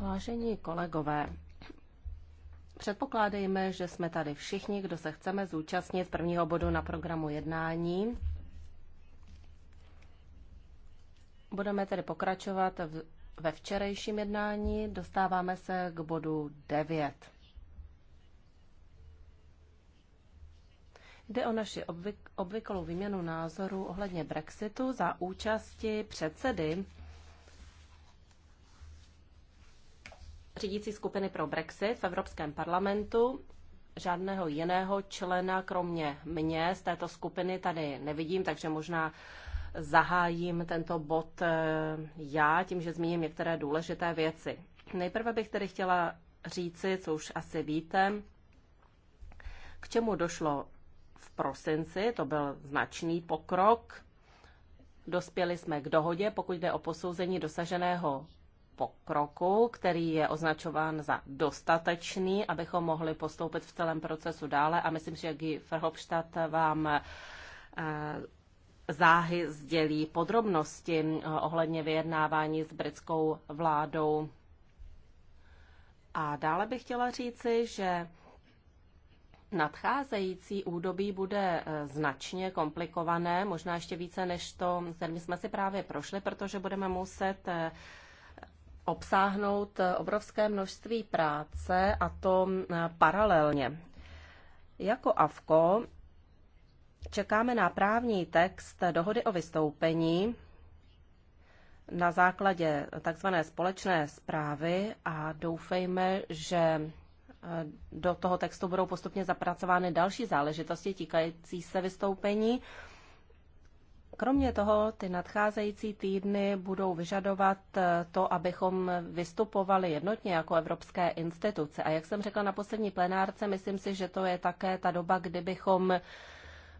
Vážení kolegové, předpokládejme, že jsme tady všichni, kdo se chceme zúčastnit prvního bodu na programu jednání. Budeme tedy pokračovat ve včerejším jednání. Dostáváme se k bodu 9. Jde o naši obvyk, obvyklou výměnu názorů ohledně Brexitu za účasti předsedy řídící skupiny pro Brexit v Evropském parlamentu. Žádného jiného člena, kromě mě, z této skupiny tady nevidím, takže možná zahájím tento bod eh, já tím, že zmíním některé důležité věci. Nejprve bych tedy chtěla říci, co už asi víte, k čemu došlo v prosinci, to byl značný pokrok. Dospěli jsme k dohodě, pokud jde o posouzení dosaženého pokroku, který je označován za dostatečný, abychom mohli postoupit v celém procesu dále. A myslím, že Guy Verhofstadt vám eh, záhy sdělí podrobnosti eh, ohledně vyjednávání s britskou vládou. A dále bych chtěla říci, že nadcházející údobí bude e, značně komplikované, možná ještě více než to, kterým jsme si právě prošli, protože budeme muset e, obsáhnout e, obrovské množství práce a to paralelně. Jako AVKO čekáme na právní text dohody o vystoupení na základě takzvané společné zprávy a doufejme, že Eh, do toho textu budou postupně zapracovány další záležitosti týkající se vystoupení. Kromě toho, ty nadcházející týdny budou vyžadovat eh, to, abychom vystupovali jednotně jako evropské instituce. A jak jsem řekla na poslední plenárce, myslím si, že to je také ta doba, kdybychom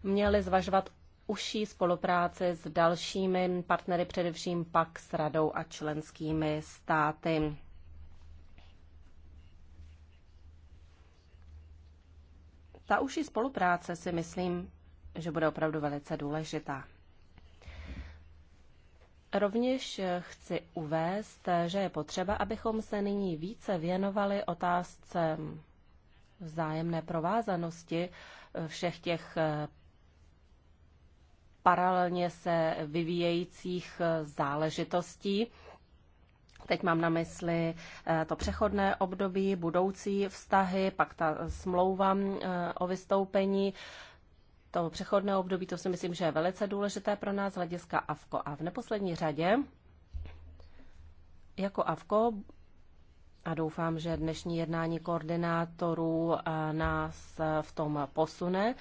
měli zvažovat užší spolupráci s dalšími partnery, především pak s radou a členskými státy. Ta uší spolupráce si myslím, že bude opravdu velice důležitá. Rovněž chci uvést, že je potřeba, abychom se nyní více věnovali otázce vzájemné provázanosti všech těch paralelně se vyvíjejících záležitostí. Teď mám na mysli eh, to přechodné období, budoucí vztahy, pak ta smlouva eh, o vystoupení. To přechodné období, to si myslím, že je velice důležité pro nás, hlediska AVKO. A v neposlední řadě, jako AVKO, a doufám, že dnešní jednání koordinátorů eh, nás v tom posune,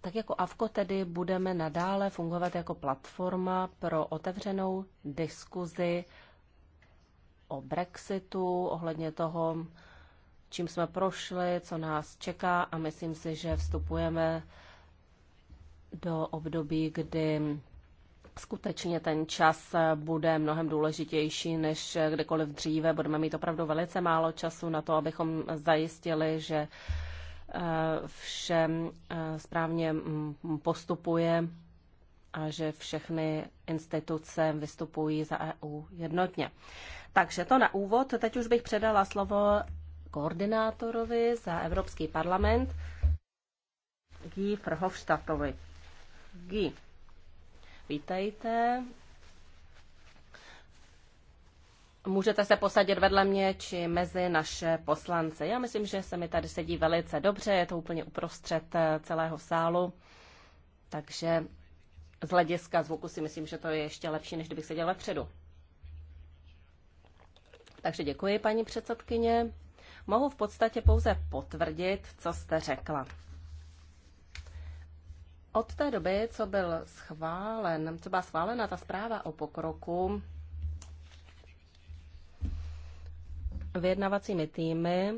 tak jako AVKO tedy budeme nadále fungovat jako platforma pro otevřenou diskuzi o Brexitu, ohledně toho, čím jsme prošli, co nás čeká a myslím si, že vstupujeme do období, kdy skutečně ten čas bude mnohem důležitější než kdekoliv dříve. Budeme mít opravdu velice málo času na to, abychom zajistili, že vše eh, správně mm, postupuje a že všechny instituce vystupují za EU jednotně. Takže to na úvod. Teď už bych předala slovo koordinátorovi za Evropský parlament Guy Frhofstadtovi. Guy, vítejte můžete se posadit vedle mě či mezi naše poslance. Já myslím, že se mi tady sedí velice dobře, je to úplně uprostřed eh, celého sálu, takže z hlediska zvuku si myslím, že to je ještě lepší, než kdybych seděl vepředu. Takže děkuji, paní předsedkyně. Mohu v podstatě pouze potvrdit, co jste řekla. Od té doby, co byl schválen, co byla schválena ta zpráva o pokroku, vyjednavacími týmy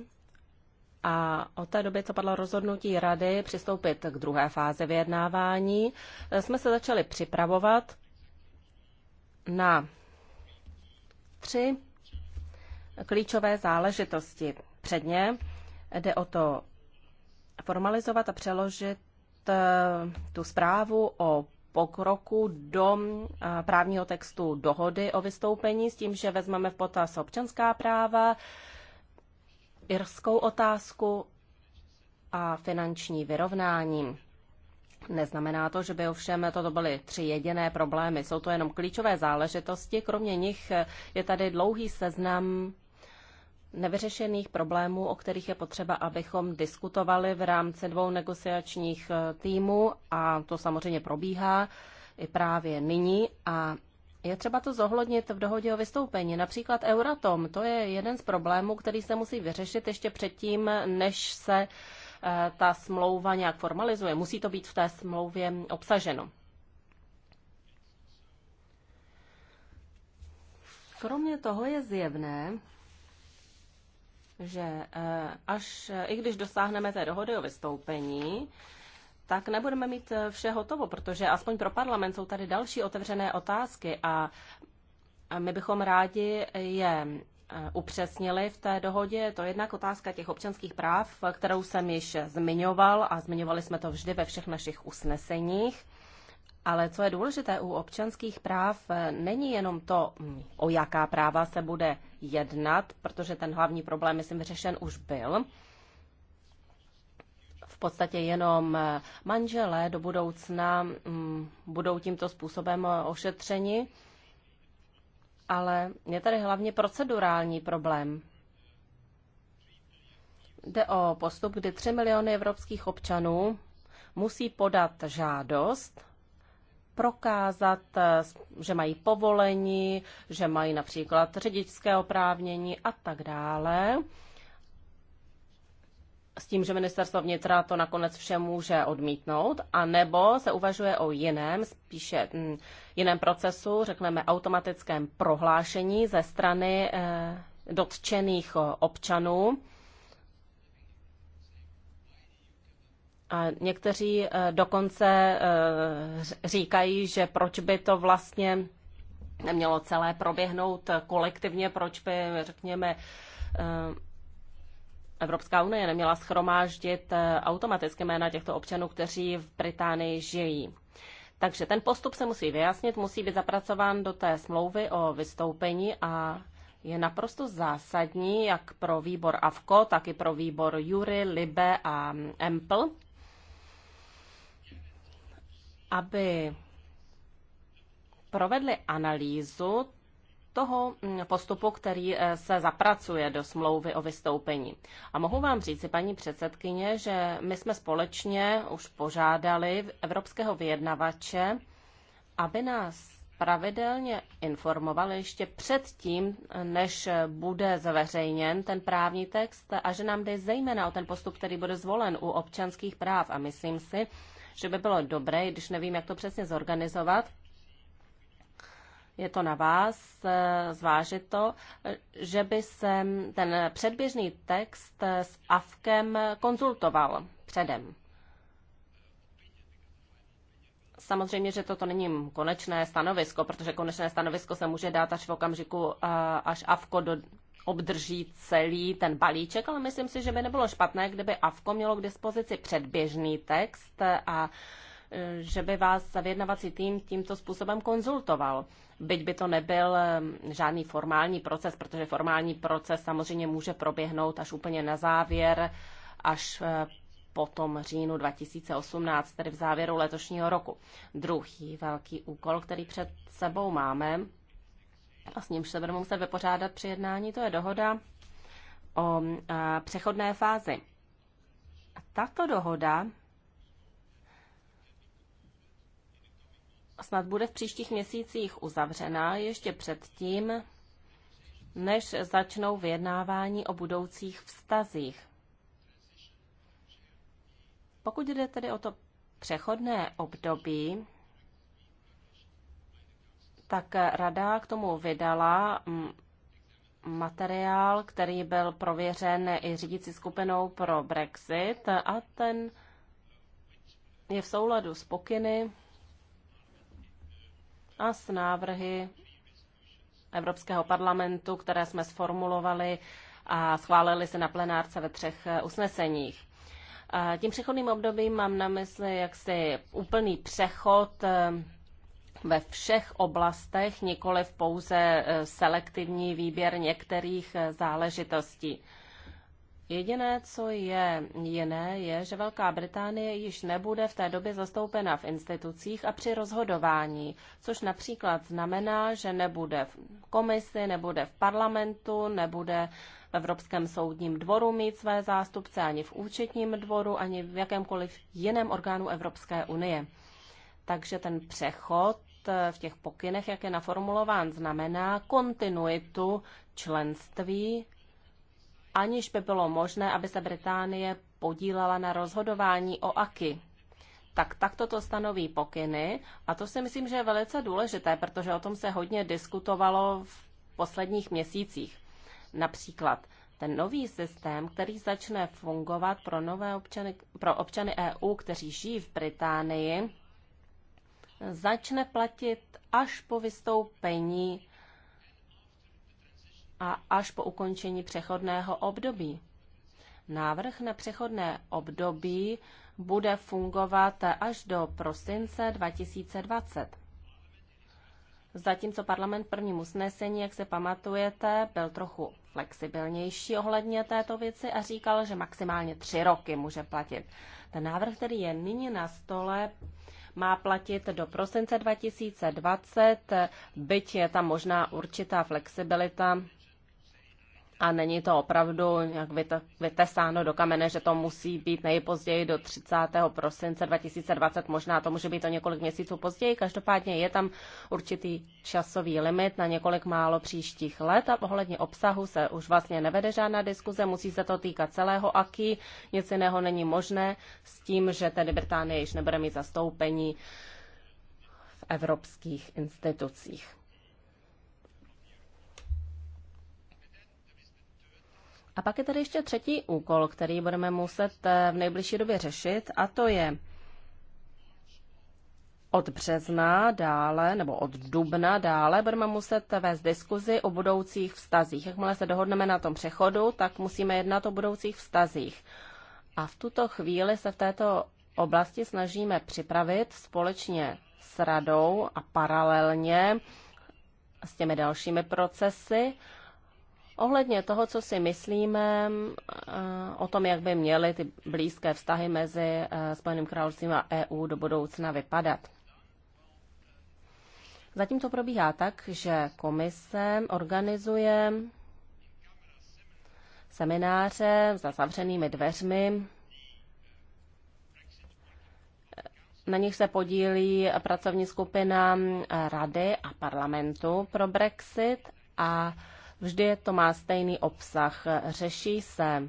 a od té doby, co padlo rozhodnutí rady přistoupit k druhé fázi vyjednávání, jsme se začali připravovat na tři klíčové záležitosti. Předně jde o to formalizovat a přeložit eh, tu zprávu o pokroku do eh, právního textu dohody o vystoupení s tím, že vezmeme v potaz občanská práva, irskou otázku a finanční vyrovnání. Neznamená to, že by ovšem toto byly tři jediné problémy. Jsou to jenom klíčové záležitosti. Kromě nich je tady dlouhý seznam nevyřešených problémů, o kterých je potřeba, abychom diskutovali v rámci dvou negociačních eh, týmů a to samozřejmě probíhá i právě nyní a je třeba to zohlednit v dohodě o vystoupení. Například Euratom, to je jeden z problémů, který se musí vyřešit ještě předtím, než se eh, ta smlouva nějak formalizuje. Musí to být v té smlouvě obsaženo. Kromě toho je zjevné, že eh, až eh, i když dosáhneme té dohody o vystoupení, tak nebudeme mít eh, vše hotovo, protože aspoň pro parlament jsou tady další otevřené otázky a my bychom rádi je upřesnili v té dohodě. To je jednak otázka těch občanských práv, kterou jsem již zmiňoval a zmiňovali jsme to vždy ve všech našich usneseních. Ale co je důležité u občanských práv, eh, není jenom to, mm, o jaká práva se bude jednat, protože ten hlavní problém, myslím, vyřešen už byl. V podstatě jenom eh, manželé do budoucna mm, budou tímto způsobem eh, ošetřeni, ale je tady hlavně procedurální problém. Jde o postup, kdy 3 miliony evropských občanů musí podat žádost prokázat, eh, že mají povolení, že mají například řidičské oprávnění a tak dále. S tím, že ministerstvo vnitra to nakonec vše může odmítnout, a nebo se uvažuje o jiném, spíše mm, jiném procesu, řekneme automatickém prohlášení ze strany eh, dotčených eh, občanů, A někteří eh, dokonce eh, říkají, že proč by to vlastně nemělo celé proběhnout kolektivně, proč by, řekněme, eh, Evropská unie neměla schromáždit automaticky jména těchto občanů, kteří v Británii žijí. Takže ten postup se musí vyjasnit, musí být zapracován do té smlouvy o vystoupení a je naprosto zásadní jak pro výbor AVKO, tak i pro výbor Jury, Libe a EMPL, aby provedli analýzu toho postupu, který eh, se zapracuje do smlouvy o vystoupení. A mohu vám říct, paní předsedkyně, že my jsme společně už požádali evropského vyjednavače, aby nás pravidelně informoval ještě předtím, než bude zveřejněn ten právní text a že nám jde zejména o ten postup, který bude zvolen u občanských práv. A myslím si, že by bylo dobré, když nevím, jak to přesně zorganizovat, je to na vás eh, zvážit to, eh, že by se ten předběžný text eh, s AFKem konzultoval předem. Samozřejmě, že toto není konečné stanovisko, protože konečné stanovisko se může dát až v okamžiku, až AFKO e do, obdrží celý ten balíček, ale myslím si, že by nebylo špatné, kdyby AVKO mělo k dispozici předběžný text a e, že by vás vyjednavací tým tímto způsobem konzultoval. Byť by to nebyl e, žádný formální proces, protože formální proces samozřejmě může proběhnout až úplně na závěr, až e, po tom říjnu 2018, tedy v závěru letošního roku. Druhý velký úkol, který před sebou máme, a s nímž se budeme muset vypořádat při jednání, to je dohoda o přechodné fázi. Tato dohoda snad bude v příštích měsících uzavřena ještě předtím, než začnou vyjednávání o budoucích vztazích. Pokud jde tedy o to přechodné období, tak rada k tomu vydala mm, materiál, který byl prověřen i řídící skupinou pro Brexit a ten je v souladu s pokyny a s návrhy Evropského parlamentu, které jsme sformulovali a schválili se na plenárce ve třech usneseních. Tím přechodným obdobím mám na mysli jaksi úplný přechod ve všech oblastech, v pouze eh, selektivní výběr některých eh, záležitostí. Jediné, co je jiné, je, že Velká Británie již nebude v té době zastoupena v institucích a při rozhodování, což například znamená, že nebude v komisi, nebude v parlamentu, nebude v Evropském soudním dvoru mít své zástupce ani v účetním dvoru, ani v jakémkoliv jiném orgánu Evropské unie. Takže ten přechod Eh, v těch pokynech, jak je naformulován, znamená kontinuitu členství, aniž by bylo možné, aby se Británie podílela na rozhodování o AKI. Tak takto to stanoví pokyny a to si myslím, že je velice důležité, protože o tom se hodně diskutovalo v posledních měsících. Například ten nový systém, který začne fungovat pro nové občany, pro občany EU, kteří žijí v Británii, začne platit až po vystoupení a až po ukončení přechodného období. Návrh na přechodné období bude fungovat až do prosince 2020. Zatímco parlament první prvním usnesení, jak se pamatujete, byl trochu flexibilnější ohledně této věci a říkal, že maximálně tři roky může platit. Ten návrh, který je nyní na stole, má platit do prosince 2020, byť je tam možná určitá flexibilita a není to opravdu nějak vytesáno do kamene, že to musí být nejpozději do 30. prosince 2020, možná to může být o několik měsíců později, každopádně je tam určitý časový limit na několik málo příštích let a ohledně obsahu se už vlastně nevede žádná diskuze, musí se to týkat celého AKI, nic jiného není možné s tím, že tedy Británie již nebude mít zastoupení v evropských institucích. A pak je tady ještě třetí úkol, který budeme muset eh, v nejbližší době řešit, a to je od března dále, nebo od dubna dále, budeme muset vést diskuzi o budoucích vztazích. Jakmile se dohodneme na tom přechodu, tak musíme jednat o budoucích vztazích. A v tuto chvíli se v této oblasti snažíme připravit společně s radou a paralelně s těmi dalšími procesy Ohledně toho, co si myslíme eh, o tom, jak by měly ty blízké vztahy mezi eh, Spojeným královstvím a EU do budoucna vypadat. Zatím to probíhá tak, že komise organizuje semináře za zavřenými dveřmi. Na nich se podílí pracovní skupina eh, Rady a parlamentu pro Brexit a Vždy to má stejný obsah. Řeší se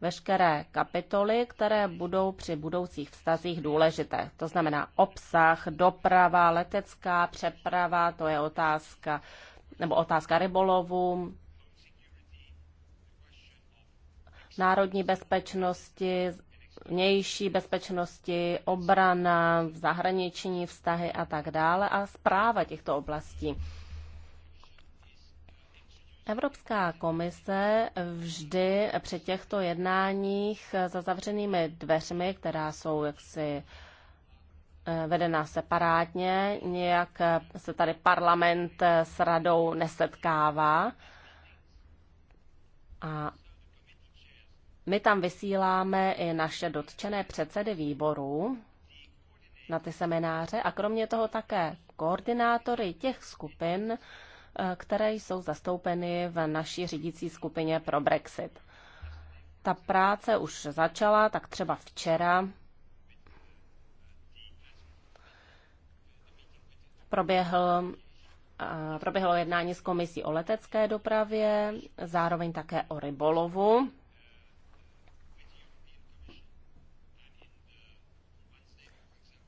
veškeré kapitoly, které budou při budoucích vztazích důležité. To znamená obsah, doprava, letecká přeprava, to je otázka, nebo otázka rybolovu, národní bezpečnosti, vnější bezpečnosti, obrana, zahraniční vztahy a tak dále a zpráva těchto oblastí. Evropská komise vždy při těchto jednáních za zavřenými dveřmi, která jsou jaksi eh, vedená separátně, nějak eh, se tady parlament eh, s radou nesetkává. A my tam vysíláme i naše dotčené předsedy výborů na ty semináře a kromě toho také koordinátory těch skupin, které jsou zastoupeny v naší řídící skupině pro Brexit. Ta práce už začala, tak třeba včera proběhl proběhlo jednání s komisí o letecké dopravě, zároveň také o rybolovu.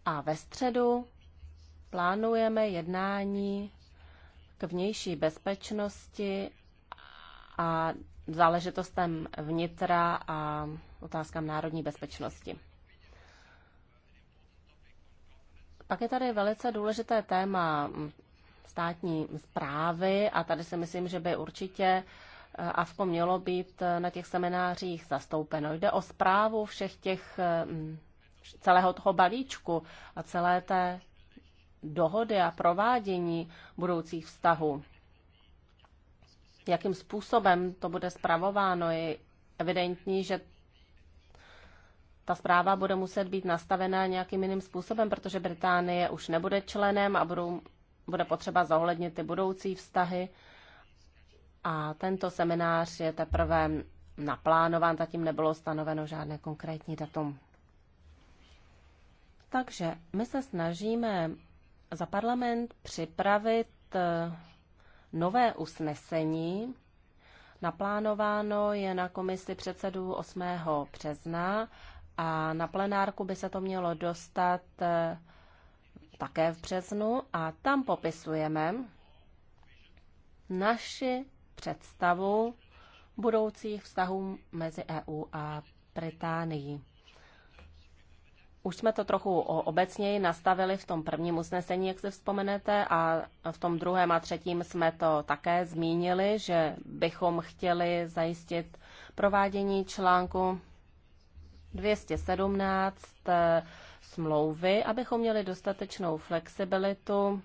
A ve středu plánujeme jednání vnější bezpečnosti a záležitostem vnitra a otázkám národní bezpečnosti. Pak je tady velice důležité téma státní zprávy a tady si myslím, že by určitě eh, AFKO mělo být eh, na těch seminářích zastoupeno. Jde o zprávu všech těch mm, celého toho balíčku a celé té dohody a provádění budoucích vztahů. Jakým způsobem to bude zpravováno, je evidentní, že ta zpráva bude muset být nastavená nějakým jiným způsobem, protože Británie už nebude členem a budou, bude potřeba zohlednit ty budoucí vztahy. A tento seminář je teprve naplánován, zatím nebylo stanoveno žádné konkrétní datum. Takže my se snažíme za parlament připravit eh, nové usnesení. Naplánováno je na komisi předsedů 8. března a na plenárku by se to mělo dostat eh, také v březnu a tam popisujeme naši představu budoucích vztahů mezi EU a Británií už jsme to trochu obecněji nastavili v tom prvním usnesení, jak se vzpomenete, a v tom druhém a třetím jsme to také zmínili, že bychom chtěli zajistit provádění článku 217 eh, smlouvy, abychom měli dostatečnou flexibilitu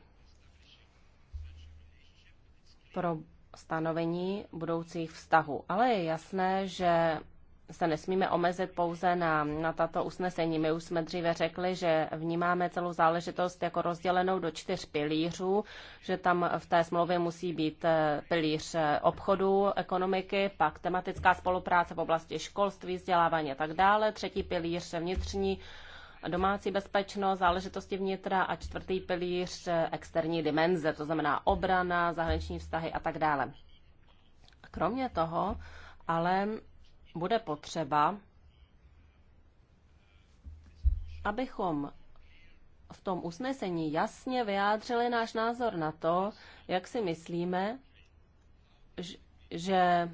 pro stanovení budoucích vztahů. Ale je jasné, že se nesmíme omezit pouze na, na tato usnesení. My už jsme dříve řekli, že vnímáme celou záležitost jako rozdělenou do čtyř pilířů, že tam v té smlouvě musí být eh, pilíř eh, obchodu, ekonomiky, pak tematická spolupráce v oblasti školství, vzdělávání a tak dále, třetí pilíř vnitřní domácí bezpečnost, záležitosti vnitra a čtvrtý pilíř eh, externí dimenze, to znamená obrana, zahraniční vztahy a tak dále. Kromě toho, ale bude potřeba, abychom v tom usnesení jasně vyjádřili náš názor na to, jak si myslíme, že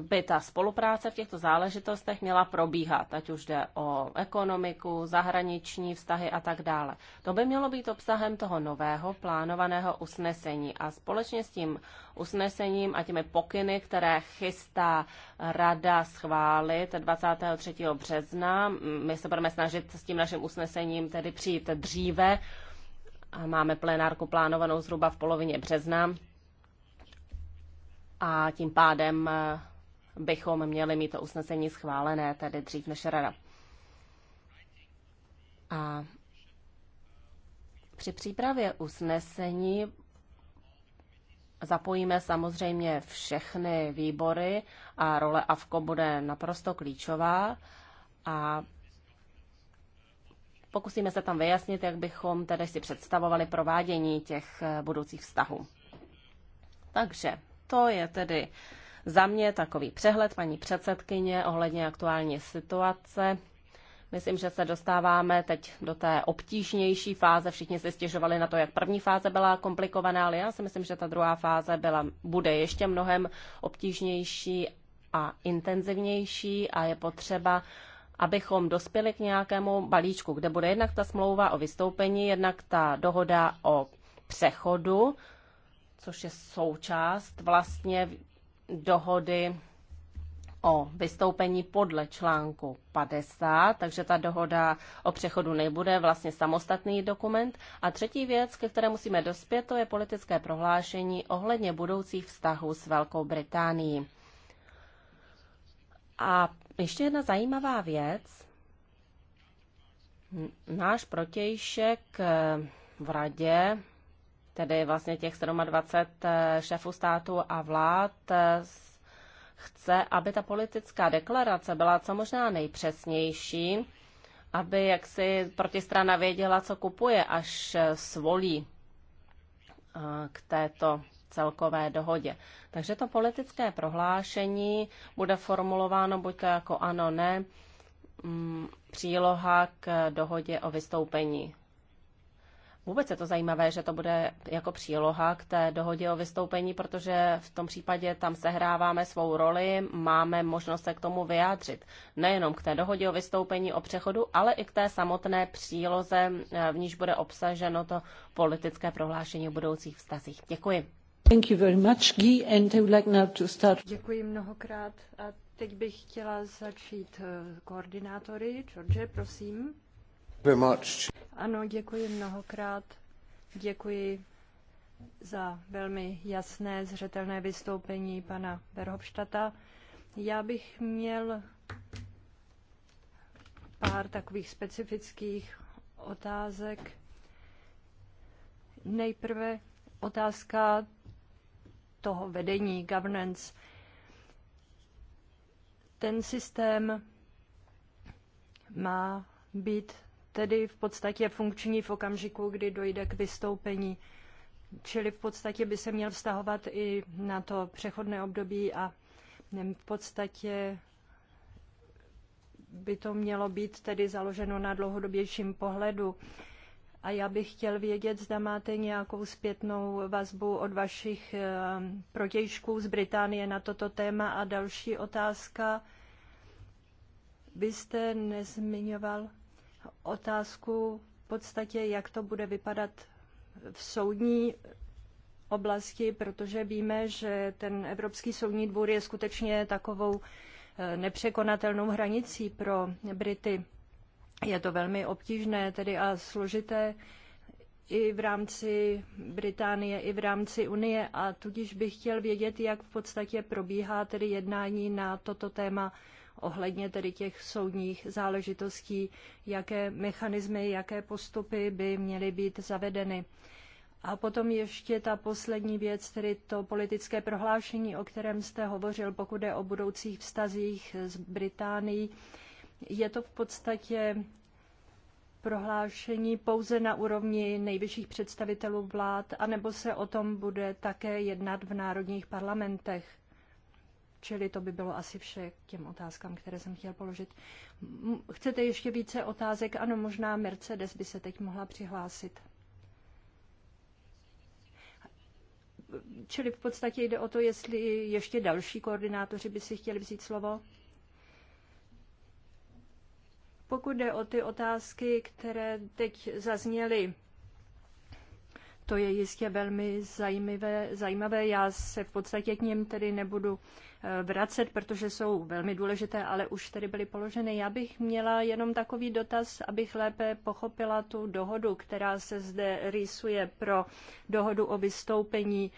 by ta spolupráce v těchto záležitostech měla probíhat, ať už jde o ekonomiku, zahraniční vztahy a tak dále. To by mělo být obsahem toho nového plánovaného usnesení a společně s tím usnesením a těmi pokyny, které chystá rada schválit 23. března, my se budeme snažit s tím naším usnesením tedy přijít dříve, a máme plenárku plánovanou zhruba v polovině března, a tím pádem bychom měli mít to usnesení schválené, tedy dřív než rada. A při přípravě usnesení zapojíme samozřejmě všechny výbory a role AVKO bude naprosto klíčová a pokusíme se tam vyjasnit, jak bychom tedy si představovali provádění těch budoucích vztahů. Takže to je tedy za mě takový přehled paní předsedkyně ohledně aktuální situace. Myslím, že se dostáváme teď do té obtížnější fáze. Všichni se stěžovali na to, jak první fáze byla komplikovaná, ale já si myslím, že ta druhá fáze byla, bude ještě mnohem obtížnější a intenzivnější a je potřeba abychom dospěli k nějakému balíčku, kde bude jednak ta smlouva o vystoupení, jednak ta dohoda o přechodu, což je součást vlastně dohody o vystoupení podle článku 50, takže ta dohoda o přechodu nebude vlastně samostatný dokument. A třetí věc, ke které musíme dospět, to je politické prohlášení ohledně budoucích vztahů s Velkou Británií. A ještě jedna zajímavá věc. Náš protějšek v radě tedy vlastně těch 27 šéfů států a vlád, eh, chce, aby ta politická deklarace byla co možná nejpřesnější, aby jaksi protistrana věděla, co kupuje, až eh, svolí eh, k této celkové dohodě. Takže to politické prohlášení bude formulováno buď to jako ano, ne, mm, příloha k dohodě o vystoupení Vůbec je to zajímavé, že to bude jako příloha k té dohodě o vystoupení, protože v tom případě tam sehráváme svou roli, máme možnost se k tomu vyjádřit. Nejenom k té dohodě o vystoupení, o přechodu, ale i k té samotné příloze, eh, v níž bude obsaženo to politické prohlášení o budoucích vztazích. Děkuji. Thank you very much, Guy, and I would like now to start. Děkuji mnohokrát a teď bych chtěla začít eh, koordinátory. George, prosím. Ano, děkuji mnohokrát. Děkuji za velmi jasné, zřetelné vystoupení pana Verhofstadta. Já bych měl pár takových specifických otázek. Nejprve otázka toho vedení, governance. Ten systém má být tedy v podstatě funkční v okamžiku, kdy dojde k vystoupení. Čili v podstatě by se měl vztahovat i na to přechodné období a v podstatě by to mělo být tedy založeno na dlouhodobějším pohledu. A já bych chtěl vědět, zda máte nějakou zpětnou vazbu od vašich eh, protějšků z Británie na toto téma. A další otázka. Vy jste nezmiňoval otázku v podstatě, jak to bude vypadat v soudní oblasti, protože víme, že ten Evropský soudní dvůr je skutečně takovou eh, nepřekonatelnou hranicí pro Brity. Je to velmi obtížné tedy a složité i v rámci Británie, i v rámci Unie a tudíž bych chtěl vědět, jak v podstatě probíhá tedy jednání na toto téma ohledně tedy těch soudních záležitostí, jaké mechanismy, jaké postupy by měly být zavedeny. A potom ještě ta poslední věc, tedy to politické prohlášení, o kterém jste hovořil, pokud je o budoucích vztazích s Británií. Je to v podstatě prohlášení pouze na úrovni nejvyšších představitelů vlád, anebo se o tom bude také jednat v národních parlamentech? Čili to by bylo asi vše k těm otázkám, které jsem chtěl položit. Chcete ještě více otázek? Ano, možná Mercedes by se teď mohla přihlásit. Čili v podstatě jde o to, jestli ještě další koordinátoři by si chtěli vzít slovo. Pokud jde o ty otázky, které teď zazněly, to je jistě velmi zajímavé. zajímavé. Já se v podstatě k něm tedy nebudu vracet, protože jsou velmi důležité, ale už tedy byly položeny. Já bych měla jenom takový dotaz, abych lépe pochopila tu dohodu, která se zde rýsuje pro dohodu o vystoupení.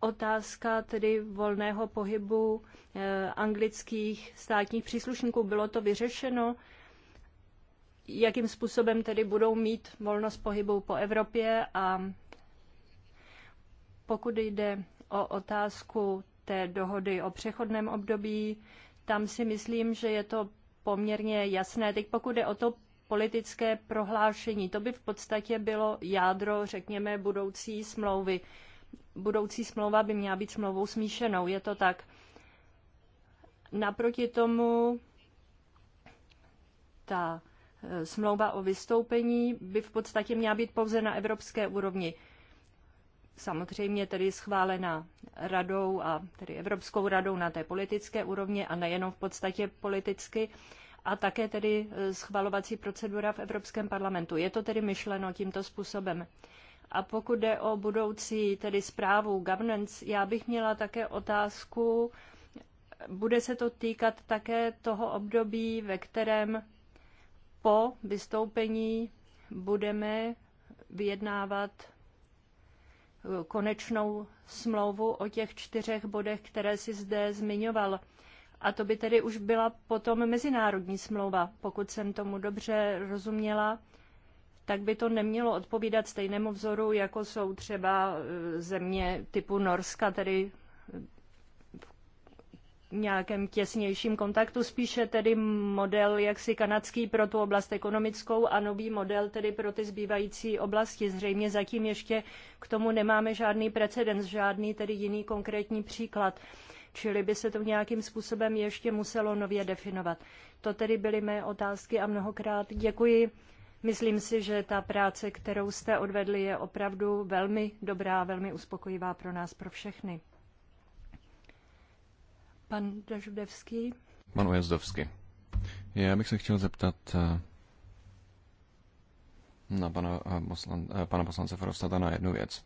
Otázka tedy volného pohybu eh, anglických státních příslušníků. Bylo to vyřešeno? Jakým způsobem tedy budou mít volnost pohybu po Evropě a pokud jde o otázku té dohody o přechodném období, tam si myslím, že je to poměrně jasné. Teď pokud je o to politické prohlášení, to by v podstatě bylo jádro, řekněme, budoucí smlouvy. Budoucí smlouva by měla být smlouvou smíšenou, je to tak. Naproti tomu ta e, smlouva o vystoupení by v podstatě měla být pouze na evropské úrovni samozřejmě tedy schválena radou a tedy Evropskou radou na té politické úrovni a nejenom v podstatě politicky a také tedy e, schvalovací procedura v Evropském parlamentu. Je to tedy myšleno tímto způsobem. A pokud jde o budoucí tedy zprávu governance, já bych měla také otázku, bude se to týkat také toho období, ve kterém po vystoupení budeme vyjednávat konečnou smlouvu o těch čtyřech bodech, které si zde zmiňoval. A to by tedy už byla potom mezinárodní smlouva, pokud jsem tomu dobře rozuměla tak by to nemělo odpovídat stejnému vzoru, jako jsou třeba e, země typu Norska, tedy nějakém těsnějším kontaktu, spíše tedy model jaksi kanadský pro tu oblast ekonomickou a nový model tedy pro ty zbývající oblasti. Zřejmě zatím ještě k tomu nemáme žádný precedens, žádný tedy jiný konkrétní příklad. Čili by se to nějakým způsobem ještě muselo nově definovat. To tedy byly mé otázky a mnohokrát děkuji. Myslím si, že ta práce, kterou jste odvedli, je opravdu velmi dobrá, velmi uspokojivá pro nás, pro všechny. Pan Dažudevský. Pan Ujezdovský. Já bych se chtěl zeptat eh, na pana, eh, poslan, eh, pana poslance Forostata na jednu věc.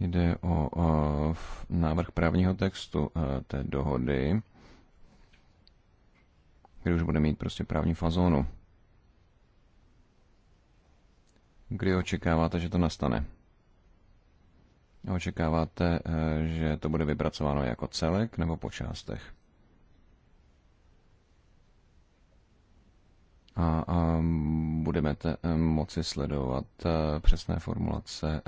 Jde o, o návrh právního textu té dohody, kdy už bude mít prostě právní fazónu. Kdy očekáváte, že to nastane? Očekáváte, eh, že to bude vypracováno jako celek nebo po částech? A, a budeme te, eh, moci sledovat eh, přesné formulace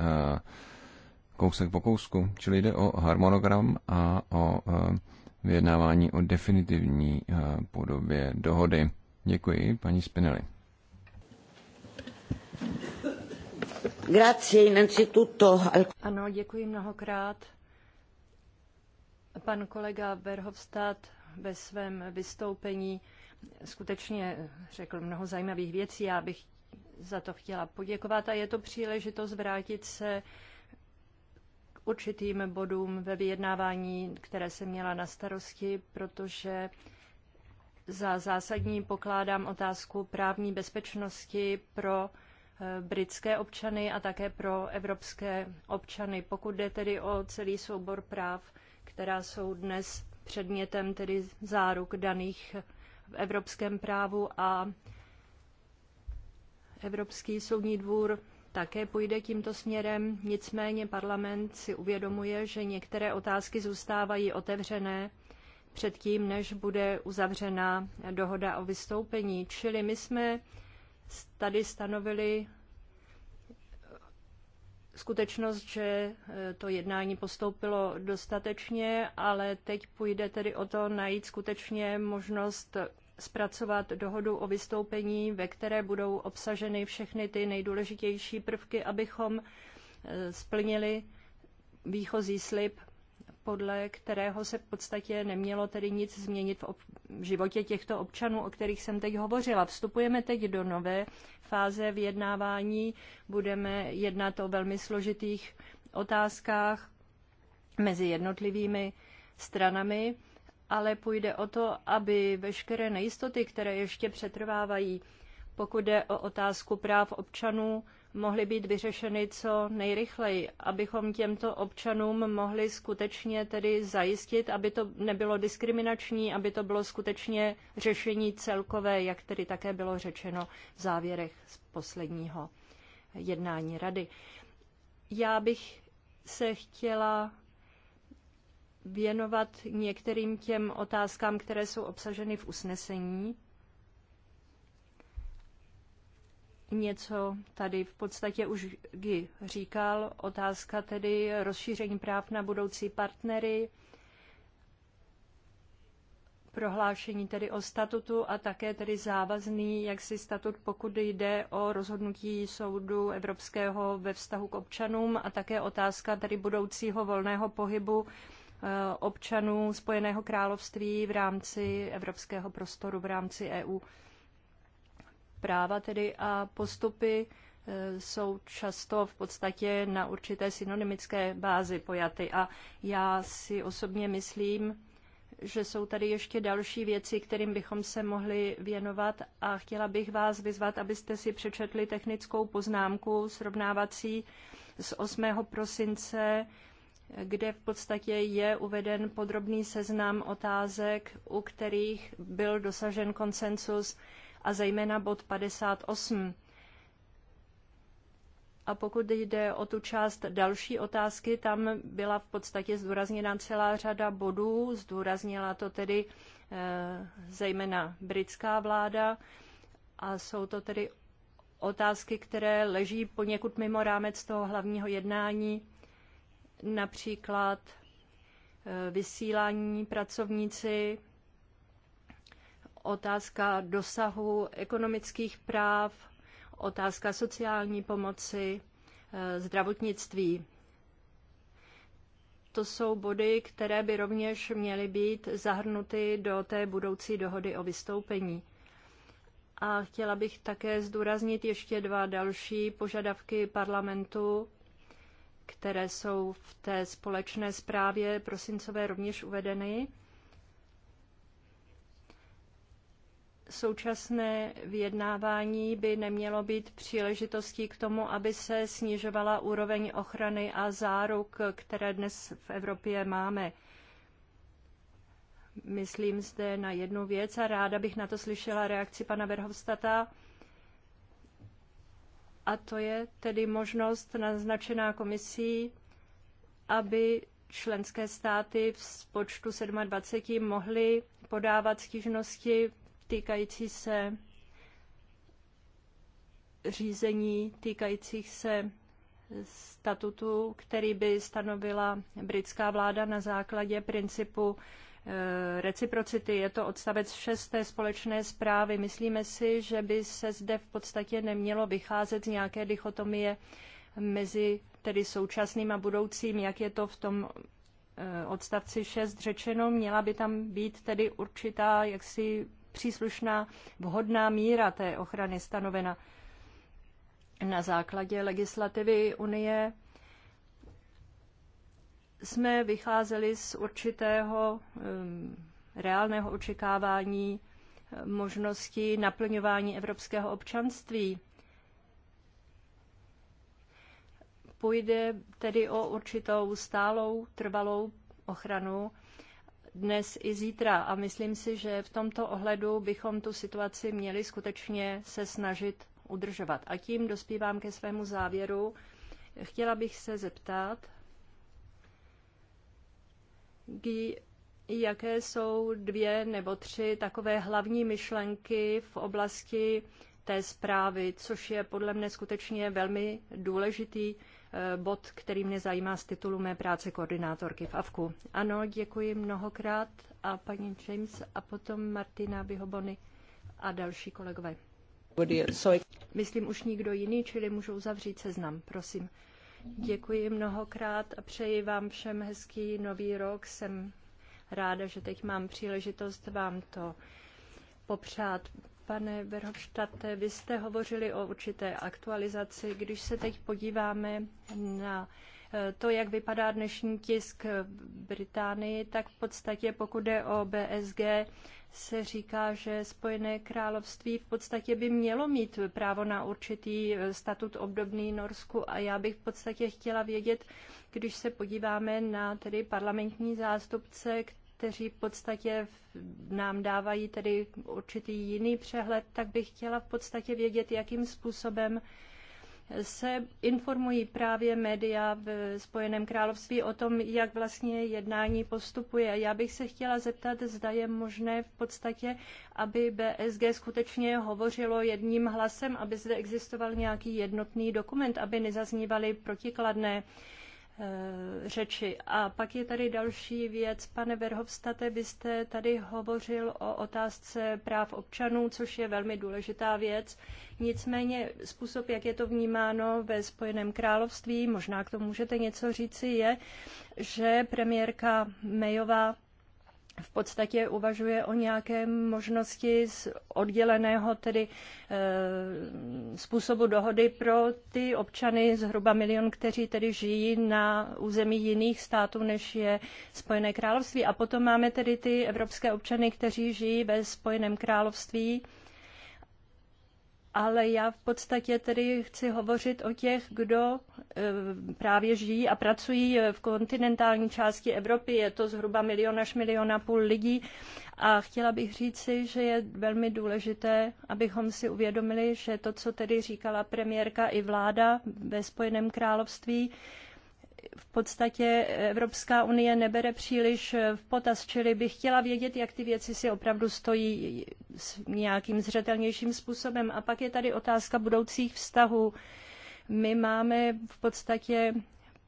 kousek po kousku. Čili jde o harmonogram a o vyjednávání o definitivní podobě dohody. Děkuji, paní Spinelli. Grazie innanzitutto. Ano, děkuji mnohokrát. Pan kolega Verhofstadt ve svém vystoupení skutečně řekl mnoho zajímavých věcí. Já bych za to chtěla poděkovat a je to příležitost vrátit se k určitým bodům ve vyjednávání, které jsem měla na starosti, protože za zásadní pokládám otázku právní bezpečnosti pro britské občany a také pro evropské občany. Pokud jde tedy o celý soubor práv, která jsou dnes předmětem tedy záruk daných v evropském právu a Evropský soudní dvůr také půjde tímto směrem, nicméně parlament si uvědomuje, že některé otázky zůstávají otevřené předtím, než bude uzavřena dohoda o vystoupení. Čili my jsme tady stanovili skutečnost, že eh, to jednání postoupilo dostatečně, ale teď půjde tedy o to najít skutečně možnost zpracovat dohodu o vystoupení, ve které budou obsaženy všechny ty nejdůležitější prvky, abychom eh, splnili výchozí slib podle kterého se v podstatě nemělo tedy nic změnit v životě těchto občanů, o kterých jsem teď hovořila. Vstupujeme teď do nové fáze vyjednávání, budeme jednat o velmi složitých otázkách mezi jednotlivými stranami, ale půjde o to, aby veškeré nejistoty, které ještě přetrvávají, pokud jde o otázku práv občanů, mohly být vyřešeny co nejrychleji, abychom těmto občanům mohli skutečně tedy zajistit, aby to nebylo diskriminační, aby to bylo skutečně řešení celkové, jak tedy také bylo řečeno v závěrech z posledního jednání rady. Já bych se chtěla věnovat některým těm otázkám, které jsou obsaženy v usnesení něco tady v podstatě už Gy říkal. Otázka tedy rozšíření práv na budoucí partnery, prohlášení tedy o statutu a také tedy závazný jak si statut, pokud jde o rozhodnutí soudu evropského ve vztahu k občanům a také otázka tedy budoucího volného pohybu eh, občanů Spojeného království v rámci evropského prostoru, v rámci EU práva tedy a postupy e, jsou často v podstatě na určité synonymické bázi pojaty. A já si osobně myslím, že jsou tady ještě další věci, kterým bychom se mohli věnovat a chtěla bych vás vyzvat, abyste si přečetli technickou poznámku srovnávací z 8. prosince, kde v podstatě je uveden podrobný seznam otázek, u kterých byl dosažen konsensus a zejména bod 58. A pokud jde o tu část další otázky, tam byla v podstatě zdůrazněna celá řada bodů. Zdůraznila to tedy e, zejména britská vláda a jsou to tedy otázky, které leží poněkud mimo rámec toho hlavního jednání, například eh, vysílání pracovníci otázka dosahu ekonomických práv, otázka sociální pomoci, eh, zdravotnictví. To jsou body, které by rovněž měly být zahrnuty do té budoucí dohody o vystoupení. A chtěla bych také zdůraznit ještě dva další požadavky parlamentu, které jsou v té společné zprávě prosincové rovněž uvedeny. současné vyjednávání by nemělo být příležitostí k tomu, aby se snižovala úroveň ochrany a záruk, které dnes v Evropě máme. Myslím zde na jednu věc a ráda bych na to slyšela reakci pana Verhofstata. A to je tedy možnost naznačená komisí, aby členské státy v počtu 27 mohly podávat stížnosti týkající se řízení týkajících se statutu, který by stanovila britská vláda na základě principu eh, reciprocity. Je to odstavec šesté společné zprávy. Myslíme si, že by se zde v podstatě nemělo vycházet z nějaké dichotomie mezi tedy současným a budoucím, jak je to v tom eh, odstavci 6 řečeno, měla by tam být tedy určitá jaksi příslušná vhodná míra té ochrany stanovena na základě legislativy Unie. Jsme vycházeli z určitého um, reálného očekávání eh, možnosti naplňování evropského občanství. Půjde tedy o určitou stálou, trvalou ochranu dnes i zítra. A myslím si, že v tomto ohledu bychom tu situaci měli skutečně se snažit udržovat. A tím dospívám ke svému závěru. Chtěla bych se zeptat, jaké jsou dvě nebo tři takové hlavní myšlenky v oblasti té zprávy, což je podle mne skutečně velmi důležitý Eh, bod, který mě zajímá z titulu mé práce koordinátorky v AVKu. Ano, děkuji mnohokrát a paní James a potom Martina Bihobony a další kolegové. Myslím už nikdo jiný, čili můžu uzavřít seznam, prosím. Děkuji mnohokrát a přeji vám všem hezký nový rok. Jsem ráda, že teď mám příležitost vám to popřát Pane Verhofstadte, vy jste hovořili o určité aktualizaci. Když se teď podíváme na eh, to, jak vypadá dnešní tisk v Británii, tak v podstatě pokud jde o BSG, se říká, že Spojené království v podstatě by mělo mít právo na určitý eh, statut obdobný Norsku a já bych v podstatě chtěla vědět, když se podíváme na tedy parlamentní zástupce, kteří v podstatě nám dávají tedy určitý jiný přehled, tak bych chtěla v podstatě vědět, jakým způsobem se informují právě média v Spojeném království o tom, jak vlastně jednání postupuje. Já bych se chtěla zeptat, zda je možné v podstatě, aby BSG skutečně hovořilo jedním hlasem, aby zde existoval nějaký jednotný dokument, aby nezaznívaly protikladné uh, Eh, řeči. A pak je tady další věc. Pane Verhofstate, vy jste tady hovořil o otázce práv občanů, což je velmi důležitá věc. Nicméně způsob, jak je to vnímáno ve Spojeném království, možná k tomu můžete něco říci, je, že premiérka Mayová v podstatě uvažuje o nějaké možnosti z odděleného tedy e, způsobu dohody pro ty občany zhruba milion, kteří tedy žijí na území jiných států, než je Spojené království. A potom máme tedy ty evropské občany, kteří žijí ve Spojeném království ale já v podstatě tedy chci hovořit o těch, kdo e, právě žijí a pracují v kontinentální části Evropy. Je to zhruba milion až milion a půl lidí. A chtěla bych říci, že je velmi důležité, abychom si uvědomili, že to, co tedy říkala premiérka i vláda ve Spojeném království, v podstatě Evropská unie nebere příliš v potaz, čili bych chtěla vědět, jak ty věci si opravdu stojí s nějakým zřetelnějším způsobem. A pak je tady otázka budoucích vztahů. My máme v podstatě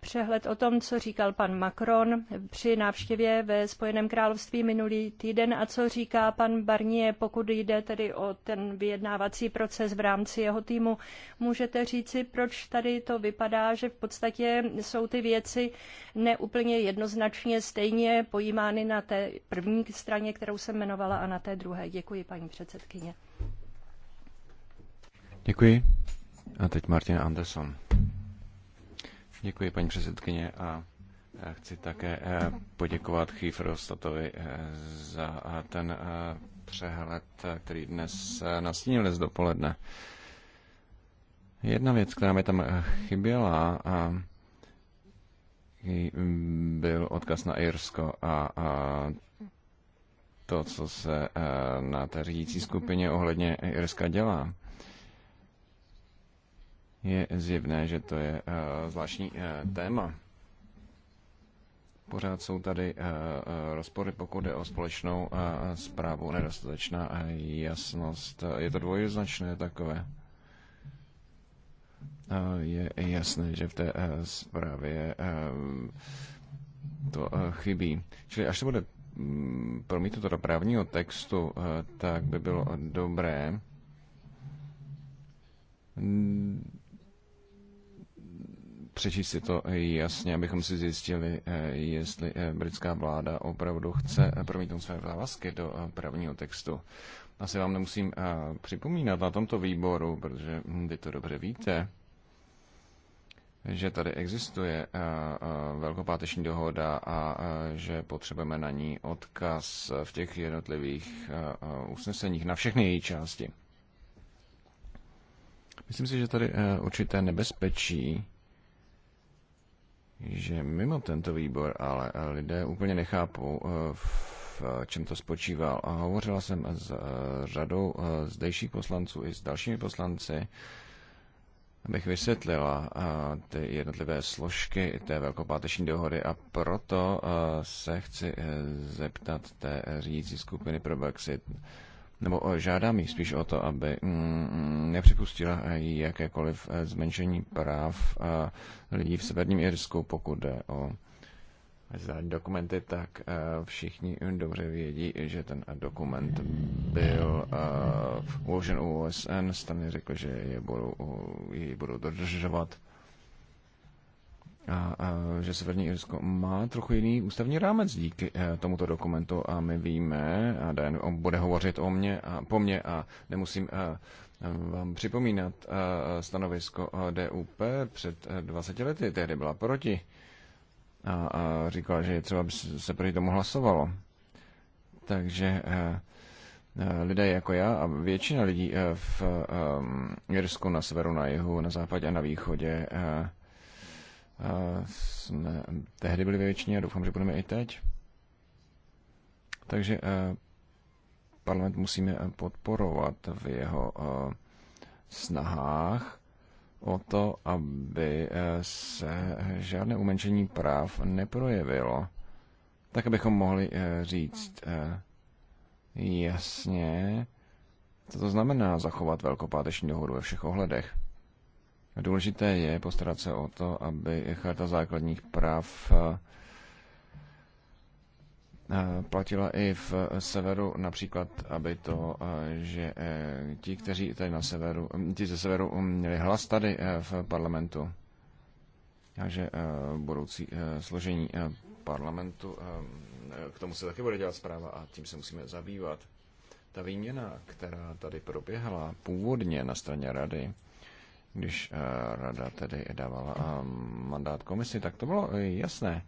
přehled o tom, co říkal pan Macron při návštěvě ve Spojeném království minulý týden a co říká pan Barnier, pokud jde tedy o ten vyjednávací proces v rámci jeho týmu. Můžete říci, proč tady to vypadá, že v podstatě jsou ty věci neúplně jednoznačně stejně pojímány na té první straně, kterou jsem jmenovala, a na té druhé. Děkuji, paní předsedkyně. Děkuji. A teď Martina Anderson. Děkuji, paní předsedkyně, a chci také e, poděkovat Chýfrostatovi e, za ten e, přehled, který dnes nastínil z dopoledne. Jedna věc, která mi tam chyběla, a byl odkaz na Irsko a, a to, co se na té řídící skupině ohledně Irska dělá je zjevné, že to je eh, zvláštní eh, téma. Pořád jsou tady eh, rozpory, pokud jde o společnou zprávu, nedostatečná jasnost. Je to dvojznačné takové? Je jasné, že v té zprávě to chybí. Čili až se bude mm, promítnout do právního textu, tak by bylo dobré přečíst si to jasně, abychom si zjistili, eh, jestli eh, britská vláda opravdu chce eh, promítnout své závazky do právního textu. Asi vám nemusím připomínat na tomto výboru, protože hm, vy to dobře víte, že tady existuje velkopáteční dohoda a že potřebujeme na ní odkaz v těch jednotlivých usneseních na všechny její části. Myslím si, že tady určité nebezpečí že mimo tento výbor, ale eh, lidé úplně nechápou, eh, v čem to spočíval. A hovořila jsem s eh, řadou zdejších poslanců i s dalšími poslanci, abych vysvětlila ty jednotlivé složky té velkopáteční dohody a proto se chci zeptat té řídící skupiny pro Brexit, nebo eh, žádám ji spíš o to, aby mm, mm, nepřipustila eh, jakékoliv eh, zmenšení práv lidí v Severním Irsku, pokud jde o mezinárodní dokumenty, tak všichni dobře vědí, že ten dokument byl uložen u OSN, strany řekly, že je budou, jej budou dodržovat a, a že Severní Irsko má trochu jiný ústavní rámec díky eh, tomuto dokumentu a my víme, a Dan bude hovořit o mně a po mně a nemusím a, eh, vám připomínat eh, stanovisko DUP před 20 lety, tehdy byla proti a, a říkala, že je třeba, aby se proti tomu hlasovalo. Takže lidé jako já a většina lidí v Jirsku na severu, na jihu, na západě a na východě Eh, jsme tehdy byli ve většině a doufám, že budeme i teď. Takže eh, parlament musíme podporovat v jeho eh, snahách o to, aby se žádné umenšení práv neprojevilo, tak abychom mohli říct jasně, co to znamená zachovat velkopáteční dohodu ve všech ohledech. Důležité je postarat se o to, aby Charta základních práv eh, platila i v severu, například, aby to, eh, že eh, ti, kteří tady na severu, hm, ti ze severu hm, měli hlas tady v parlamentu, a že budoucí složení parlamentu, k tomu se taky bude dělat zpráva a tím se musíme zabývat. Ta výměna, která tady proběhla původně na straně rady, když eh, rada tedy dávala eh, mandát komisi, tak to bylo eh, jasné.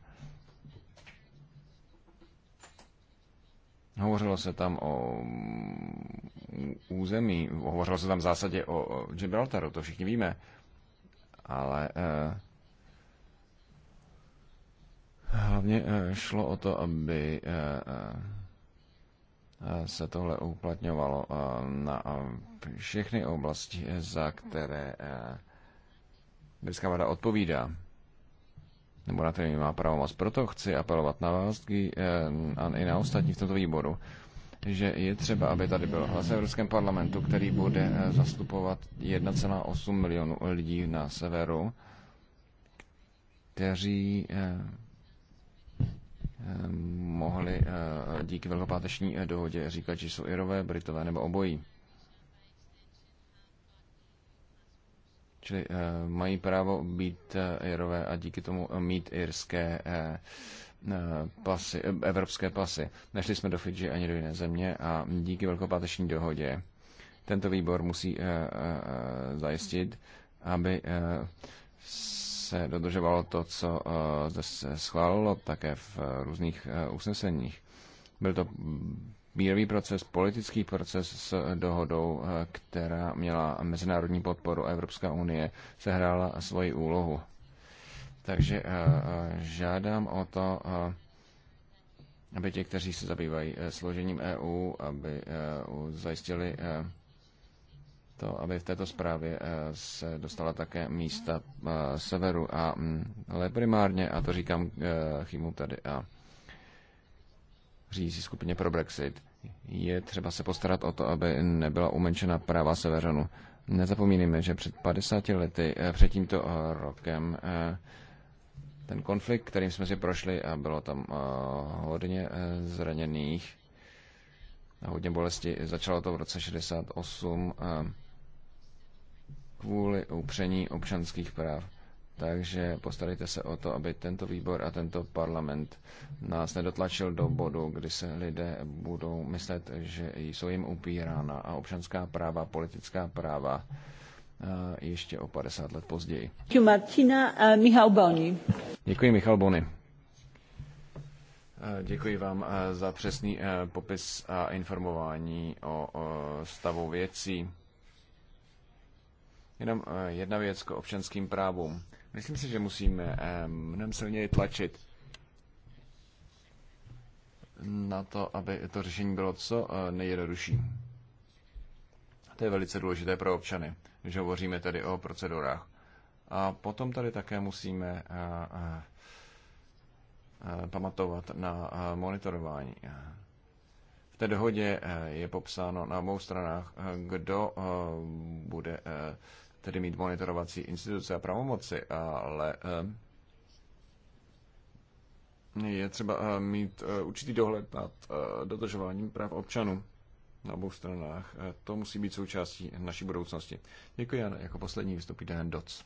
Hovořilo se tam o mm, území, hovořilo se tam v zásadě o Gibraltaru, to všichni víme, ale hlavně šlo o to, aby se tohle uplatňovalo eh, na eh, všechny oblasti, eh, za které britská vláda odpovídá nebo na který má pravomoc. Proto chci apelovat na vás a i na ostatní v tomto výboru, že je třeba, aby tady byl hlas Evropském parlamentu, který bude zastupovat 1,8 milionů lidí na severu, kteří mohli eh, díky velkopáteční eh, dohodě říkat, že jsou Irové, Britové nebo obojí. Čili eh, mají právo být Irové a díky tomu mít irské pasy, evropské pasy. Nešli jsme do Fidži ani do jiné země a díky velkopáteční dohodě tento výbor musí zajistit, aby se dodržovalo to, co eh, se schválilo také v eh, různých eh, usneseních. Byl to mírový proces, politický proces s dohodou, která měla mezinárodní podporu a Evropská unie sehrála svoji úlohu. Takže žádám o to, aby ti, kteří se zabývají složením EU, aby zajistili to, aby v této zprávě eh, se dostala také místa eh, severu, a, mm, ale primárně, a to říkám eh, Chymu tady a řízí skupině pro Brexit, je třeba se postarat o to, aby nebyla umenšena práva severanů. Nezapomínejme, že před 50 lety, před tímto rokem, ten konflikt, kterým jsme si prošli a bylo tam hodně zraněných, hodně bolesti. Začalo to v roce 68 kvůli upření občanských práv. Takže postarejte se o to, aby tento výbor a tento parlament nás nedotlačil do bodu, kdy se lidé budou myslet, že jsou jim upírána a občanská práva, politická práva eh, ještě o 50 let později. Děkuji Martina a eh, Michal Děkuji Michal Bony. Eh, děkuji vám za přesný popis a informování o stavu věcí. Jenom eh, jedna věc k občanským právům. Myslím si, že musíme eh, mnohem silněji tlačit na to, aby to řešení bylo co eh, nejjednodušší. To je velice důležité pro občany, že hovoříme tady o procedurách. A potom tady také musíme pamatovat na monitorování. V té dohodě je popsáno na obou stranách, kdo bude tedy mít monitorovací instituce a pravomoci, ale eh, je třeba eh, mít eh, určitý dohled nad dodržováním práv občanů na obou stranách. To musí být součástí naší budoucnosti. Děkuji, Jan. Jako poslední vystoupí Dan Doc.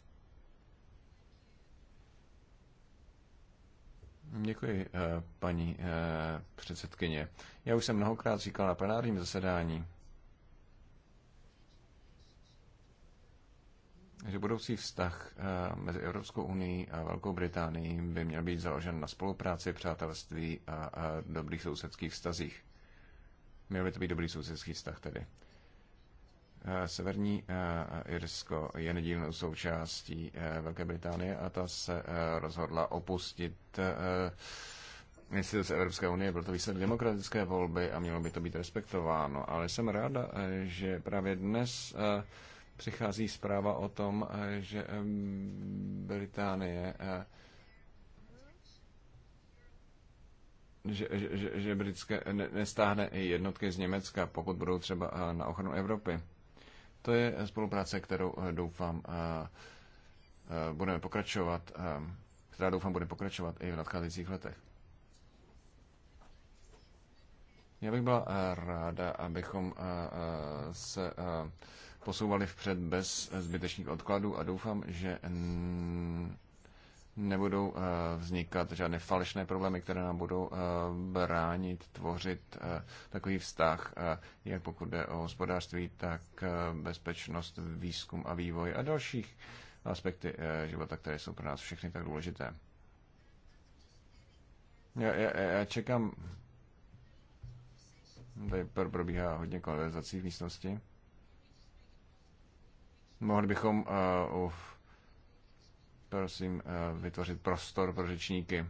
Děkuji, paní předsedkyně. Já už jsem mnohokrát říkal na plenárním zasedání, že budoucí vztah eh, mezi Evropskou unii a Velkou Británií by měl být založen na spolupráci, přátelství a dobrých sousedských vztazích. Měl by to být dobrý sousedský vztah tedy. Eh, Severní eh, Irsko je nedílnou součástí Velké Británie a ta se rozhodla opustit instituce Evropské unie, byl to výsledek demokratické volby a mělo by to být respektováno. Ale jsem ráda, že právě dnes přichází zpráva o tom, eh, že eh, Británie eh, že, že, že britské nestáhne i jednotky z Německa, pokud budou třeba na ochranu Evropy. To je spolupráce, kterou doufám budeme pokračovat, která doufám bude pokračovat i v nadcházejících letech. Já bych byla ráda, abychom se posouvali vpřed bez zbytečných odkladů a doufám, že nebudou eh, vznikat žádné falešné problémy, které nám budou eh, bránit tvořit eh, takový vztah, jak pokud jde o hospodářství, tak bezpečnost, výzkum a vývoj a dalších aspekty života, které jsou pro nás všechny tak důležité. Já, já, já čekám. Tady probíhá hodně konverzací v místnosti. Mohli bychom, uh, uf, prosím, uh, vytvořit prostor pro řečníky.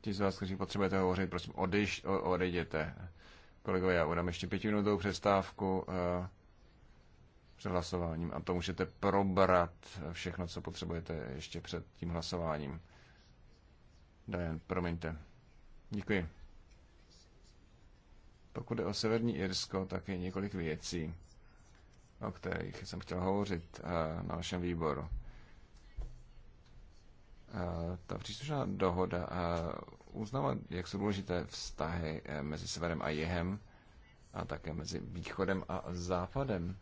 Ti z vás, kteří potřebujete hovořit, prosím, odejš, o, odejděte. Kolegové, já udám ještě pětiminutovou přestávku uh, před hlasováním a to můžete probrat všechno, co potřebujete ještě před tím hlasováním. Dajen, promiňte. Děkuji. Pokud je o Severní Irsko, tak je několik věcí o kterých jsem chtěl hovořit eh, na našem výboru. Eh, ta příslušná dohoda eh, uznala, jak jsou důležité vztahy mezi severem a jihem a také mezi východem a západem.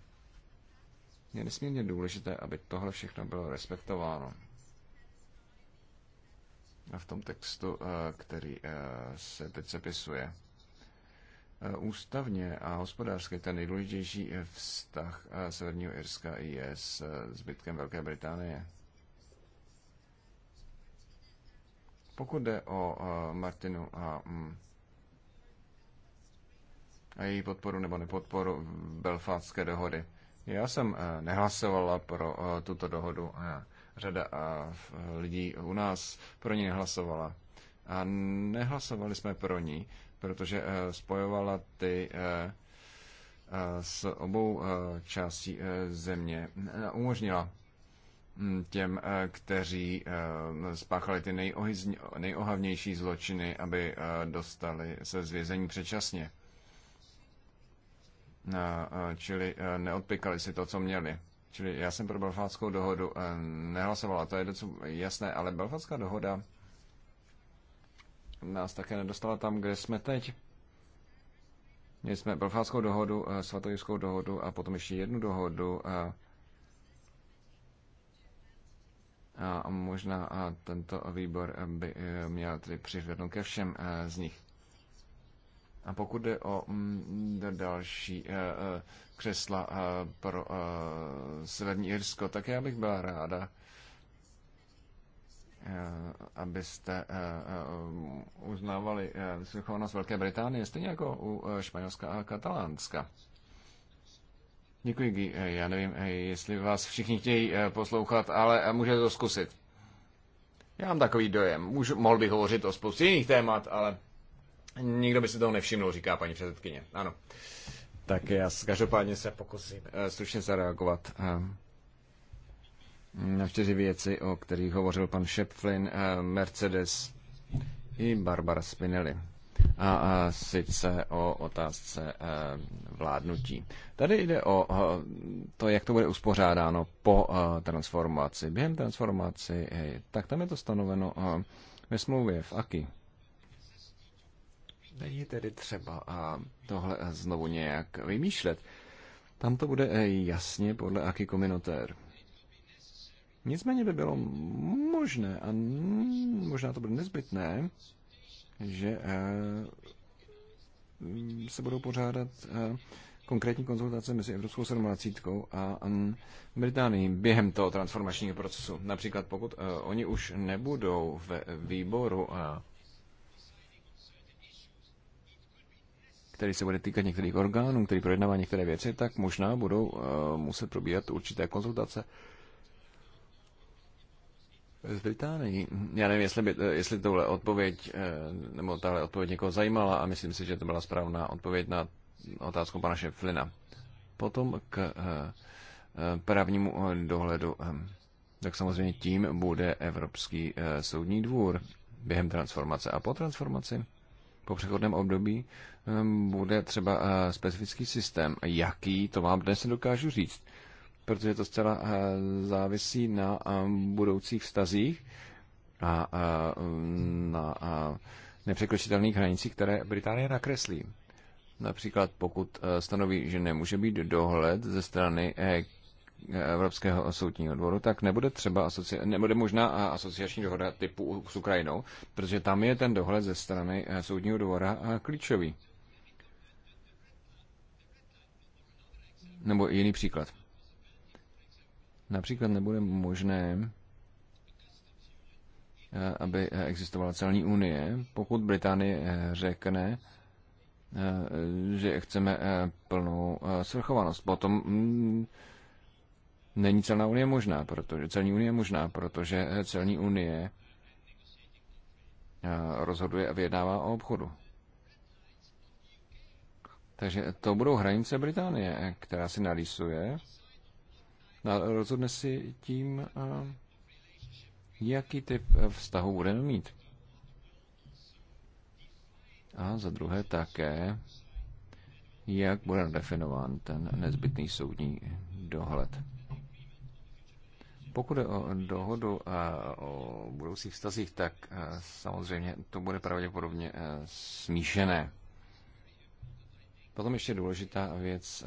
Je nesmírně důležité, aby tohle všechno bylo respektováno. A v tom textu, který se teď zapisuje. Eh, ústavně a hospodářské ten nejdůležitější eh, vztah eh, Severního Irska je s zbytkem Velké Británie. Pokud jde o Martinu a, mm, a její podporu nebo nepodporu Belfastské dohody, já jsem nehlasovala pro tuto dohodu. Řada lidí u nás pro ní nehlasovala. A nehlasovali jsme pro ní, protože eh, spojovala ty eh, eh, s obou částí země. Umožnila hm, těm, kteří spáchali ty nejohavnější zločiny, aby dostali se z vězení předčasně. Čili neodpikali si to, co měli. Čili já jsem pro Belfátskou dohodu nehlasovala, to je docela jasné, ale Belfátská dohoda nás také nedostala tam, kde jsme teď. Měli jsme Belfátskou dohodu, eh, svatojivskou dohodu a potom ještě jednu dohodu. Eh, a, a možná a tento výbor eh, by měl tedy přihlednout ke všem z nich. A pokud jde o mm, další křesla pro Severní Irsko, tak já bych byla ráda, Eh, abyste eh, eh, uznávali svrchovanost Velké Británie, stejně jako u Španělska a Katalánska. Děkuji, Já nevím, jestli vás všichni chtějí poslouchat, ale můžete to zkusit. Já mám takový dojem. Můžu, mohl bych hovořit o spoustě jiných témat, ale nikdo by si toho nevšiml, říká paní předsedkyně. Ano. Tak já každopádně se pokusím stručně zareagovat na čtyři věci, o kterých hovořil pan Šepflin, eh, Mercedes i Barbara Spinelli. A, a sice o otázce e, vládnutí. Tady jde o eh, to, jak to bude uspořádáno po e, transformaci. Během transformaci, hej, tak tam je to stanoveno e, ve smlouvě v AKI. Není tedy třeba a, tohle znovu nějak vymýšlet. Tam to bude e, jasně podle AKI kominotér. Nicméně by bylo možné, a možná to bude nezbytné, že eh, se budou pořádat eh, konkrétní konzultace mezi Evropskou 17 a mm, Británií během toho transformačního procesu. Například pokud eh, oni už nebudou ve výboru, který se bude týkat některých orgánů, který projednává některé věci, tak možná budou muset probíhat určité konzultace z Británii. Já nevím, jestli, by, jestli tohle odpověď, eh, nebo tahle odpověď někoho zajímala a myslím si, že to byla správná odpověď na otázku pana Šeflina. Potom k eh, eh, právnímu dohledu. Tak samozřejmě tím bude Evropský soudní dvůr během transformace a po transformaci. Po přechodném období bude třeba specifický systém. Jaký, to vám dnes dokážu říct protože to zcela eh, závisí na eh, budoucích vztazích a eh, na nepřekročitelných hranicích, které Británie nakreslí. Například pokud stanoví, že nemůže být dohled ze strany Evropského soudního dvoru, tak nebude třeba asocia- nebude možná asociační dohoda typu s Ukrajinou, protože tam je ten dohled ze strany soudního dvora klíčový. Nebo jiný příklad. Například nebude možné, eh, aby eh, existovala celní unie, pokud Británie eh, řekne, že chceme plnou svrchovanost. Potom mm, není celná unie možná, protože celní unie je možná, protože celní unie rozhoduje a vyjednává o obchodu. Takže to budou hranice Británie, která si narýsuje rozhodne si tím, eh, jaký typ vztahu budeme mít. A za druhé také, jak bude definován ten nezbytný soudní dohled. Pokud je o dohodu a o budoucích vztazích, tak eh, samozřejmě to bude pravděpodobně eh, smíšené. Potom ještě důležitá věc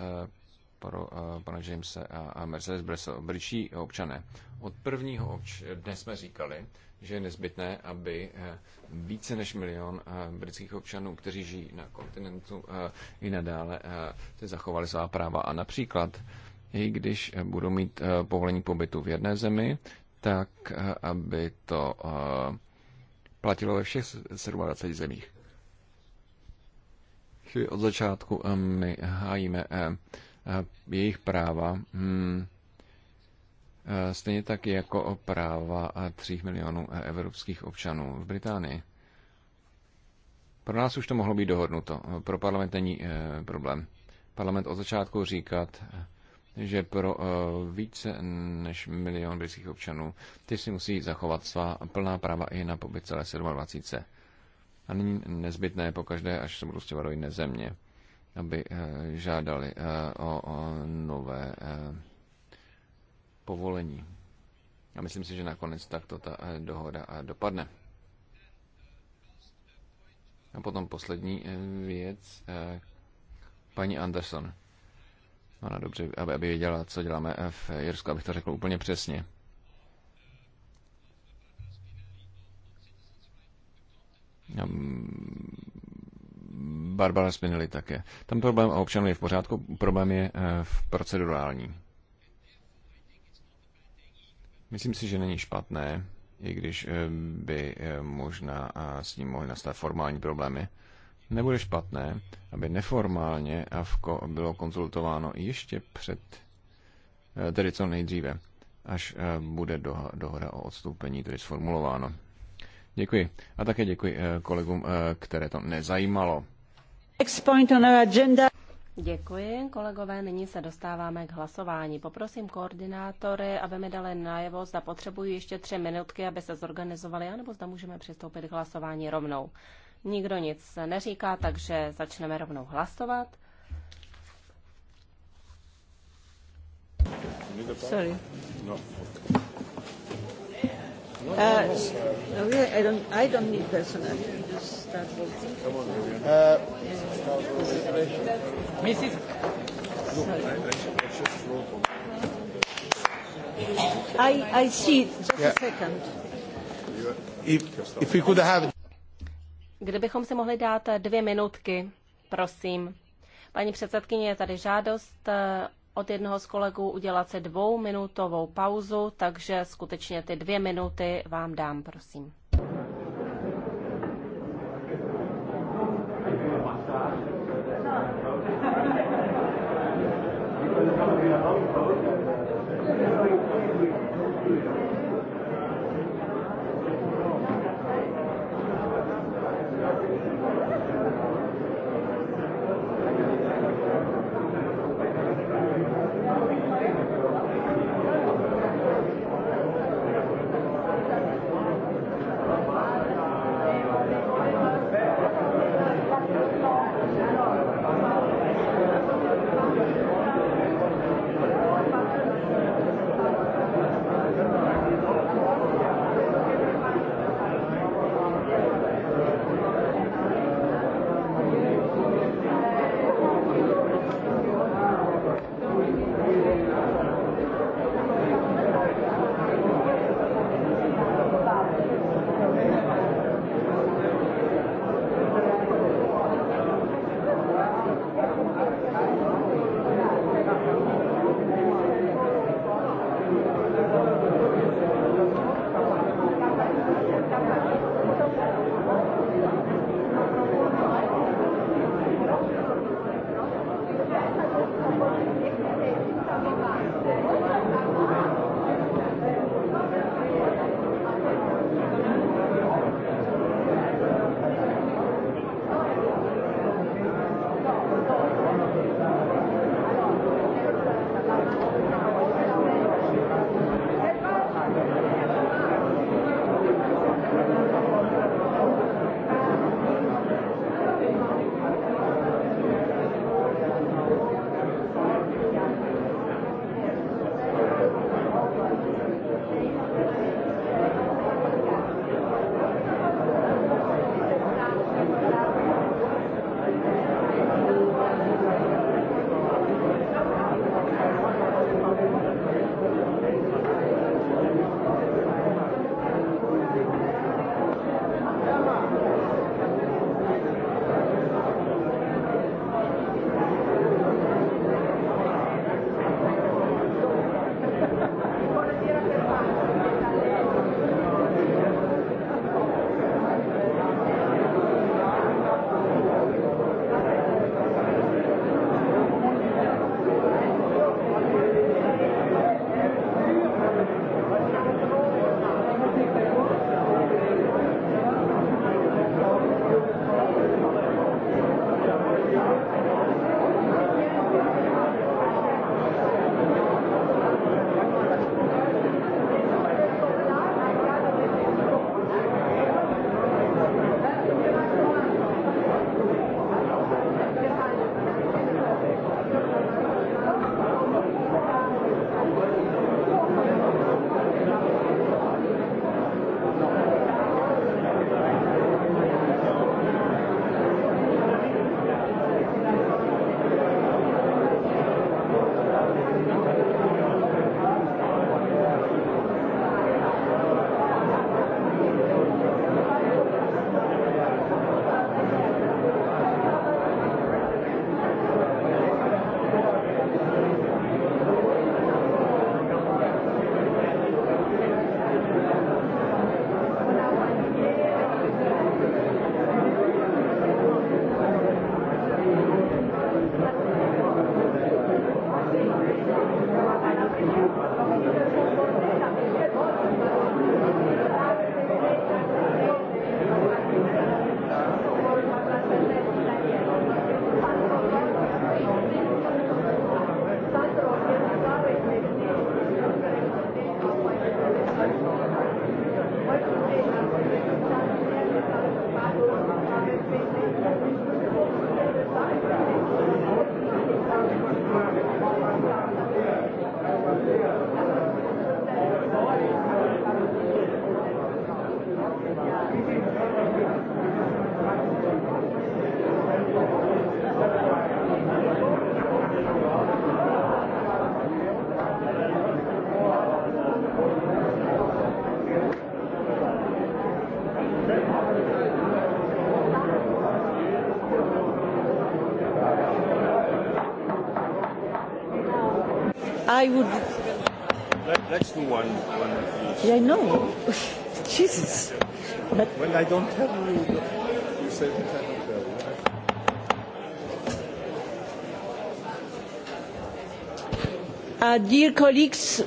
pro uh, eh, pana Jamesa a, a Mercedes Bresso, britští občané. Od prvního obč- dne jsme říkali, že je nezbytné, aby uh, více než milion uh, britských občanů, kteří žijí na kontinentu uh, i nadále, uh, si zachovali svá práva. A například, i když uh, budou mít uh, povolení pobytu v jedné zemi, tak uh, aby to uh, platilo ve všech 27 zemích. Čili od začátku um, my hájíme uh, jejich práva, hmm, stejně tak jako o práva 3 milionů evropských občanů v Británii. Pro nás už to mohlo být dohodnuto. Pro parlament není eh, problém. Parlament od začátku říkat, že pro eh, více než milion britských občanů ty si musí zachovat svá plná práva i na pobyt celé 27. A není nezbytné pokaždé, až se budou stěhovat do jiné země aby eh, žádali eh, o nové eh, povolení. A myslím si, že nakonec takto ta dohoda dopadne. A potom poslední věc. Paní Anderson. Ona dobře, aby, aby věděla, co děláme v Jirsku, abych to řekl úplně přesně. Hm, Barbara Spinelli také. Tam problém o občanů je v pořádku, problém je eh, v procedurální. Myslím si, že není špatné, i když eh, by eh, možná s ním mohly nastat formální problémy. Nebude špatné, aby neformálně AFKO bylo konzultováno ještě před, tedy co nejdříve, až bude dohoda o odstoupení tedy sformulováno. Děkuji. A také děkuji eh, kolegům, eh, které to nezajímalo. Děkuji, kolegové. Nyní se dostáváme k hlasování. Poprosím koordinátory, aby mi dali najevo, zda potřebují ještě tři minutky, aby se zorganizovali, anebo zda můžeme přistoupit k hlasování rovnou. Nikdo nic neříká, takže začneme rovnou hlasovat. Sorry. No. Uh, Kdybychom si mohli dát dvě minutky, prosím. Paní předsedkyně, je tady žádost od jednoho z kolegů udělat se dvouminutovou pauzu, takže skutečně ty dvě minuty vám dám, prosím. I would. Let, let's do one. one yeah, I know. Jesus. But when I don't tell you, you say that I don't tell you. Uh, A dear colleagues.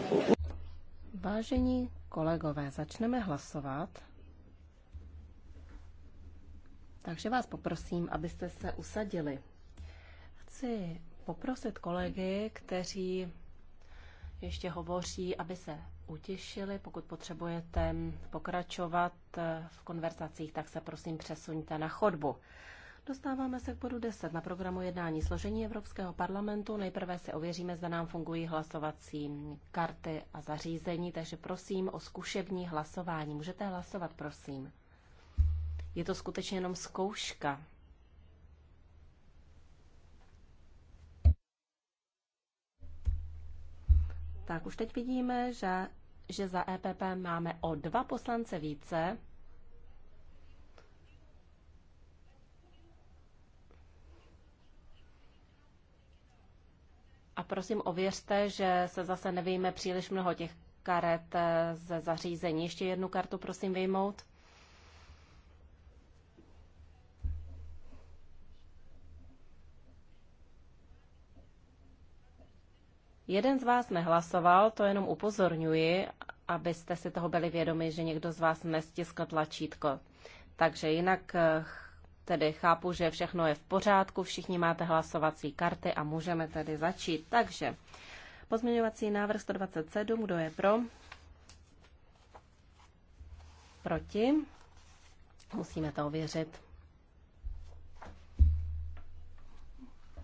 Vážení kolegové, začneme hlasovat. Takže vás poprosím, abyste se usadili. Chci poprosit kolegy, kteří ještě hovoří, aby se utěšili. Pokud potřebujete pokračovat eh, v konverzacích, tak se prosím přesuňte na chodbu. Dostáváme se k bodu 10 na programu jednání složení Evropského parlamentu. Nejprve si ověříme, zda nám fungují hlasovací karty a zařízení, takže prosím o zkušební hlasování. Můžete hlasovat, prosím. Je to skutečně jenom zkouška. tak už teď vidíme, že, že za EPP máme o dva poslance více. A prosím, ověřte, že se zase nevíme příliš mnoho těch karet eh, ze zařízení. Ještě jednu kartu prosím vyjmout. Jeden z vás nehlasoval, to jenom upozorňuji, abyste si toho byli vědomi, že někdo z vás nestiskl tlačítko. Takže jinak eh, tedy chápu, že všechno je v pořádku, všichni máte hlasovací karty a můžeme tedy začít. Takže pozměňovací návrh 127, kdo je pro? Proti? Musíme to ověřit.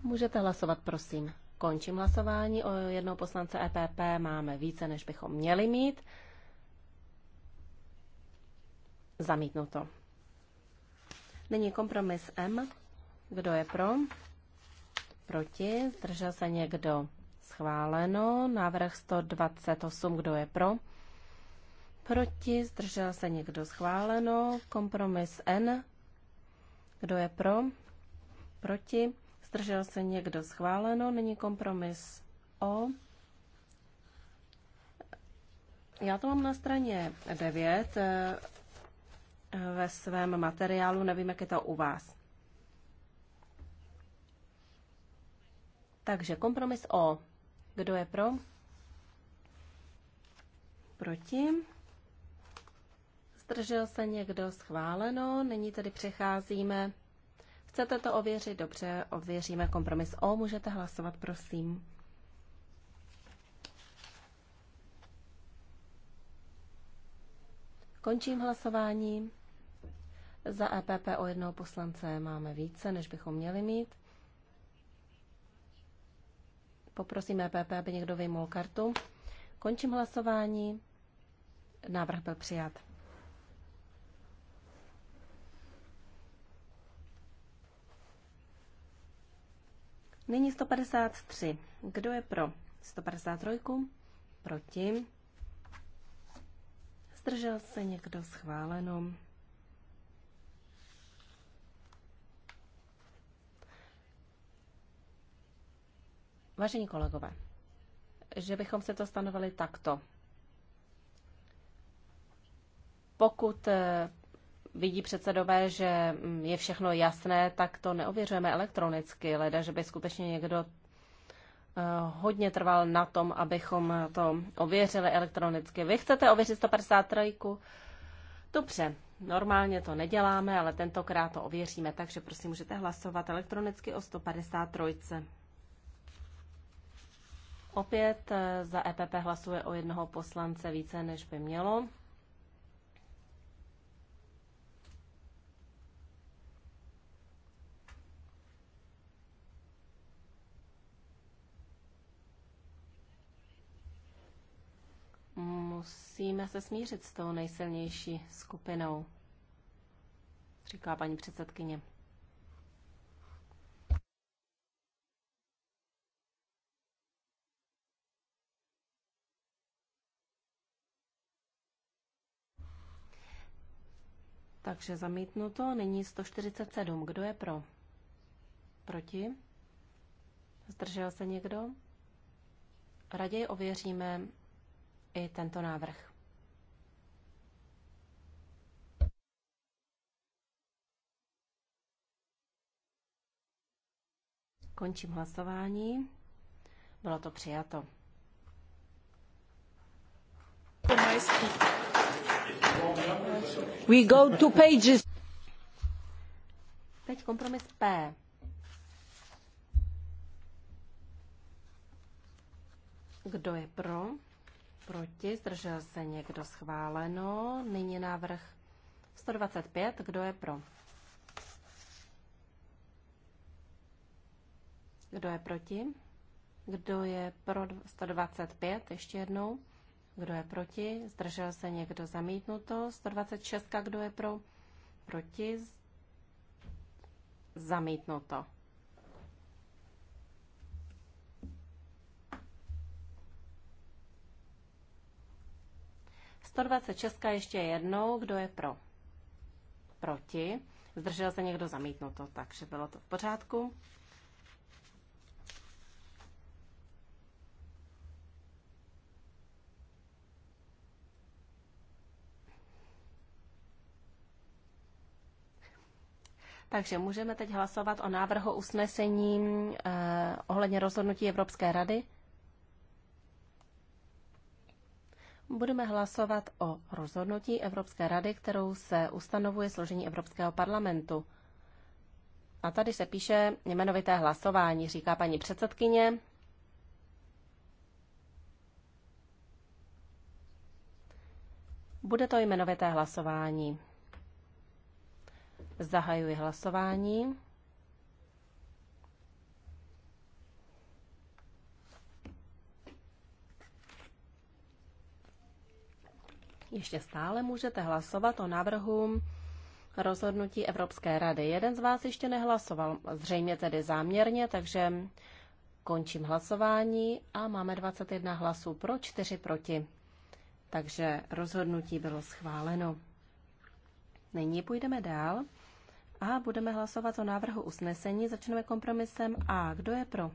Můžete hlasovat, prosím. Končím hlasování. O jednoho poslance EPP máme více, než bychom měli mít. Zamítnuto. Nyní kompromis M. Kdo je pro? Proti? Zdržel se někdo? Schváleno. Návrh 128. Kdo je pro? Proti? Zdržel se někdo? Schváleno. Kompromis N. Kdo je pro? Proti? Zdržel se někdo schváleno? Není kompromis O. Já to mám na straně 9 eh, ve svém materiálu, nevím, jak je to u vás. Takže kompromis O. Kdo je pro? Proti? Zdržel se někdo schváleno? Nyní tedy přecházíme Chcete to ověřit? Dobře, ověříme kompromis O. Můžete hlasovat, prosím. Končím hlasování. Za EPP o jednoho poslance máme více, než bychom měli mít. Poprosím EPP, aby někdo vyjmul kartu. Končím hlasování. Návrh byl přijat. Nyní 153. Kdo je pro? 153. Proti. Zdržel se někdo schváleno? Vážení kolegové, že bychom se to stanovili takto. Pokud eh, vidí předsedové, že mm, je všechno jasné, tak to neověřujeme elektronicky, leda, že by skutečně někdo eh, hodně trval na tom, abychom to ověřili elektronicky. Vy chcete ověřit 153? Dobře, normálně to neděláme, ale tentokrát to ověříme, takže prosím, můžete hlasovat elektronicky o 153. Opět eh, za EPP hlasuje o jednoho poslance více, než by mělo. musíme se smířit s tou nejsilnější skupinou, říká paní předsedkyně. Takže zamítnuto. Nyní 147. Kdo je pro? Proti? Zdržel se někdo? Raději ověříme i tento návrh. Končím hlasování. Bylo to přijato. We go to pages. Teď kompromis P. Kdo je pro? Proti? Zdržel se někdo schváleno? Nyní návrh 125. Kdo je pro? Kdo je proti? Kdo je pro 125? Ještě jednou. Kdo je proti? Zdržel se někdo zamítnuto? 126. Kdo je pro? Proti? Zamítnuto. 126 ještě jednou, kdo je pro? Proti. Zdržel se někdo zamítnuto, takže bylo to v pořádku. Takže můžeme teď hlasovat o návrhu usnesení eh, ohledně rozhodnutí Evropské rady. Budeme hlasovat o rozhodnutí Evropské rady, kterou se ustanovuje složení Evropského parlamentu. A tady se píše jmenovité hlasování, říká paní předsedkyně. Bude to jmenovité hlasování. Zahajuji hlasování. Ještě stále můžete hlasovat o návrhu rozhodnutí Evropské rady. Jeden z vás ještě nehlasoval, zřejmě tedy záměrně, takže končím hlasování a máme 21 hlasů pro, 4 proti. Takže rozhodnutí bylo schváleno. Nyní půjdeme dál a budeme hlasovat o návrhu usnesení. Začneme kompromisem A. Kdo je pro?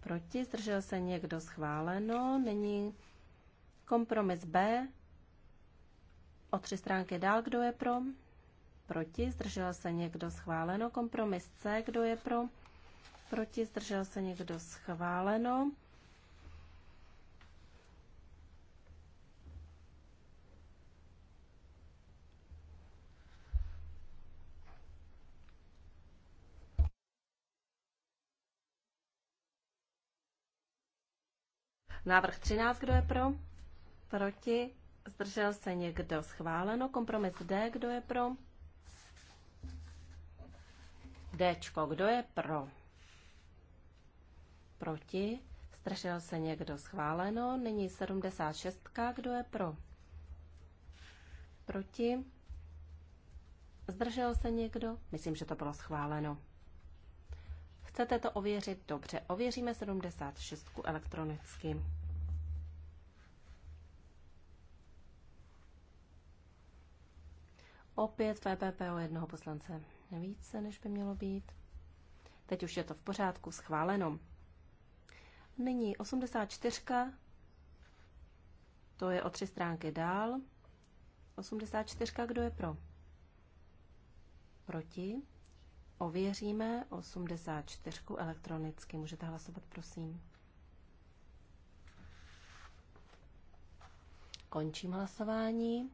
Proti? Zdržel se někdo schváleno? Nyní kompromis B. O tři stránky dál, kdo je pro? Proti, zdržel se někdo schváleno. Kompromis C, kdo je pro? Proti, zdržel se někdo schváleno. Návrh 13, kdo je pro? Proti? Zdržel se někdo? Schváleno. Kompromis D. Kdo je pro? D. Kdo je pro? Proti? Zdržel se někdo? Schváleno. Nyní 76. Kdo je pro? Proti? Zdržel se někdo? Myslím, že to bylo schváleno. Chcete to ověřit? Dobře, ověříme 76 elektronicky. Opět PPP o jednoho poslance více, než by mělo být. Teď už je to v pořádku, schváleno. Nyní 84. To je o tři stránky dál. 84. Kdo je pro? Proti? Ověříme 84 elektronicky. Můžete hlasovat, prosím. Končím hlasování.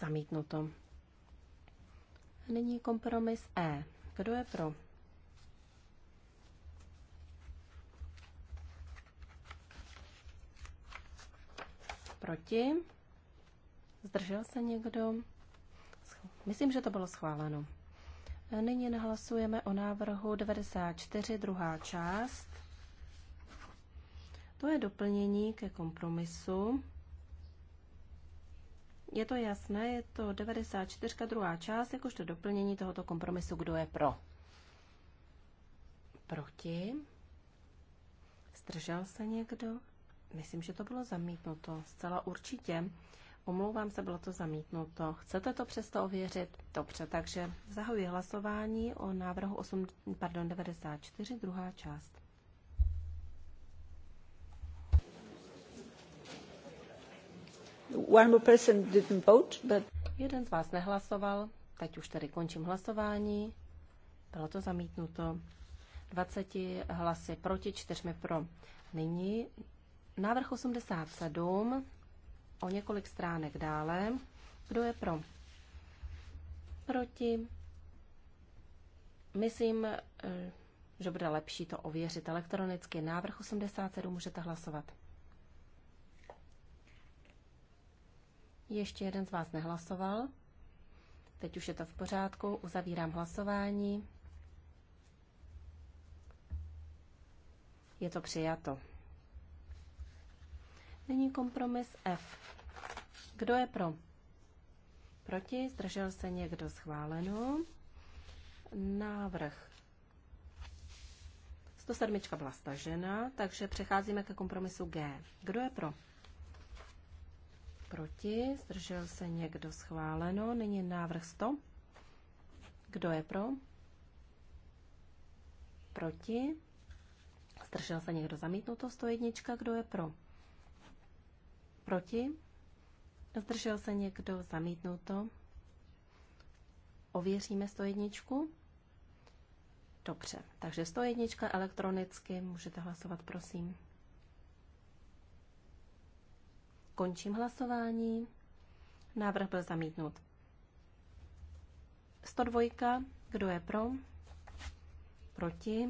Zamítnuto. Nyní kompromis E. Kdo je pro? Proti? Zdržel se někdo? Myslím, že to bylo schváleno. Nyní nahlasujeme o návrhu 94, druhá část. To je doplnění ke kompromisu. Je to jasné, je to 94. druhá část, jakožto doplnění tohoto kompromisu, kdo je pro. Proti. Zdržel se někdo? Myslím, že to bylo zamítnuto. Zcela určitě. Omlouvám se, bylo to zamítnuto. Chcete to přesto ověřit? Dobře, takže zahajuji hlasování o návrhu 8, pardon, 94, druhá část. Jeden z vás nehlasoval, teď už tady končím hlasování. Bylo to zamítnuto. 20 hlasy proti, 4 pro. Nyní návrh 87, o několik stránek dále. Kdo je pro? Proti. Myslím, eh, že bude lepší to ověřit elektronicky. Návrh 87 můžete hlasovat. Ještě jeden z vás nehlasoval. Teď už je to v pořádku. Uzavírám hlasování. Je to přijato. Nyní kompromis F. Kdo je pro? Proti? Zdržel se někdo schváleno? Návrh 107 byla stažena, takže přecházíme ke kompromisu G. Kdo je pro? Proti? Zdržel se někdo schváleno? Nyní návrh 100. Kdo je pro? Proti? Zdržel se někdo zamítnuto? 101. Kdo je pro? Proti? Zdržel se někdo zamítnuto? Ověříme 101. Dobře, takže 101 elektronicky. Můžete hlasovat, prosím. Končím hlasování. Návrh byl zamítnut. 102. Kdo je pro? Proti?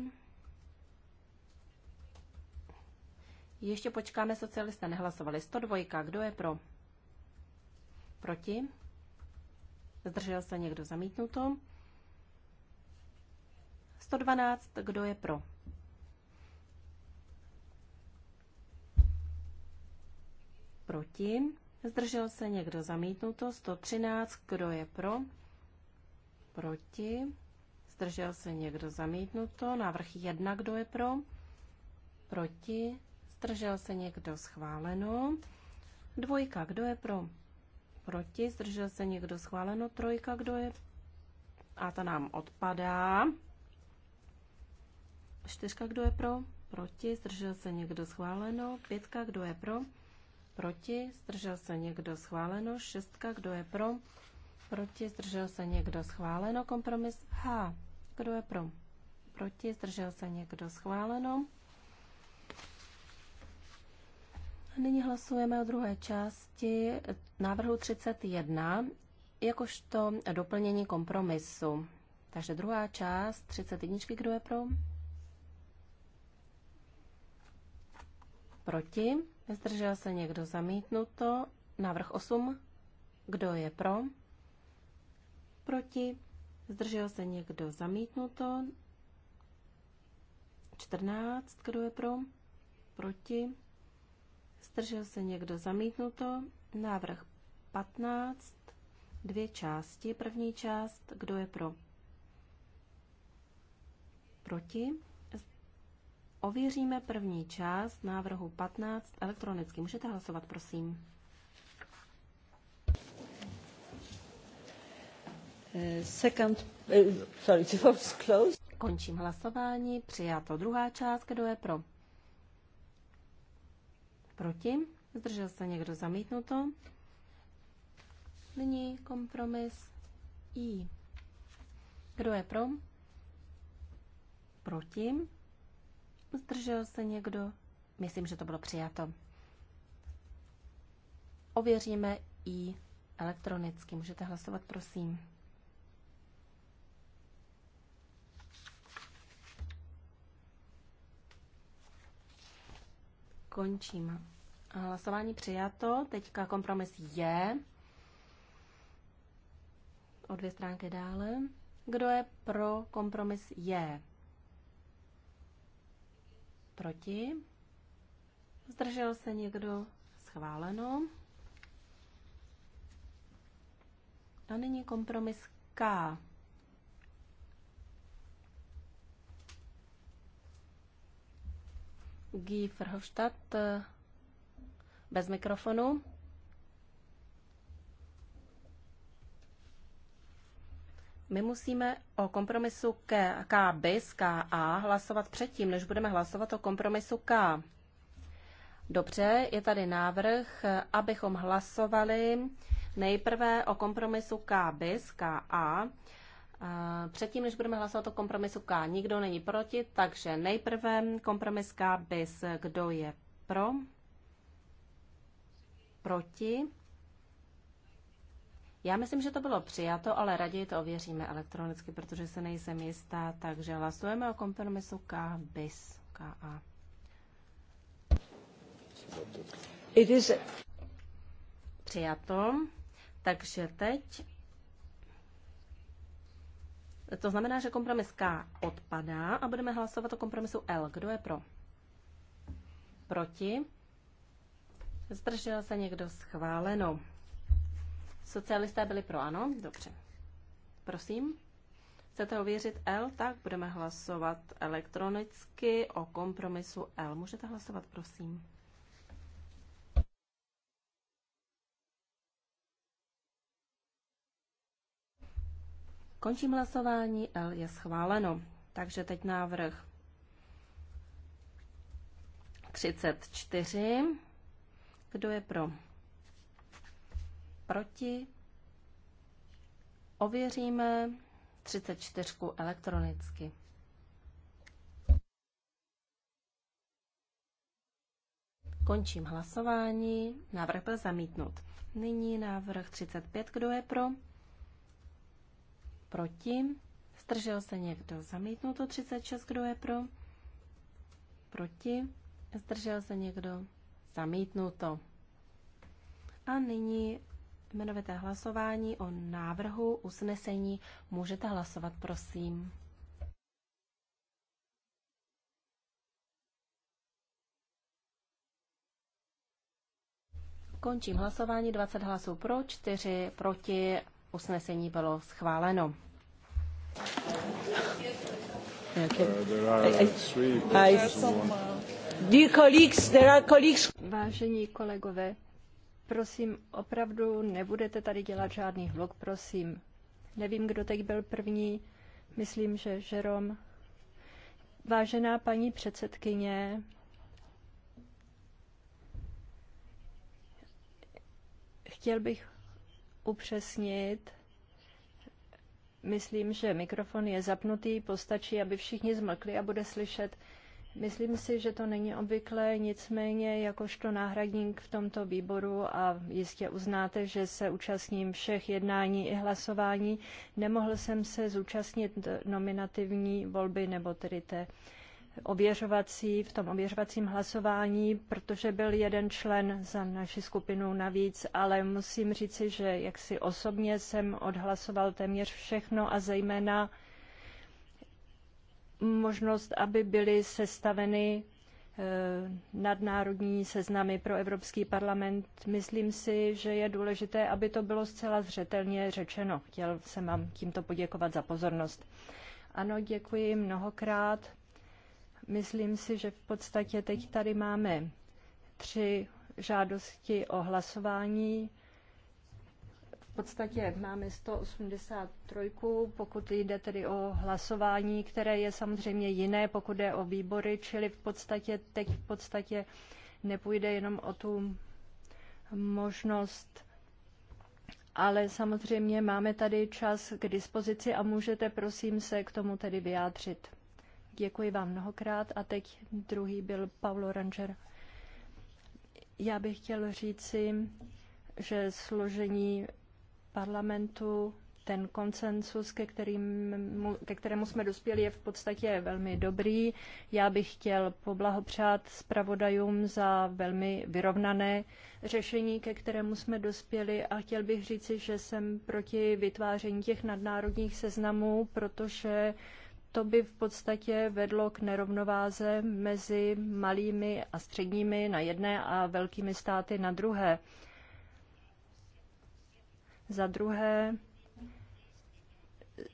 Ještě počkáme, socialisté nehlasovali. 102. Kdo je pro? Proti? Zdržel se někdo zamítnuto? 112. Kdo je pro? proti, zdržel se někdo zamítnuto, 113, kdo je pro, proti, zdržel se někdo zamítnuto, návrh 1, kdo je pro, proti, zdržel se někdo schváleno, dvojka, kdo je pro, proti, zdržel se někdo schváleno, trojka, kdo je a ta nám odpadá. Čtyřka, kdo je pro? Proti. Zdržel se někdo schváleno. Pětka, kdo je pro? proti, zdržel se někdo schváleno, šestka, kdo je pro, proti, zdržel se někdo schváleno, kompromis H, kdo je pro, proti, zdržel se někdo schváleno. A nyní hlasujeme o druhé části návrhu 31, jakožto doplnění kompromisu. Takže druhá část 31, kdo je pro? Proti. Zdržel se někdo zamítnuto? Návrh 8. Kdo je pro? Proti? Zdržel se někdo zamítnuto? 14. Kdo je pro? Proti? Zdržel se někdo zamítnuto? Návrh 15. Dvě části. První část. Kdo je pro? Proti? Ověříme první část návrhu 15 elektronicky. Můžete hlasovat, prosím. Eh, second, eh, sorry, the vote closed. Končím hlasování. Přijato druhá část. Kdo je pro? Proti? Zdržel se někdo zamítnuto? Nyní kompromis I. Kdo je pro? Proti? Zdržel se někdo? Myslím, že to bylo přijato. Ověříme i elektronicky. Můžete hlasovat, prosím. Končím. Hlasování přijato. Teďka kompromis je. O dvě stránky dále. Kdo je pro kompromis je? Proti? Zdržel se někdo? Schváleno. A nyní kompromis K. Guy Verhofstadt eh, bez mikrofonu. My musíme o kompromisu K, K bis, A hlasovat předtím, než budeme hlasovat o kompromisu K. Dobře, je tady návrh, abychom hlasovali nejprve o kompromisu K bis, A, eh, Předtím, než budeme hlasovat o kompromisu K, nikdo není proti, takže nejprve kompromis K bis, kdo je pro, proti, já myslím, že to bylo přijato, ale raději to ověříme elektronicky, protože se nejsem jistá, takže hlasujeme o kompromisu K bis KA. It is... Přijato. Takže teď to znamená, že kompromis K odpadá a budeme hlasovat o kompromisu L. Kdo je pro? Proti? Zdržel se někdo schváleno. Socialisté byli pro ano, dobře. Prosím. Chcete ověřit L, tak budeme hlasovat elektronicky o kompromisu L. Můžete hlasovat, prosím. Končím hlasování, L je schváleno. Takže teď návrh 34. Kdo je pro? proti. Ověříme 34 elektronicky. Končím hlasování. Návrh byl zamítnut. Nyní návrh 35. Kdo je pro? Proti. Zdržel se někdo? Zamítnuto 36. Kdo je pro? Proti. Zdržel se někdo? Zamítnuto. A nyní jmenovité hlasování o návrhu usnesení. Můžete hlasovat, prosím. Končím hlasování. 20 hlasů pro, 4 proti. Usnesení bylo schváleno. Uh, Vážení kolegové, Prosím, opravdu nebudete tady dělat žádný hluk, prosím. Nevím, kdo teď byl první, myslím, že Žerom. Vážená paní předsedkyně, chtěl bych upřesnit, myslím, že mikrofon je zapnutý, postačí, aby všichni zmlkli a bude slyšet Myslím si, že to není obvyklé, nicméně jakožto náhradník v tomto výboru a jistě uznáte, že se účastním všech jednání i hlasování, nemohl jsem se zúčastnit nominativní volby nebo tedy té ověřovací, v tom ověřovacím hlasování, protože byl jeden člen za naši skupinu navíc, ale musím říci, že jaksi osobně jsem odhlasoval téměř všechno a zejména možnost, aby byly sestaveny eh, nadnárodní seznamy pro Evropský parlament. Myslím si, že je důležité, aby to bylo zcela zřetelně řečeno. Chtěl jsem vám tímto poděkovat za pozornost. Ano, děkuji mnohokrát. Myslím si, že v podstatě teď tady máme tři žádosti o hlasování podstatě máme 183, pokud jde tedy o hlasování, které je samozřejmě jiné, pokud jde o výbory, čili v podstatě teď v podstatě nepůjde jenom o tu možnost ale samozřejmě máme tady čas k dispozici a můžete prosím se k tomu tedy vyjádřit. Děkuji vám mnohokrát a teď druhý byl Paulo Ranger. Já bych chtěl říci, že složení parlamentu ten konsensus, ke, kterým, ke kterému jsme dospěli, je v podstatě velmi dobrý. Já bych chtěl poblahopřát zpravodajům za velmi vyrovnané řešení, ke kterému jsme dospěli a chtěl bych říci, že jsem proti vytváření těch nadnárodních seznamů, protože to by v podstatě vedlo k nerovnováze mezi malými a středními na jedné a velkými státy na druhé. Za druhé,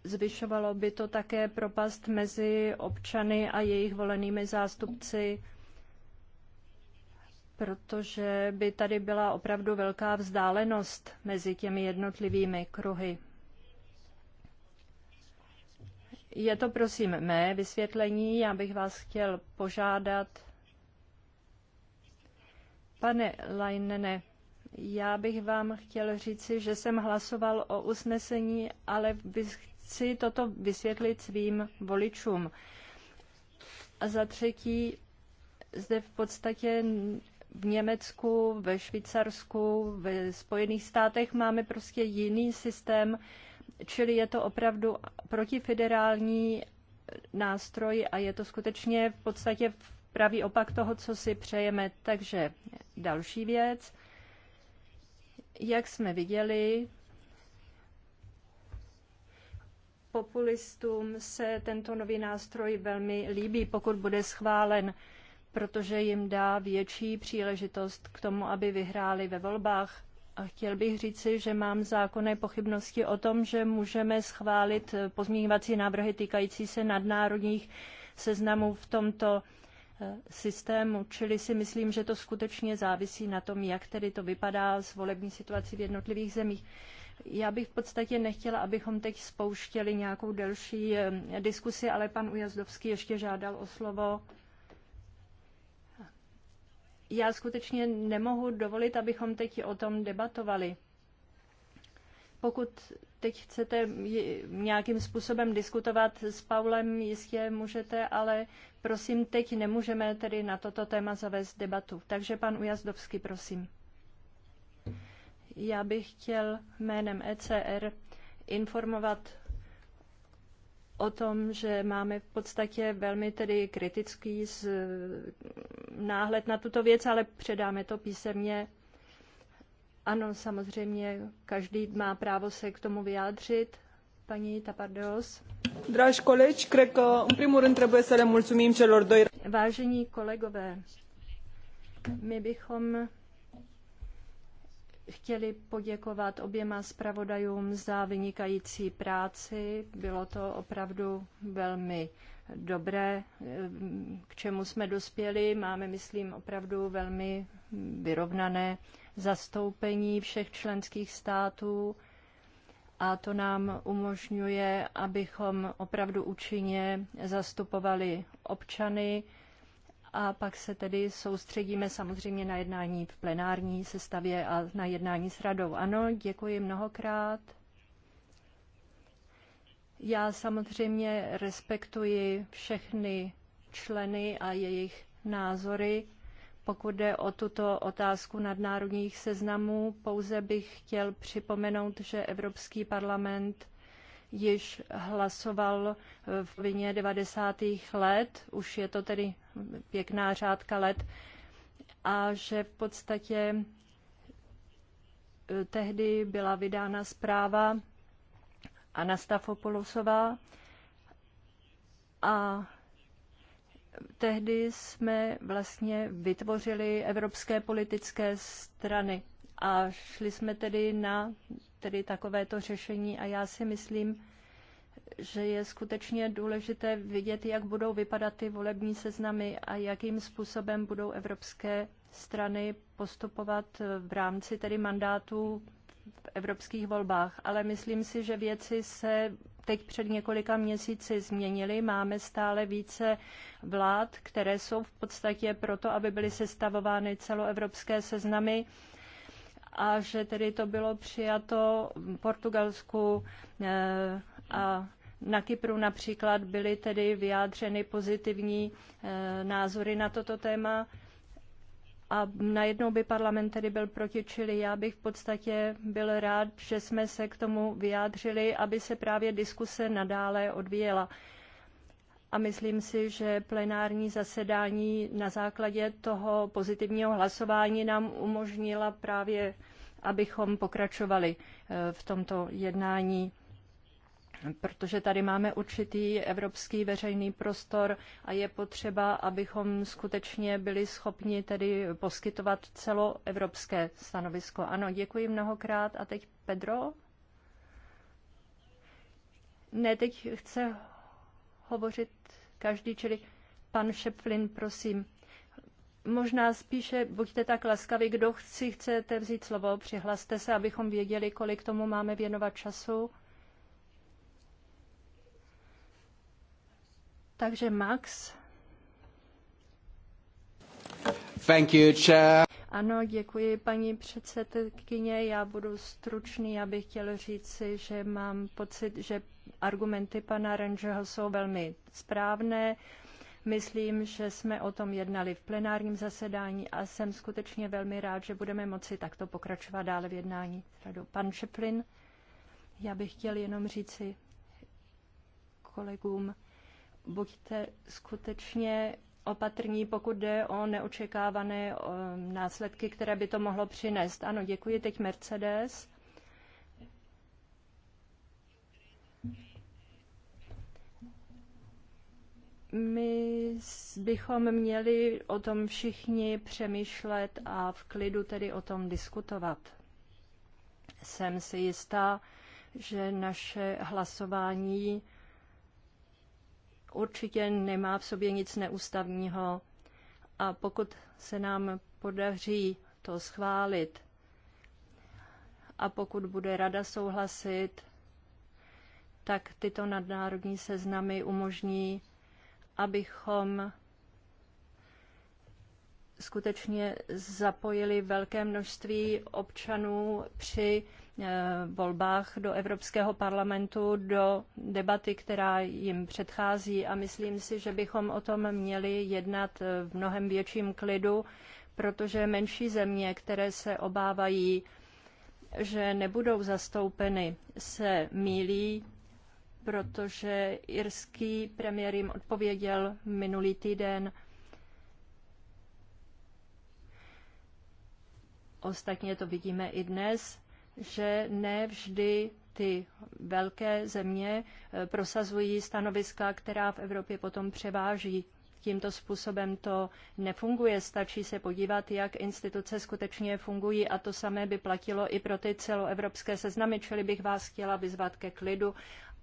zvyšovalo by to také propast mezi občany a jejich volenými zástupci, protože by tady byla opravdu velká vzdálenost mezi těmi jednotlivými kruhy. Je to prosím mé vysvětlení. Já bych vás chtěl požádat, pane Leinene, já bych vám chtěl říci, že jsem hlasoval o usnesení, ale chci toto vysvětlit svým voličům. A za třetí, zde v podstatě v Německu, ve Švýcarsku, ve Spojených státech máme prostě jiný systém, čili je to opravdu protifederální nástroj a je to skutečně v podstatě pravý opak toho, co si přejeme. Takže další věc. Jak jsme viděli, populistům se tento nový nástroj velmi líbí, pokud bude schválen, protože jim dá větší příležitost k tomu, aby vyhráli ve volbách. A chtěl bych říci, že mám zákonné pochybnosti o tom, že můžeme schválit pozměňovací návrhy týkající se nadnárodních seznamů v tomto Eh, systému, čili si myslím, že to skutečně závisí na tom, jak tedy to vypadá s volební situací v jednotlivých zemích. Já bych v podstatě nechtěla, abychom teď spouštěli nějakou delší eh, diskusi, ale pan Ujazdovský ještě žádal o slovo. Já skutečně nemohu dovolit, abychom teď o tom debatovali. Pokud teď chcete nějakým způsobem diskutovat s Paulem, jistě můžete, ale prosím, teď nemůžeme tedy na toto téma zavést debatu. Takže pan Ujazdovský, prosím. Já bych chtěl jménem ECR informovat o tom, že máme v podstatě velmi tedy kritický z, náhled na tuto věc, ale předáme to písemně ano, samozřejmě, každý má právo se k tomu vyjádřit. Paní Tapardos. Dráž koleč, cred v în primul rând trebuie să le mulțumim celor doi. Vážení kolegové, my bychom chtěli poděkovat oběma zpravodajům za vynikající práci. Bylo to opravdu velmi dobré, k čemu jsme dospěli. Máme, myslím, opravdu velmi vyrovnané zastoupení všech členských států a to nám umožňuje, abychom opravdu účinně zastupovali občany a pak se tedy soustředíme samozřejmě na jednání v plenární sestavě a na jednání s radou. Ano, děkuji mnohokrát. Já samozřejmě respektuji všechny členy a jejich názory pokud jde o tuto otázku nadnárodních seznamů, pouze bych chtěl připomenout, že Evropský parlament již hlasoval v vině 90. let, už je to tedy pěkná řádka let, a že v podstatě eh, tehdy byla vydána zpráva Anastafopolosová a tehdy jsme vlastně vytvořili evropské politické strany a šli jsme tedy na tedy takovéto řešení a já si myslím, že je skutečně důležité vidět, jak budou vypadat ty volební seznamy a jakým způsobem budou evropské strany postupovat v rámci tedy mandátů v evropských volbách. Ale myslím si, že věci se teď před několika měsíci změnili. Máme stále více vlád, které jsou v podstatě proto, aby byly sestavovány celoevropské seznamy a že tedy to bylo přijato v Portugalsku eh, a na Kypru například byly tedy vyjádřeny pozitivní eh, názory na toto téma a najednou by parlament tedy byl proti, čili já bych v podstatě byl rád, že jsme se k tomu vyjádřili, aby se právě diskuse nadále odvíjela. A myslím si, že plenární zasedání na základě toho pozitivního hlasování nám umožnila právě, abychom pokračovali eh, v tomto jednání protože tady máme určitý evropský veřejný prostor a je potřeba, abychom skutečně byli schopni tedy poskytovat celoevropské stanovisko. Ano, děkuji mnohokrát. A teď Pedro? Ne, teď chce hovořit každý, čili pan Šeplin, prosím. Možná spíše buďte tak laskaví, kdo chci chcete vzít slovo, přihlaste se, abychom věděli, kolik tomu máme věnovat času. Takže Max. Thank you, chair. Ano, děkuji paní předsedkyně. Já budu stručný, já bych chtěl říci, že mám pocit, že argumenty pana Rangeho jsou velmi správné. Myslím, že jsme o tom jednali v plenárním zasedání a jsem skutečně velmi rád, že budeme moci takto pokračovat dále v jednání. Radu. Pan Šeplin, já bych chtěl jenom říci kolegům, buďte skutečně opatrní, pokud jde o neočekávané eh, následky, které by to mohlo přinést. Ano, děkuji. Teď Mercedes. my bychom měli o tom všichni přemýšlet a v klidu tedy o tom diskutovat. Jsem si jistá, že naše hlasování určitě nemá v sobě nic neústavního a pokud se nám podaří to schválit a pokud bude rada souhlasit, tak tyto nadnárodní seznamy umožní, abychom skutečně zapojili velké množství občanů při Eh, volbách do Evropského parlamentu, do debaty, která jim předchází a myslím si, že bychom o tom měli jednat eh, v mnohem větším klidu, protože menší země, které se obávají, že nebudou zastoupeny, se mílí, protože irský premiér jim odpověděl minulý týden, Ostatně to vidíme i dnes že ne vždy ty velké země eh, prosazují stanoviska, která v Evropě potom převáží. Tímto způsobem to nefunguje. Stačí se podívat, jak instituce skutečně fungují a to samé by platilo i pro ty celoevropské seznamy, čili bych vás chtěla vyzvat ke klidu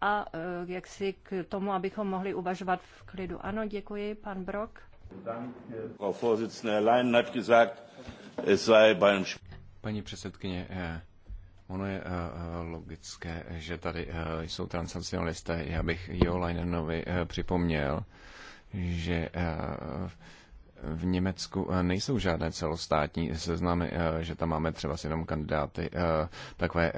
a eh, jak si k tomu, abychom mohli uvažovat v klidu. Ano, děkuji, pan Brok. Paní předsedkyně, eh, Ono je eh, eh, logické, že tady eh, jsou transnacionalisté. Já bych Jo Leinenovi připomněl, že v Německu nejsou žádné celostátní seznamy, že tam máme třeba jenom kandidáty takové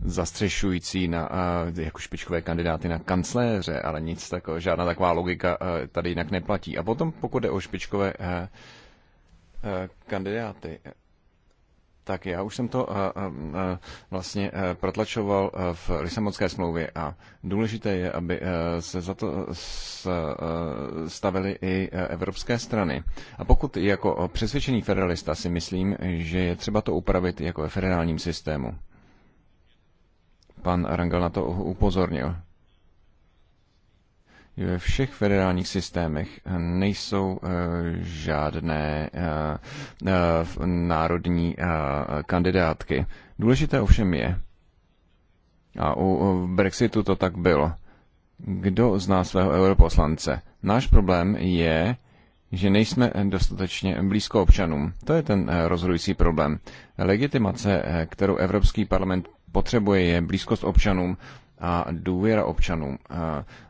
zastřešující na, jako špičkové kandidáty na kancléře, ale nic takového, žádná taková logika tady jinak neplatí. A potom, pokud jde o špičkové kandidáty, tak já už jsem to eh, eh, vlastně eh, protlačoval v Lisabonské smlouvě a důležité je, aby se za to stavili i evropské strany. A pokud jako přesvědčený federalista si myslím, že je třeba to upravit jako ve federálním systému. Pan Rangel na to upozornil ve všech federálních systémech nejsou eh, žádné eh, eh, národní kandidátky. Důležité ovšem je, a u Brexitu to tak bylo, kdo zná svého europoslance. Náš problém je, že nejsme dostatečně blízko občanům. To je ten rozhodující problém. Legitimace, kterou Evropský parlament potřebuje, je blízkost občanům a důvěra občanům.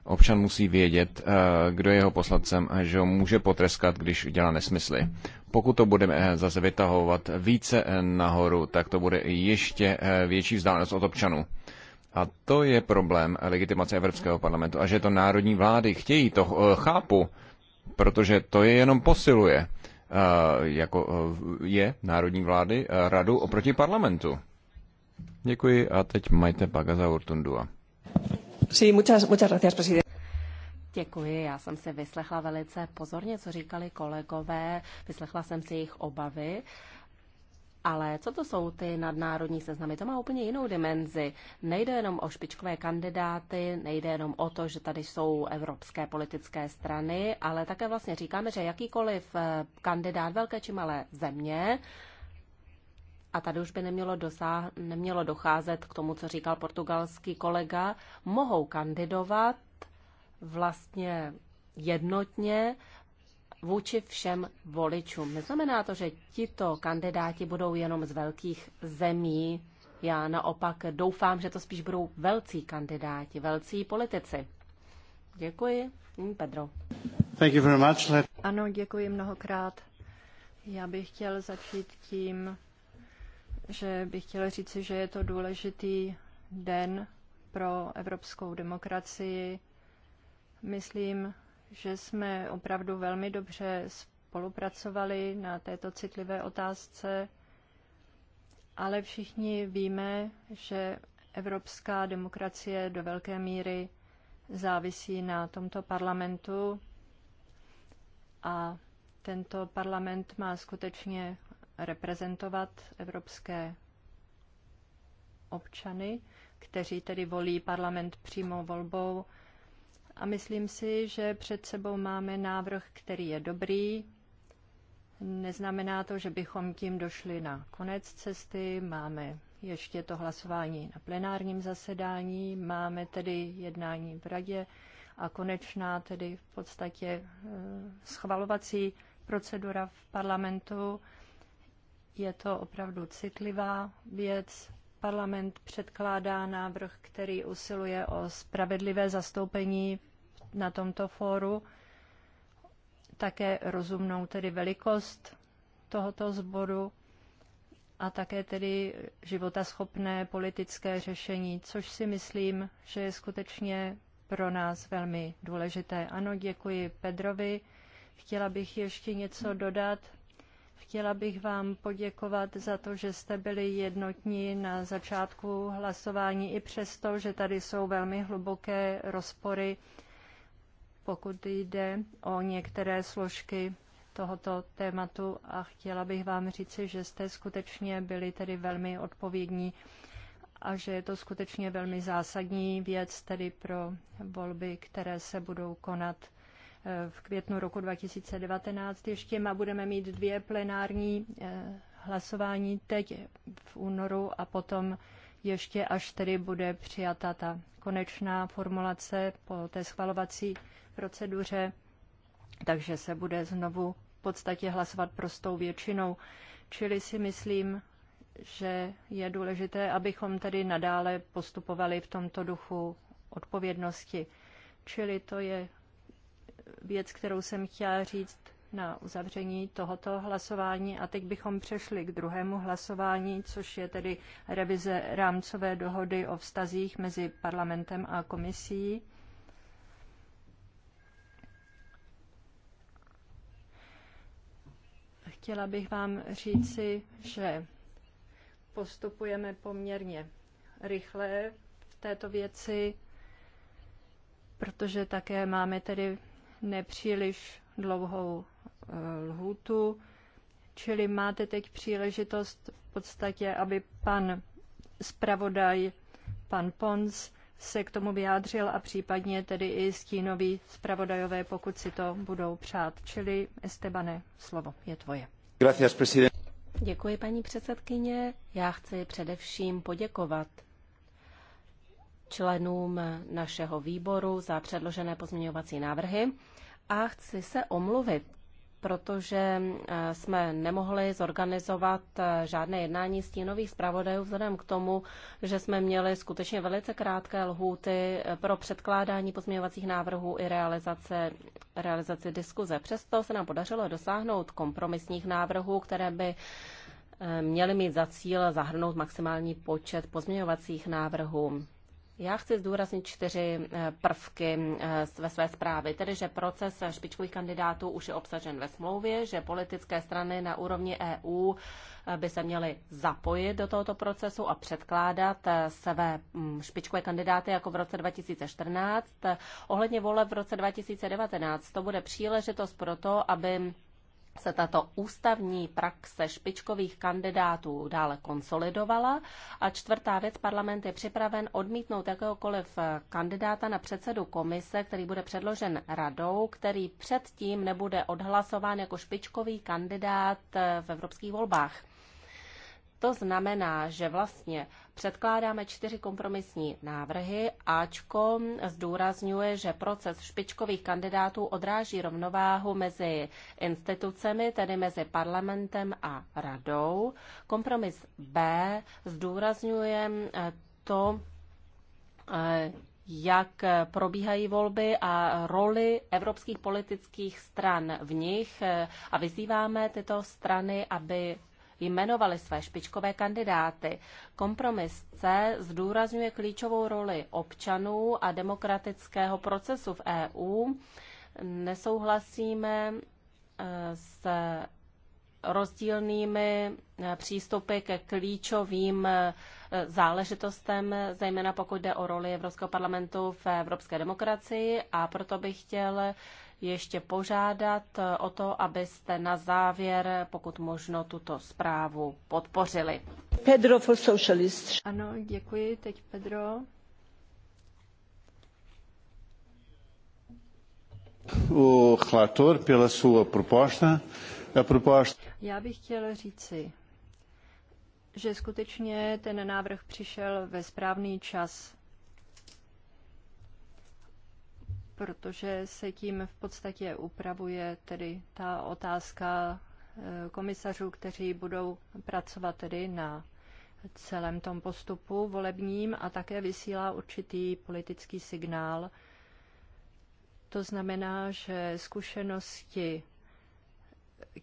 Občan musí vědět, kdo je jeho poslancem, že ho může potreskat, když dělá nesmysly. Pokud to budeme eh, zase vytahovat více eh, nahoru, tak to bude ještě eh, větší vzdálenost od občanů. A to je problém legitimace Evropského parlamentu. A že to národní vlády chtějí, to chápu, protože to je jenom posiluje jako je národní vlády radu oproti parlamentu. Děkuji a teď majte za Urtundua. Sí, muchas, muchas gracias, presidente. Děkuji, já jsem si vyslechla velice pozorně, co říkali kolegové, vyslechla jsem si jejich obavy. Ale co to jsou ty nadnárodní seznamy? To má úplně jinou dimenzi. Nejde jenom o špičkové kandidáty, nejde jenom o to, že tady jsou evropské politické strany, ale také vlastně říkáme, že jakýkoliv eh, kandidát velké či malé země a tady už by nemělo, dosáh- nemělo docházet k tomu, co říkal portugalský kolega, mohou kandidovat vlastně jednotně vůči všem voličům. Neznamená to, že tito kandidáti budou jenom z velkých zemí. Já naopak doufám, že to spíš budou velcí kandidáti, velcí politici. Děkuji. Pedro. Thank you very much. Ano, děkuji mnohokrát. Já bych chtěl začít tím, že bych chtěla říci, že je to důležitý den pro evropskou demokracii. Myslím, že jsme opravdu velmi dobře spolupracovali na této citlivé otázce, ale všichni víme, že evropská demokracie do velké míry závisí na tomto parlamentu a tento parlament má skutečně reprezentovat evropské občany, kteří tedy volí parlament přímou volbou. A myslím si, že před sebou máme návrh, který je dobrý. Neznamená to, že bychom tím došli na konec cesty. Máme ještě to hlasování na plenárním zasedání, máme tedy jednání v radě a konečná tedy v podstatě eh, schvalovací procedura v parlamentu. Je to opravdu citlivá věc. Parlament předkládá návrh, který usiluje o spravedlivé zastoupení na tomto fóru, také rozumnou tedy velikost tohoto sboru a také tedy životaschopné politické řešení, což si myslím, že je skutečně pro nás velmi důležité. Ano, děkuji Pedrovi. Chtěla bych ještě něco dodat Chtěla bych vám poděkovat za to, že jste byli jednotní na začátku hlasování, i přesto, že tady jsou velmi hluboké rozpory, pokud jde o některé složky tohoto tématu a chtěla bych vám říci, že jste skutečně byli tedy velmi odpovědní a že je to skutečně velmi zásadní věc tedy pro volby, které se budou konat Eh, v květnu roku 2019 ještě a budeme mít dvě plenární eh, hlasování teď v únoru a potom ještě až tedy bude přijata ta konečná formulace po té schvalovací proceduře, takže se bude znovu v podstatě hlasovat prostou většinou. Čili si myslím, že je důležité, abychom tedy nadále postupovali v tomto duchu odpovědnosti. Čili to je věc, kterou jsem chtěla říct na uzavření tohoto hlasování a teď bychom přešli k druhému hlasování, což je tedy revize rámcové dohody o vztazích mezi parlamentem a komisí. Chtěla bych vám říci, že postupujeme poměrně rychle v této věci, protože také máme tedy nepříliš dlouhou eh, lhůtu, čili máte teď příležitost v podstatě, aby pan zpravodaj, pan Pons, se k tomu vyjádřil a případně tedy i stínoví zpravodajové, pokud si to budou přát. Čili Estebane, slovo je tvoje. Gracias, Děkuji, paní předsedkyně. Já chci především poděkovat členům našeho výboru za předložené pozměňovací návrhy a chci se omluvit protože eh, jsme nemohli zorganizovat eh, žádné jednání stínových zpravodajů vzhledem k tomu, že jsme měli skutečně velice krátké lhůty eh, pro předkládání pozměňovacích návrhů i realizace, realizaci diskuze. Přesto se nám podařilo dosáhnout kompromisních návrhů, které by měly mít za cíl zahrnout maximální počet pozměňovacích návrhů. Já chci zdůraznit čtyři eh, prvky eh, ve své zprávy, tedy že proces špičkových kandidátů už je obsažen ve smlouvě, že politické strany na úrovni EU eh, by se měly zapojit do tohoto procesu a předkládat své mm, špičkové kandidáty jako v roce 2014. Ohledně voleb v roce 2019 to bude příležitost pro to, aby se tato ústavní praxe špičkových kandidátů dále konsolidovala. A čtvrtá věc, parlament je připraven odmítnout jakéhokoliv kandidáta na předsedu komise, který bude předložen radou, který předtím nebude odhlasován jako špičkový kandidát v evropských volbách. To znamená, že vlastně předkládáme čtyři kompromisní návrhy. Ačko zdůrazňuje, že proces špičkových kandidátů odráží rovnováhu mezi institucemi, tedy mezi parlamentem a radou. Kompromis B zdůrazňuje eh, to, eh, jak probíhají volby a roli evropských politických stran v nich eh, a vyzýváme tyto strany, aby jmenovali své špičkové kandidáty. Kompromis C zdůrazňuje klíčovou roli občanů a demokratického procesu v EU. Nesouhlasíme eh, s rozdílnými eh, přístupy ke klíčovým eh, záležitostem, zejména pokud jde o roli Evropského parlamentu v evropské demokracii a proto bych chtěl ještě požádat eh, o to, abyste na závěr, pokud možno, tuto zprávu podpořili. Pedro for Socialist. Ano, děkuji. Teď Pedro. O relator pela sua proposta. A proposta... Já bych chtěl říci, že skutečně ten návrh přišel ve správný čas. protože se tím v podstatě upravuje tedy ta otázka eh, komisařů, kteří budou pracovat tedy na celém tom postupu volebním a také vysílá určitý politický signál. To znamená, že zkušenosti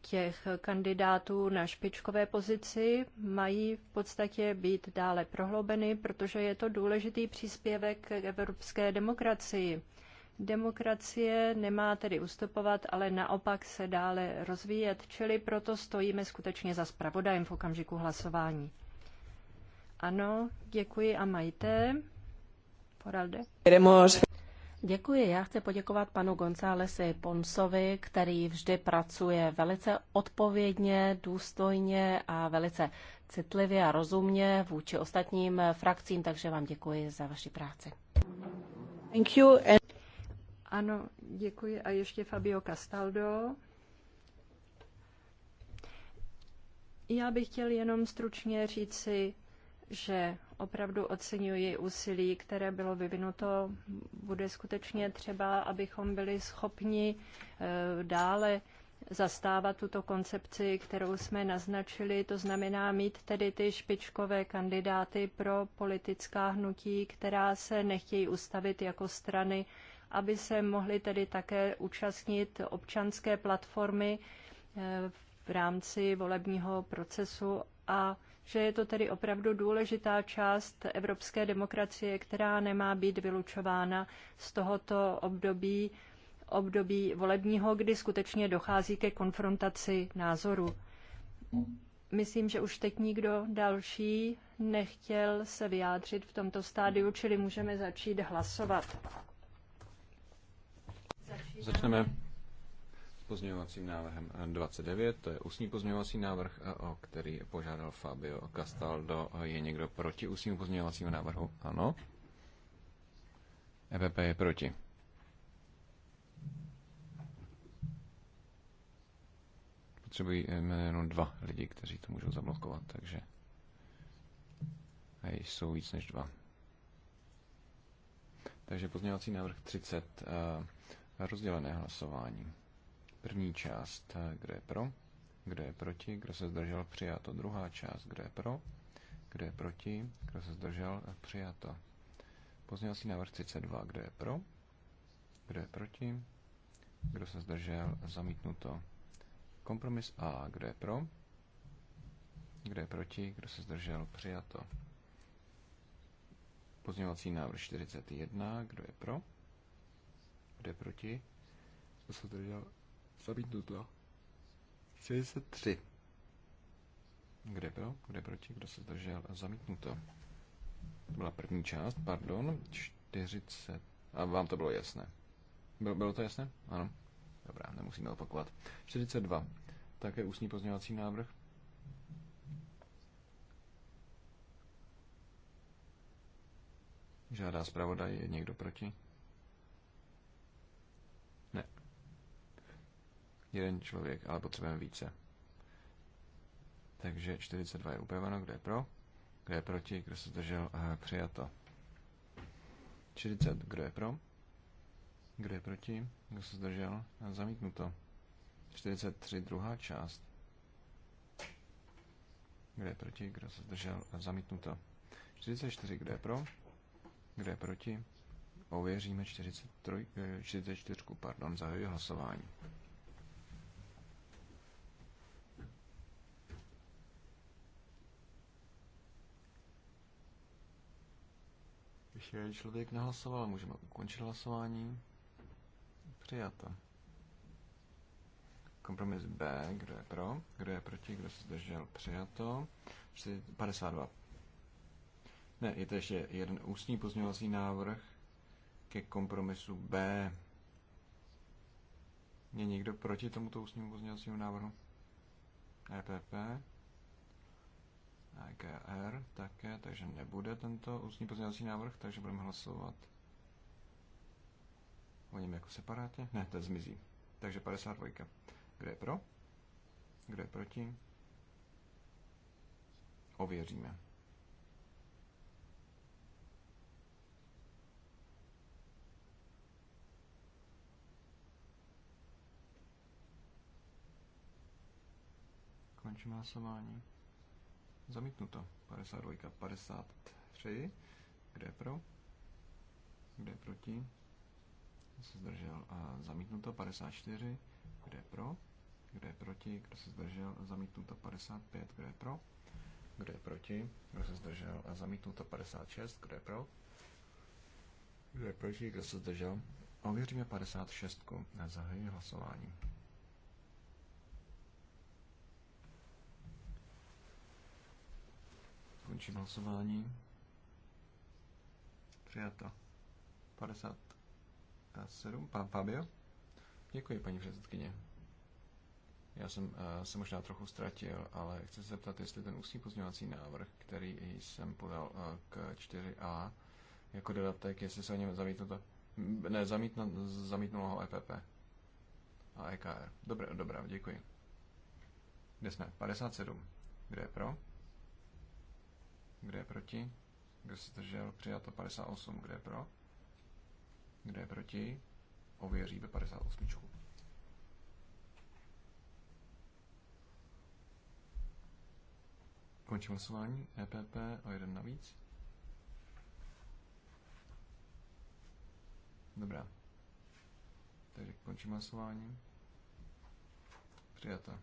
těch kandidátů na špičkové pozici mají v podstatě být dále prohloubeny, protože je to důležitý příspěvek k evropské demokracii. Demokracie nemá tedy ustupovat, ale naopak se dále rozvíjet, čili proto stojíme skutečně za spravodajem v okamžiku hlasování. Ano, děkuji a majte. Poralde. Děkuji. Já chci poděkovat panu Gonzálesi Ponsovi, který vždy pracuje velice odpovědně, důstojně a velice citlivě a rozumně vůči ostatním frakcím, takže vám děkuji za vaši práci. Thank you. And... Ano, děkuji. A ještě Fabio Castaldo. Já bych chtěl jenom stručně říci, že opravdu oceňuji úsilí, které bylo vyvinuto. Bude skutečně třeba, abychom byli schopni eh, dále zastávat tuto koncepci, kterou jsme naznačili, to znamená mít tedy ty špičkové kandidáty pro politická hnutí, která se nechtějí ustavit jako strany aby se mohli tedy také účastnit občanské platformy eh, v rámci volebního procesu a že je to tedy opravdu důležitá část evropské demokracie, která nemá být vylučována z tohoto období, období volebního, kdy skutečně dochází ke konfrontaci názorů. Myslím, že už teď nikdo další nechtěl se vyjádřit v tomto stádiu, čili můžeme začít hlasovat. Začneme pozměňovacím návrhem 29, to je ústní pozměňovací návrh, o který požádal Fabio Castaldo. Je někdo proti ústnímu pozměňovacímu návrhu? Ano. EPP je proti. Potřebujeme eh, jenom dva lidi, kteří to můžou zablokovat, takže a jsou víc než dva. Takže pozměňovací návrh 30 rozdělené hlasování. První část, eh, kdo je pro, kdo je proti, kdo se zdržel, přijato. Druhá část, kdo je pro, kdo je proti, kdo se zdržel, eh, přijato. Pozměňovací návrh 32, kdo je pro, kdo je proti, kdo se zdržel, zamítnuto. Kompromis A, kdo je pro, kdo je proti, kdo se zdržel, přijato. Pozměňovací návrh 41, kdo je pro, bude je proti? to se zdržel? to. 63. Kde byl? Kde proti? Kdo se držel? Zamítnuto. To byla první část, pardon. 40. A vám to bylo jasné. Bylo, bylo to jasné? Ano. Dobrá, nemusíme opakovat. 42. Také ústní pozměňovací návrh. Žádá zpravodaj, je někdo proti? jeden člověk, ale potřebujeme více. Takže 42 je upraveno, kdo je pro, kdo je proti, kdo se zdržel, eh, přijato. 40, kdo je pro, kdo je proti, kdo se zdržel, a eh, zamítnuto. 43, druhá část. Kdo je proti, kdo se zdržel, a eh, zamítnuto. 44, kdo je pro, kdo je proti, ověříme 43, 44, pardon, zahajuji hlasování. Když je člověk nehlasoval, můžeme ukončit hlasování. Přijato. Kompromis B, kdo je pro, kdo je proti, kdo se zdržel, přijato. 52. Ne, je to ještě jeden ústní pozměňovací návrh ke kompromisu B. Je někdo proti tomuto ústnímu pozměňovacímu návrhu? EPP. EKR také, takže nebude tento ústní pozměňovací návrh, takže budeme hlasovat o něm jako separátně. Ne, to zmizí. Takže 52. Kdo je pro? Kdo je proti? Ověříme. Končím hlasování. Zamítnuto. 52, 53. Kde je pro? Kde je proti? Kdo se zdržel? A zamítnuto. 54. Kde je pro? Kde je proti? Kdo se zdržel? A zamítnuto. 55. Kde je pro? Kdo je proti? Kdo se zdržel? A zamítnuto. 56. Kde je pro? Kdo je proti? Kdo se zdržel? Ověříme 56. Zahajuji hlasování. Končím hlasování. Přijato. 57. Pán Fabio? Děkuji, paní předsedkyně. Já jsem uh, se možná trochu ztratil, ale chci se zeptat, jestli ten ústní pozměňovací návrh, který jsem podal uh, k 4a, jako dodatek, jestli se o něm zamítnuto, ne, zamítno, zamítnulo ho EPP a EKR. Dobré, dobrá, děkuji. Kde jsme? 57. Kde je pro? Kde je proti? Kdo se zdržel? Přijato 58. Kde je pro? Kde je proti? ve 58. Končím hlasování. EPP o jeden navíc. Dobrá. Takže končím hlasování. Přijata.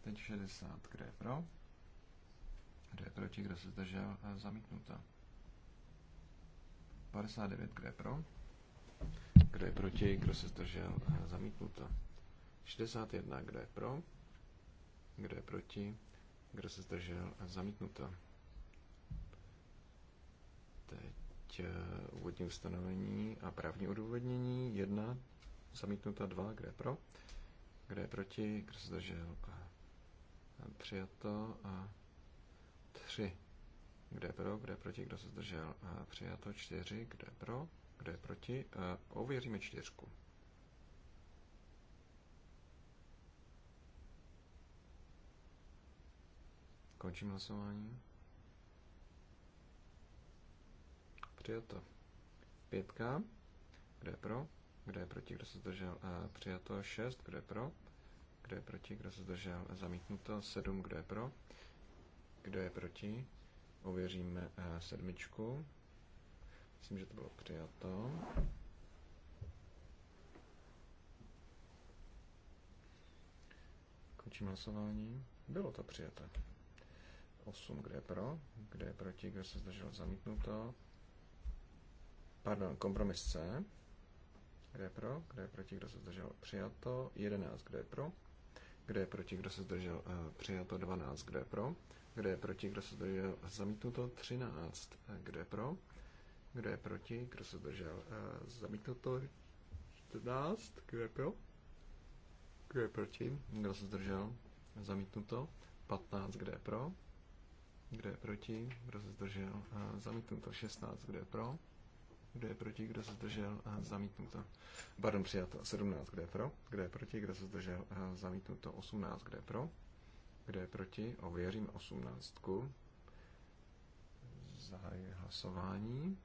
Teď 60, kde je pro? Kdo je proti? Kdo se zdržel? E, zamítnuto. 59. Kdo je pro? Kdo je proti? Kdo se zdržel? E, zamítnuto. 61. Kdo je pro? Kdo je proti? Kdo se zdržel? E, zamítnuto. Teď úvodní ustanovení a právní odůvodnění. 1. Zamítnuta 2. Kdo je pro? Kdo je proti? Kdo se zdržel? Přijato. A 3. Kde je pro, kde je proti, kdo se zdržel? A přijato 4. Kde je pro, kde je proti? A ověříme čtyřku. Končím hlasování. Přijato. Pětka. Kdo je pro? Kdo je proti? Kdo se zdržel? A přijato. Šest. Kdo je pro? Kdo je proti? Kdo se zdržel? A zamítnuto. Sedm. Kdo je pro? Kdo je proti? Ověříme eh, sedmičku. Myslím, že to bylo přijato. Končím hlasování. Bylo to přijato. 8, kde je pro, kde je proti, kdo se zdržel zamítnuto. Pardon, kompromis C. Kde je pro, kde je proti, kdo se zdržel přijato. 11, kde je pro, kde je proti, kdo se zdržel eh, přijato. 12, kde je pro, kdo je proti? Kdo se zdržel? Zamítnuto. 13. Kdo je pro? Kdo je proti? Kdo se zdržel? Zamítnuto. 14. Kdo je pro? Kdo je proti? Kdo se zdržel? Zamítnuto. 15. Kdo je pro? Kdo je proti? Kdo se zdržel? Zamítnuto. 16. Kdo je pro? Kdo je proti? Kdo se zdržel? Zamítnuto. Pardon, přijato. 17. Kdo je pro? Kdo je proti? Kdo se zdržel? Zamítnuto. 18. Kdo je pro? Kdo je proti? Ověřím osmnáctku. Zahajuji hlasování.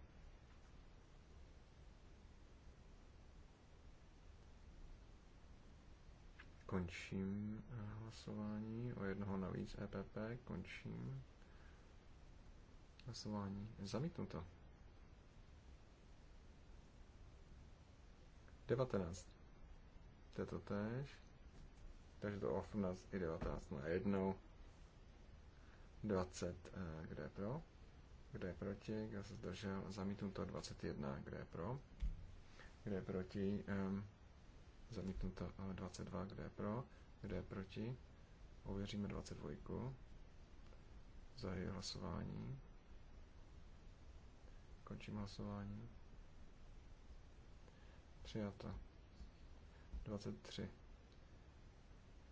Končím eh, hlasování. O jednoho navíc EPP. Končím hlasování. Zamítnuto. 19. To je to tež. Takže to 18 i 19 na jednou. 20, eh, kde je pro? Kde je proti? kde se zdržel? to 21, kde je pro? Kde je proti? Ehm, to 22, kde je pro? Kde je proti? Ověříme 22. Zahajuji hlasování. Končím hlasování. Přijata. 23.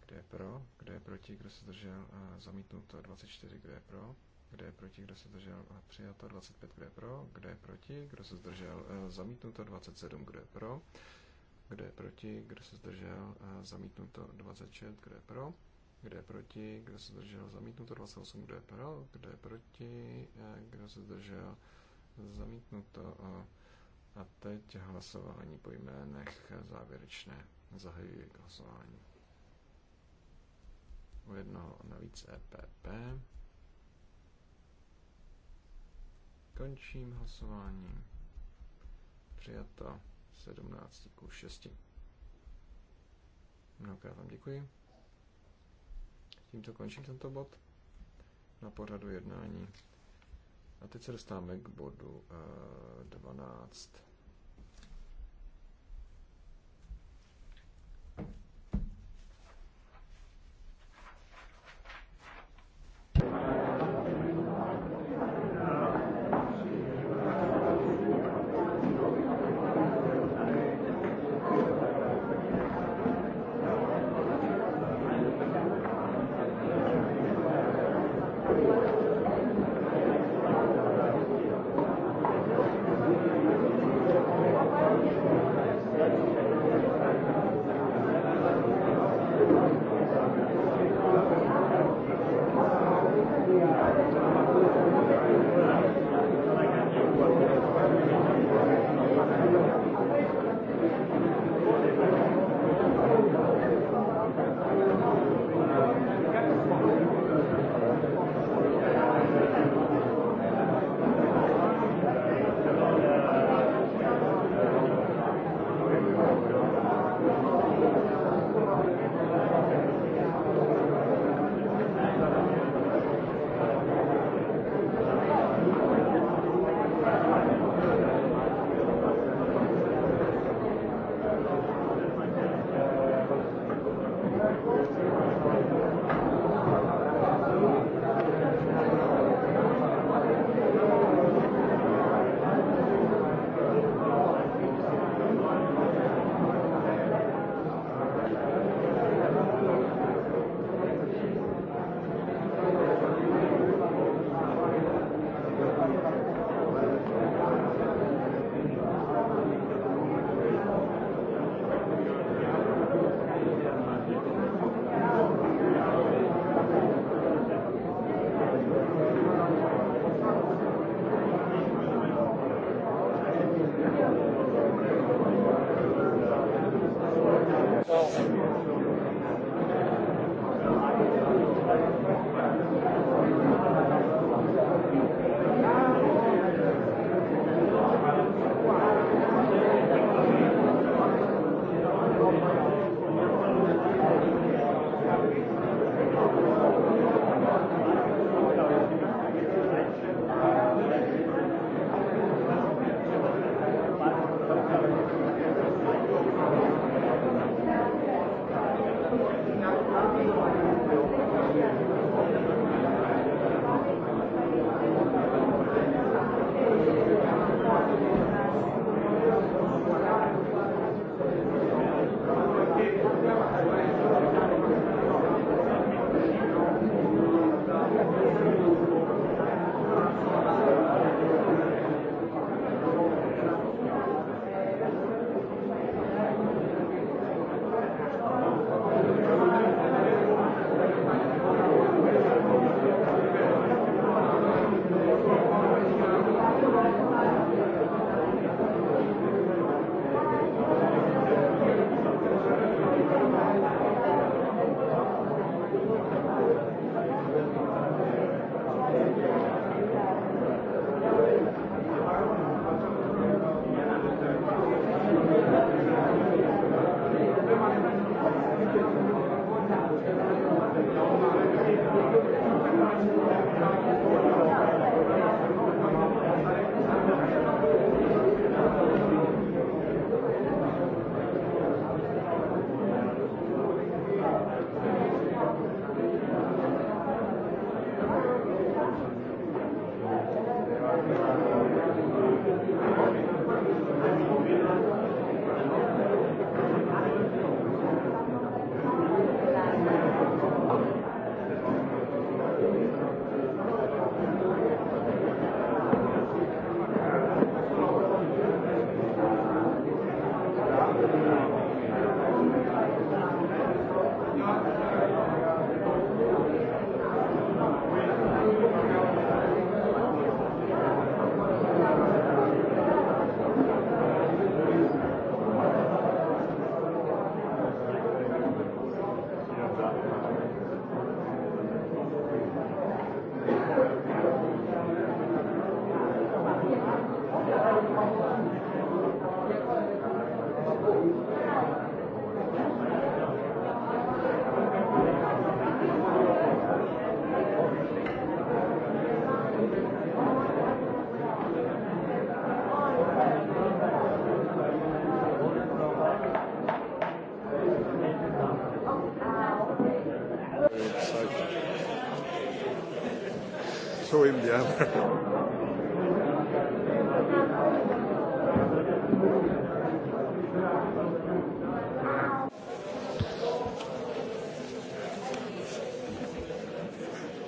Kdo je pro? Kdo je proti? Kdo se zdržel? Zamítnuto 24. Kdo je pro? Kdo je proti? Kdo se zdržel? Přijato 25. Kdo je pro? Kdo je proti? Kdo se zdržel? Zamítnuto 27. Kdo je pro? Kdo je proti? Kdo se zdržel? Zamítnuto 26. Kdo je pro? Kdo je proti? Kdo se zdržel? Zamítnuto 28. Kdo je pro? Kdo je proti? Kdo se zdržel? Zamítnuto. A teď hlasování po jménech závěrečné. Zahajuji hlasování u jednoho navíc EPP. Končím hlasování. Přijato 17 k 6. Mnohokrát vám děkuji. Tímto končím tento bod na pořadu jednání. A teď se dostáváme k bodu uh, eh, 12.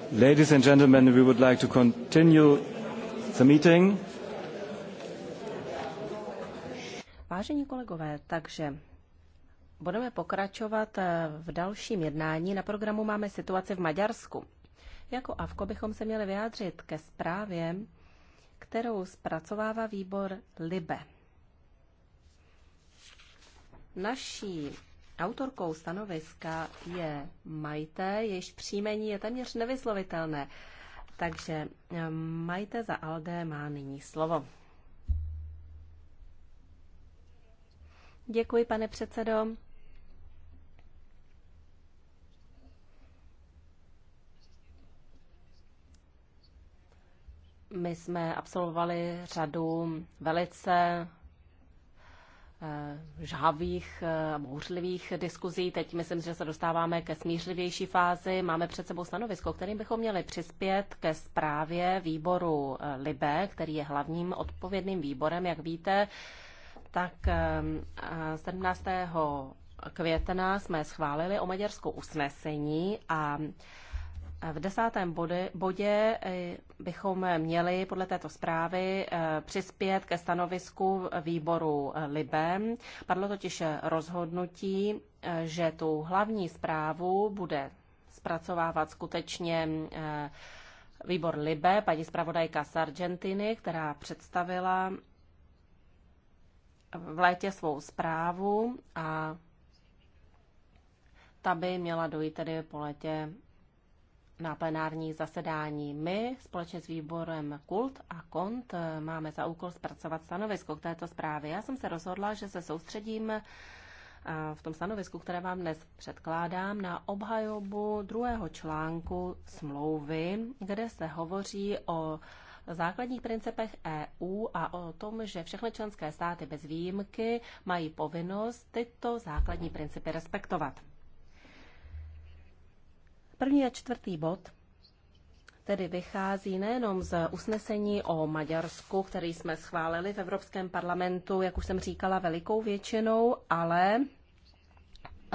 Ladies and gentlemen, we would like to continue the meeting. Vážení kolegové, takže budeme pokračovat eh, v dalším jednání. Na programu máme situaci v Maďarsku. Jako AVKO bychom se měli vyjádřit ke zprávě, kterou zpracovává výbor LIBE. Naší autorkou stanoviska je Majte, jejíž příjmení je téměř nevyslovitelné. Takže eh, Majte za Alde má nyní slovo. Děkuji, pane předsedo. My jsme absolvovali řadu velice eh, žhavých, eh, bouřlivých diskuzí. Teď myslím, že se dostáváme ke smířlivější fázi. Máme před sebou stanovisko, kterým bychom měli přispět ke zprávě výboru eh, LIBE, který je hlavním odpovědným výborem, jak víte. Tak 17. května jsme schválili o Maďarsku usnesení a v desátém body, bodě eh, bychom měli podle této zprávy eh, přispět ke stanovisku výboru eh, Libem. Padlo totiž rozhodnutí, že tu hlavní zprávu bude zpracovávat skutečně výbor Libe, paní zpravodajka z Argentiny, která představila v létě svou zprávu a ta by měla dojít tedy po létě na plenární zasedání. My společně s výborem Kult a Kont eh, máme za úkol zpracovat stanovisko k této zprávě. Já jsem se rozhodla, že se soustředím eh, v tom stanovisku, které vám dnes předkládám, na obhajobu druhého článku smlouvy, kde se hovoří o základních principech EU a o tom, že všechny členské státy bez výjimky mají povinnost tyto základní principy respektovat. První a čtvrtý bod tedy vychází nejenom z usnesení o Maďarsku, který jsme schválili v Evropském parlamentu, jak už jsem říkala, velikou většinou, ale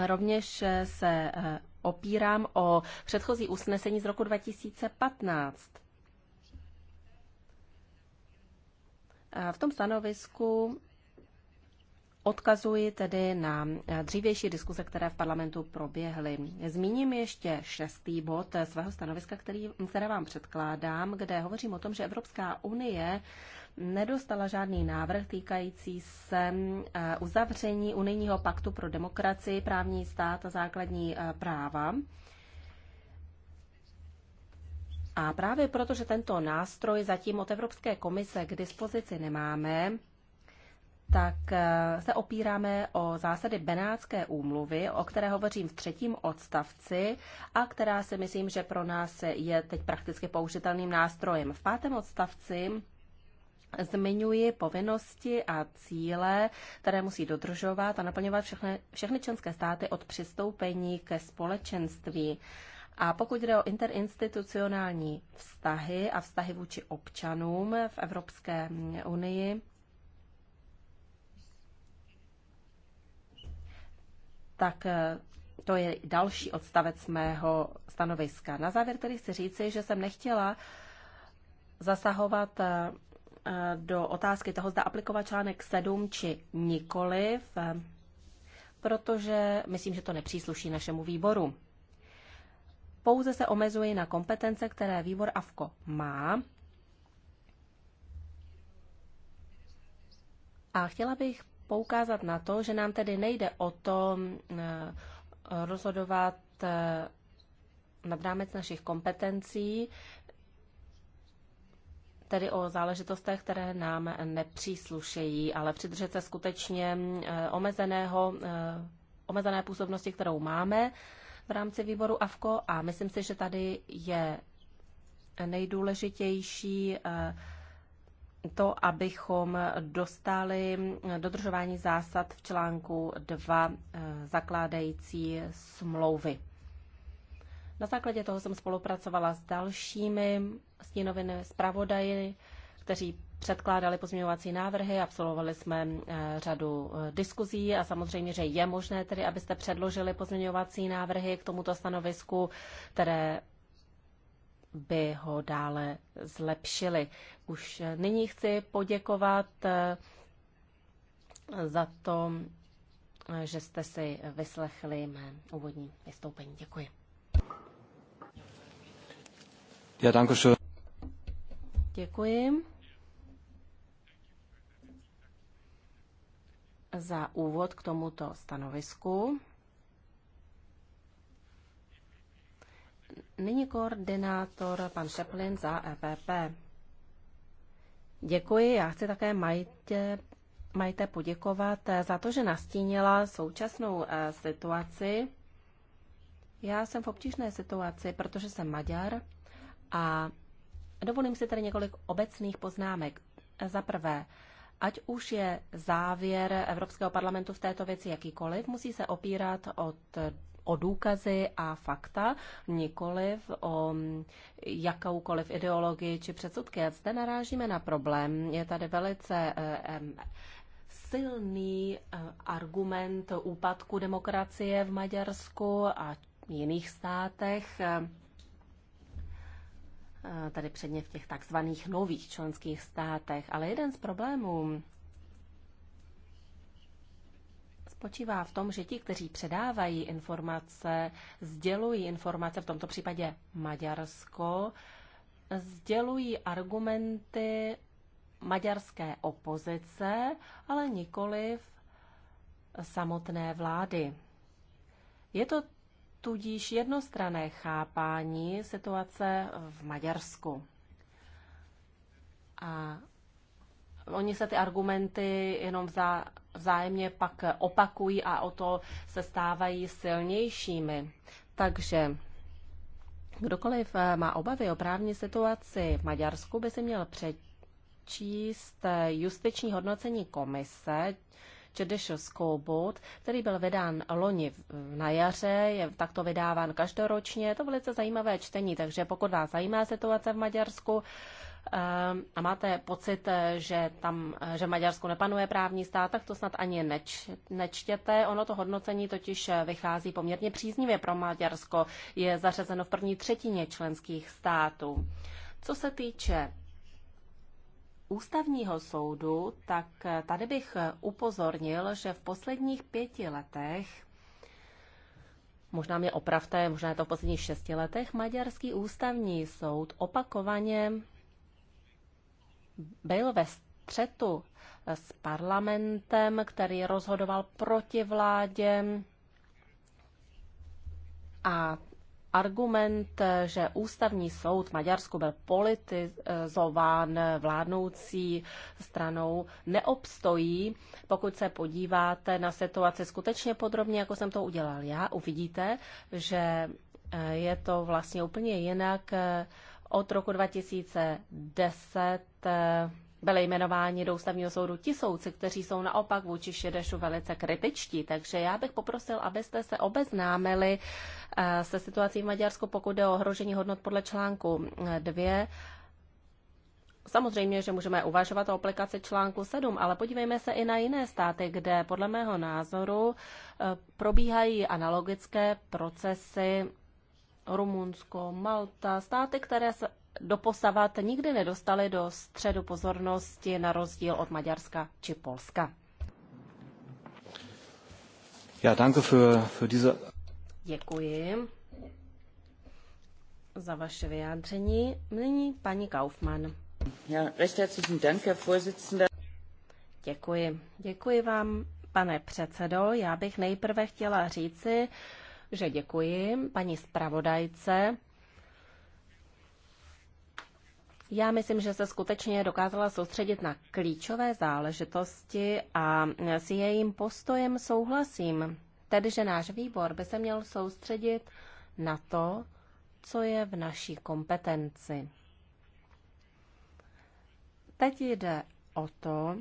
rovněž se eh, opírám o předchozí usnesení z roku 2015. V tom stanovisku Odkazuji tedy na eh, dřívější diskuse, které v parlamentu proběhly. Zmíním ještě šestý bod eh, svého stanoviska, který, hm, které vám předkládám, kde hovořím o tom, že Evropská unie nedostala žádný návrh týkající se eh, uzavření unijního paktu pro demokracii, právní stát a základní práva. A právě proto, že tento nástroj zatím od Evropské komise k dispozici nemáme, tak eh, se opíráme o zásady Benátské úmluvy, o které hovořím v třetím odstavci a která si myslím, že pro nás je teď prakticky použitelným nástrojem. V pátém odstavci zmiňuji povinnosti a cíle, které musí dodržovat a naplňovat všechny, všechny členské státy od přistoupení ke společenství. A pokud jde o interinstitucionální vztahy a vztahy vůči občanům v Evropské unii, tak eh, to je další odstavec mého stanoviska. Na závěr tedy chci říci, že jsem nechtěla zasahovat eh, eh, do otázky toho, zda aplikovat článek 7 či nikoliv, protože myslím, že to nepřísluší našemu výboru. Pouze se omezuji na kompetence, které výbor AFKO má. A chtěla bych poukázat na to, že nám tedy nejde o to eh, rozhodovat eh, nad rámec našich kompetencí, tedy o záležitostech, které nám nepříslušejí, ale přidržet se skutečně eh, omezeného, omezené působnosti, kterou máme v rámci výboru AVKO a myslím si, že tady je nejdůležitější to, abychom dostali dodržování zásad v článku 2 eh, zakládající smlouvy. Na základě toho jsem spolupracovala s dalšími stínovými zpravodaji, kteří předkládali pozměňovací návrhy, absolvovali jsme eh, řadu eh, diskuzí a samozřejmě, že je možné tedy, abyste předložili pozměňovací návrhy k tomuto stanovisku, které by ho dále zlepšili. Už nyní chci poděkovat eh, za to, eh, že jste si vyslechli mé úvodní vystoupení. Děkuji. Já danke schön. Děkuji. Za úvod k tomuto stanovisku. nyní koordinátor pan Šeplin za EPP. Děkuji, já chci také majitě, Majte poděkovat eh, za to, že nastínila současnou eh, situaci. Já jsem v obtížné situaci, protože jsem Maďar a dovolím si tady několik obecných poznámek. Za prvé, ať už je závěr Evropského parlamentu v této věci jakýkoliv, musí se opírat od o důkazy a fakta, nikoliv o jakoukoliv ideologii či předsudky. A zde narážíme na problém. Je tady velice eh, silný eh, argument úpadku demokracie v Maďarsku a jiných státech, eh, tady předně v těch takzvaných nových členských státech. Ale jeden z problémů spočívá v tom, že ti, kteří předávají informace, sdělují informace, v tomto případě Maďarsko, sdělují argumenty maďarské opozice, ale nikoliv samotné vlády. Je to tudíž jednostrané chápání situace v Maďarsku. A Oni se ty argumenty jenom vzá, vzájemně pak opakují a o to se stávají silnějšími. Takže kdokoliv eh, má obavy o právní situaci v Maďarsku, by si měl přečíst eh, justiční hodnocení komise Čedešo Skoubut, který byl vydán loni na jaře, je takto vydáván každoročně. Je to velice zajímavé čtení, takže pokud vás zajímá situace v Maďarsku, Ehm, a máte pocit, eh, že tam, eh, že v Maďarsku nepanuje právní stát, tak to snad ani neč, nečtěte. Ono to hodnocení totiž eh, vychází poměrně příznivě pro Maďarsko. Je zařazeno v první třetině členských států. Co se týče ústavního soudu, tak tady bych upozornil, že v posledních pěti letech Možná mě opravte, možná je to v posledních šesti letech. Maďarský ústavní soud opakovaně byl ve střetu s parlamentem, který rozhodoval proti vládě a argument, že ústavní soud v Maďarsku byl politizován vládnoucí stranou, neobstojí. Pokud se podíváte na situaci skutečně podrobně, jako jsem to udělal já, uvidíte, že je to vlastně úplně jinak od roku 2010 eh, byly jmenováni do ústavního soudu ti soudci, kteří jsou naopak vůči Šedešu velice kritičtí. Takže já bych poprosil, abyste se obeznámili eh, se situací v Maďarsku, pokud jde o ohrožení hodnot podle článku 2 eh, Samozřejmě, že můžeme uvažovat o aplikaci článku 7, ale podívejme se i na jiné státy, kde podle mého názoru probíhají analogické procesy Rumunsko, Malta, státy, které se doposavat nikdy nedostaly do středu pozornosti na rozdíl od Maďarska či Polska. Ja, danke für, für diese... Děkuji za vaše vyjádření. Nyní paní Kaufmann. Ja, recht herzlichen Dank, Herr Vorsitzender. Děkuji. Děkuji vám, pane předsedo. Já bych nejprve chtěla říci, že děkuji paní zpravodajce. Já myslím, že se skutečně dokázala soustředit na klíčové záležitosti a s jejím postojem souhlasím. Tedy, že náš výbor by se měl soustředit na to, co je v naší kompetenci. Teď jde o to,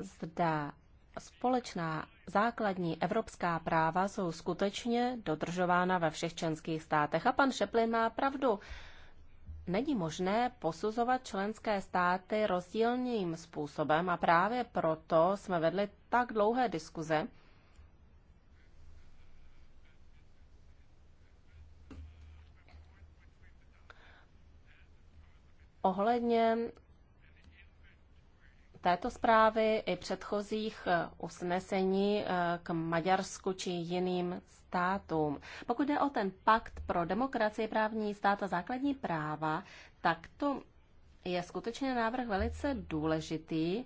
zda společná základní evropská práva jsou skutečně dodržována ve všech členských státech. A pan Šeplin má pravdu. Není možné posuzovat členské státy rozdílným způsobem a právě proto jsme vedli tak dlouhé diskuze, ohledně této zprávy i předchozích eh, usnesení eh, k Maďarsku či jiným státům. Pokud jde o ten pakt pro demokracii, právní stát a základní práva, tak to je skutečně návrh velice důležitý.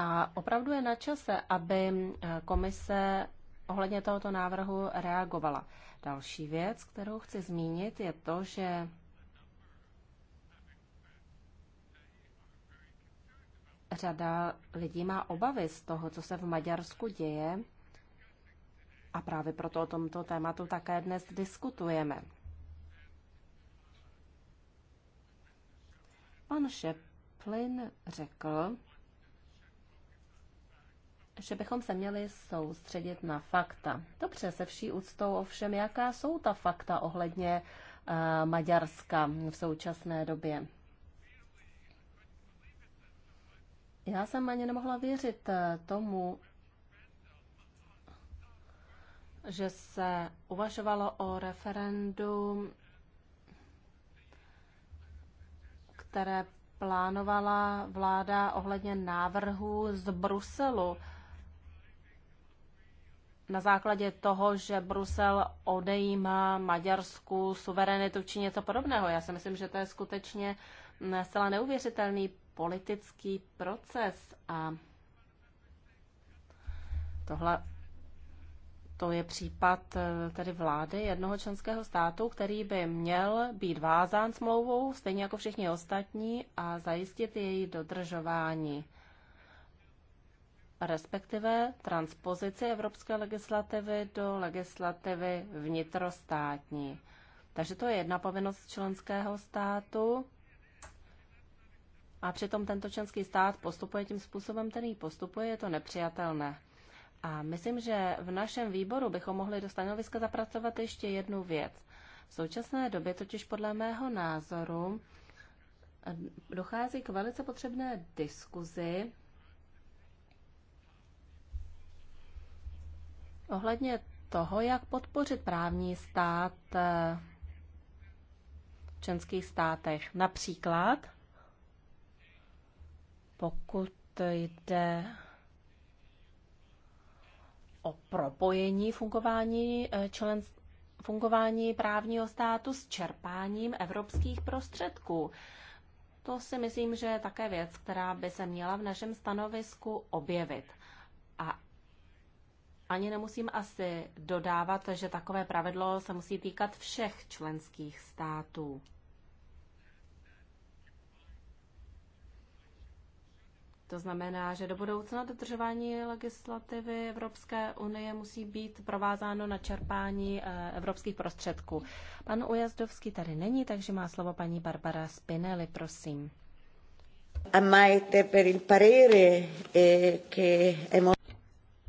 A opravdu je na čase, aby eh, komise ohledně tohoto návrhu reagovala. Další věc, kterou chci zmínit, je to, že řada lidí má obavy z toho, co se v Maďarsku děje a právě proto o tomto tématu také dnes diskutujeme. Pan Šeplin řekl, že bychom se měli soustředit na fakta. Dobře, se vší úctou ovšem, jaká jsou ta fakta ohledně uh, Maďarska v současné době? Já jsem ani nemohla věřit eh, tomu, že se uvažovalo o referendum, které plánovala vláda ohledně návrhu z Bruselu na základě toho, že Brusel odejímá Maďarsku suverenitu či něco podobného. Já si myslím, že to je skutečně zcela neuvěřitelný politický proces a tohle to je případ eh, tedy vlády jednoho členského státu, který by měl být vázán smlouvou, stejně jako všichni ostatní, a zajistit její dodržování, respektive transpozici evropské legislativy do legislativy vnitrostátní. Takže to je jedna povinnost členského státu a přitom tento členský stát postupuje tím způsobem, který postupuje, je to nepřijatelné. A myslím, že v našem výboru bychom mohli do stanoviska zapracovat ještě jednu věc. V současné době totiž podle mého názoru eh, dochází k velice potřebné diskuzi ohledně toho, jak podpořit právní stát eh, v členských státech. Například pokud jde o propojení fungování eh, člen, fungování právního státu s čerpáním evropských prostředků. To si myslím, že je také věc, která by se měla v našem stanovisku objevit. A ani nemusím asi dodávat, že takové pravidlo se musí týkat všech členských států. To znamená, že do budoucna dodržování legislativy Evropské unie musí být provázáno na čerpání eh, evropských prostředků. Pan Ujazdovský tady není, takže má slovo paní Barbara Spinelli, prosím. Eh,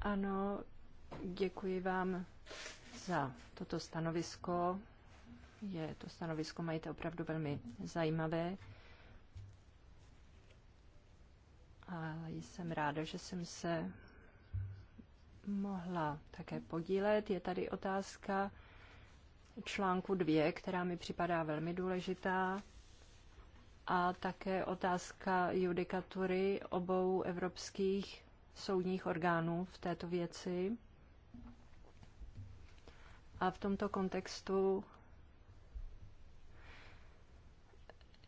ano, děkuji vám za toto stanovisko. Je to stanovisko, mají to opravdu velmi zajímavé. A jsem ráda, že jsem se mohla také podílet. Je tady otázka článku 2, která mi připadá velmi důležitá, a také otázka judikatury obou evropských soudních orgánů v této věci. A v tomto kontextu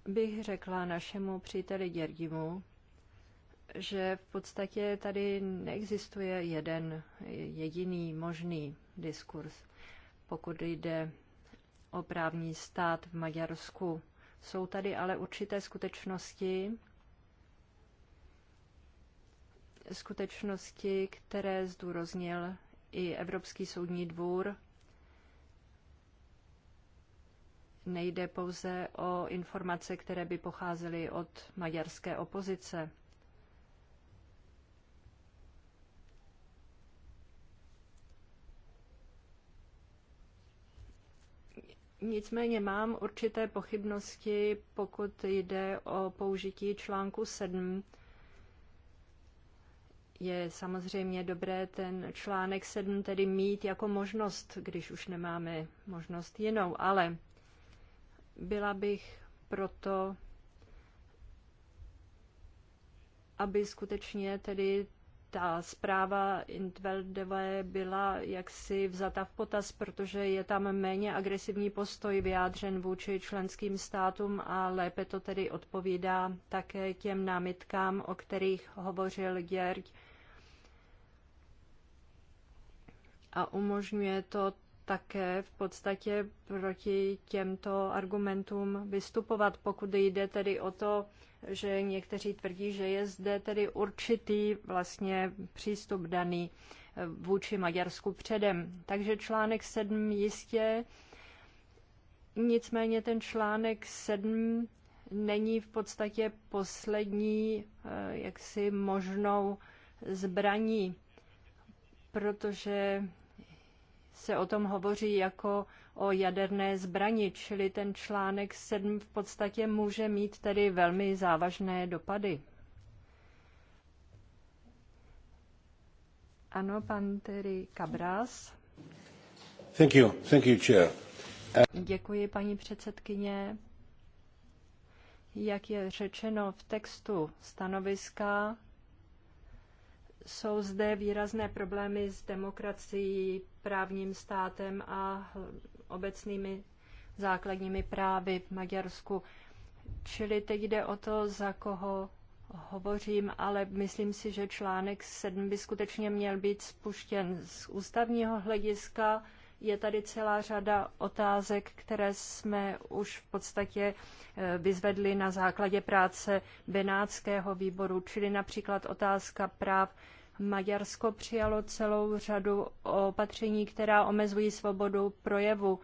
bych řekla našemu příteli Děrdimu, že v podstatě tady neexistuje jeden jediný možný diskurs. Pokud jde o právní stát v Maďarsku, jsou tady ale určité skutečnosti, skutečnosti, které zdůraznil i Evropský soudní dvůr. Nejde pouze o informace, které by pocházely od maďarské opozice. Nicméně mám určité pochybnosti, pokud jde o použití článku 7. Je samozřejmě dobré ten článek 7 tedy mít jako možnost, když už nemáme možnost jinou, ale byla bych proto, aby skutečně tedy ta zpráva Intveldové byla jaksi vzata v potaz, protože je tam méně agresivní postoj vyjádřen vůči členským státům a lépe to tedy odpovídá také těm námitkám, o kterých hovořil Gerd. A umožňuje to také v podstatě proti těmto argumentům vystupovat, pokud jde tedy o to, že někteří tvrdí, že je zde tedy určitý vlastně přístup daný eh, vůči Maďarsku předem. Takže článek 7 jistě, nicméně ten článek 7 není v podstatě poslední eh, jaksi možnou zbraní, protože se o tom hovoří jako o jaderné zbrani, čili ten článek 7 v podstatě může mít tedy velmi závažné dopady. Ano, pan Terry Cabras. Thank you. Thank you, chair. Děkuji, paní předsedkyně. Jak je řečeno v textu stanoviska, jsou zde výrazné problémy s demokracií, právním státem a obecnými základními právy v Maďarsku. Čili teď jde o to, za koho hovořím, ale myslím si, že článek 7 by skutečně měl být spuštěn z ústavního hlediska. Je tady celá řada otázek, které jsme už v podstatě eh, vyzvedli na základě práce Benátského výboru, čili například otázka práv Maďarsko přijalo celou řadu opatření, která omezují svobodu projevu,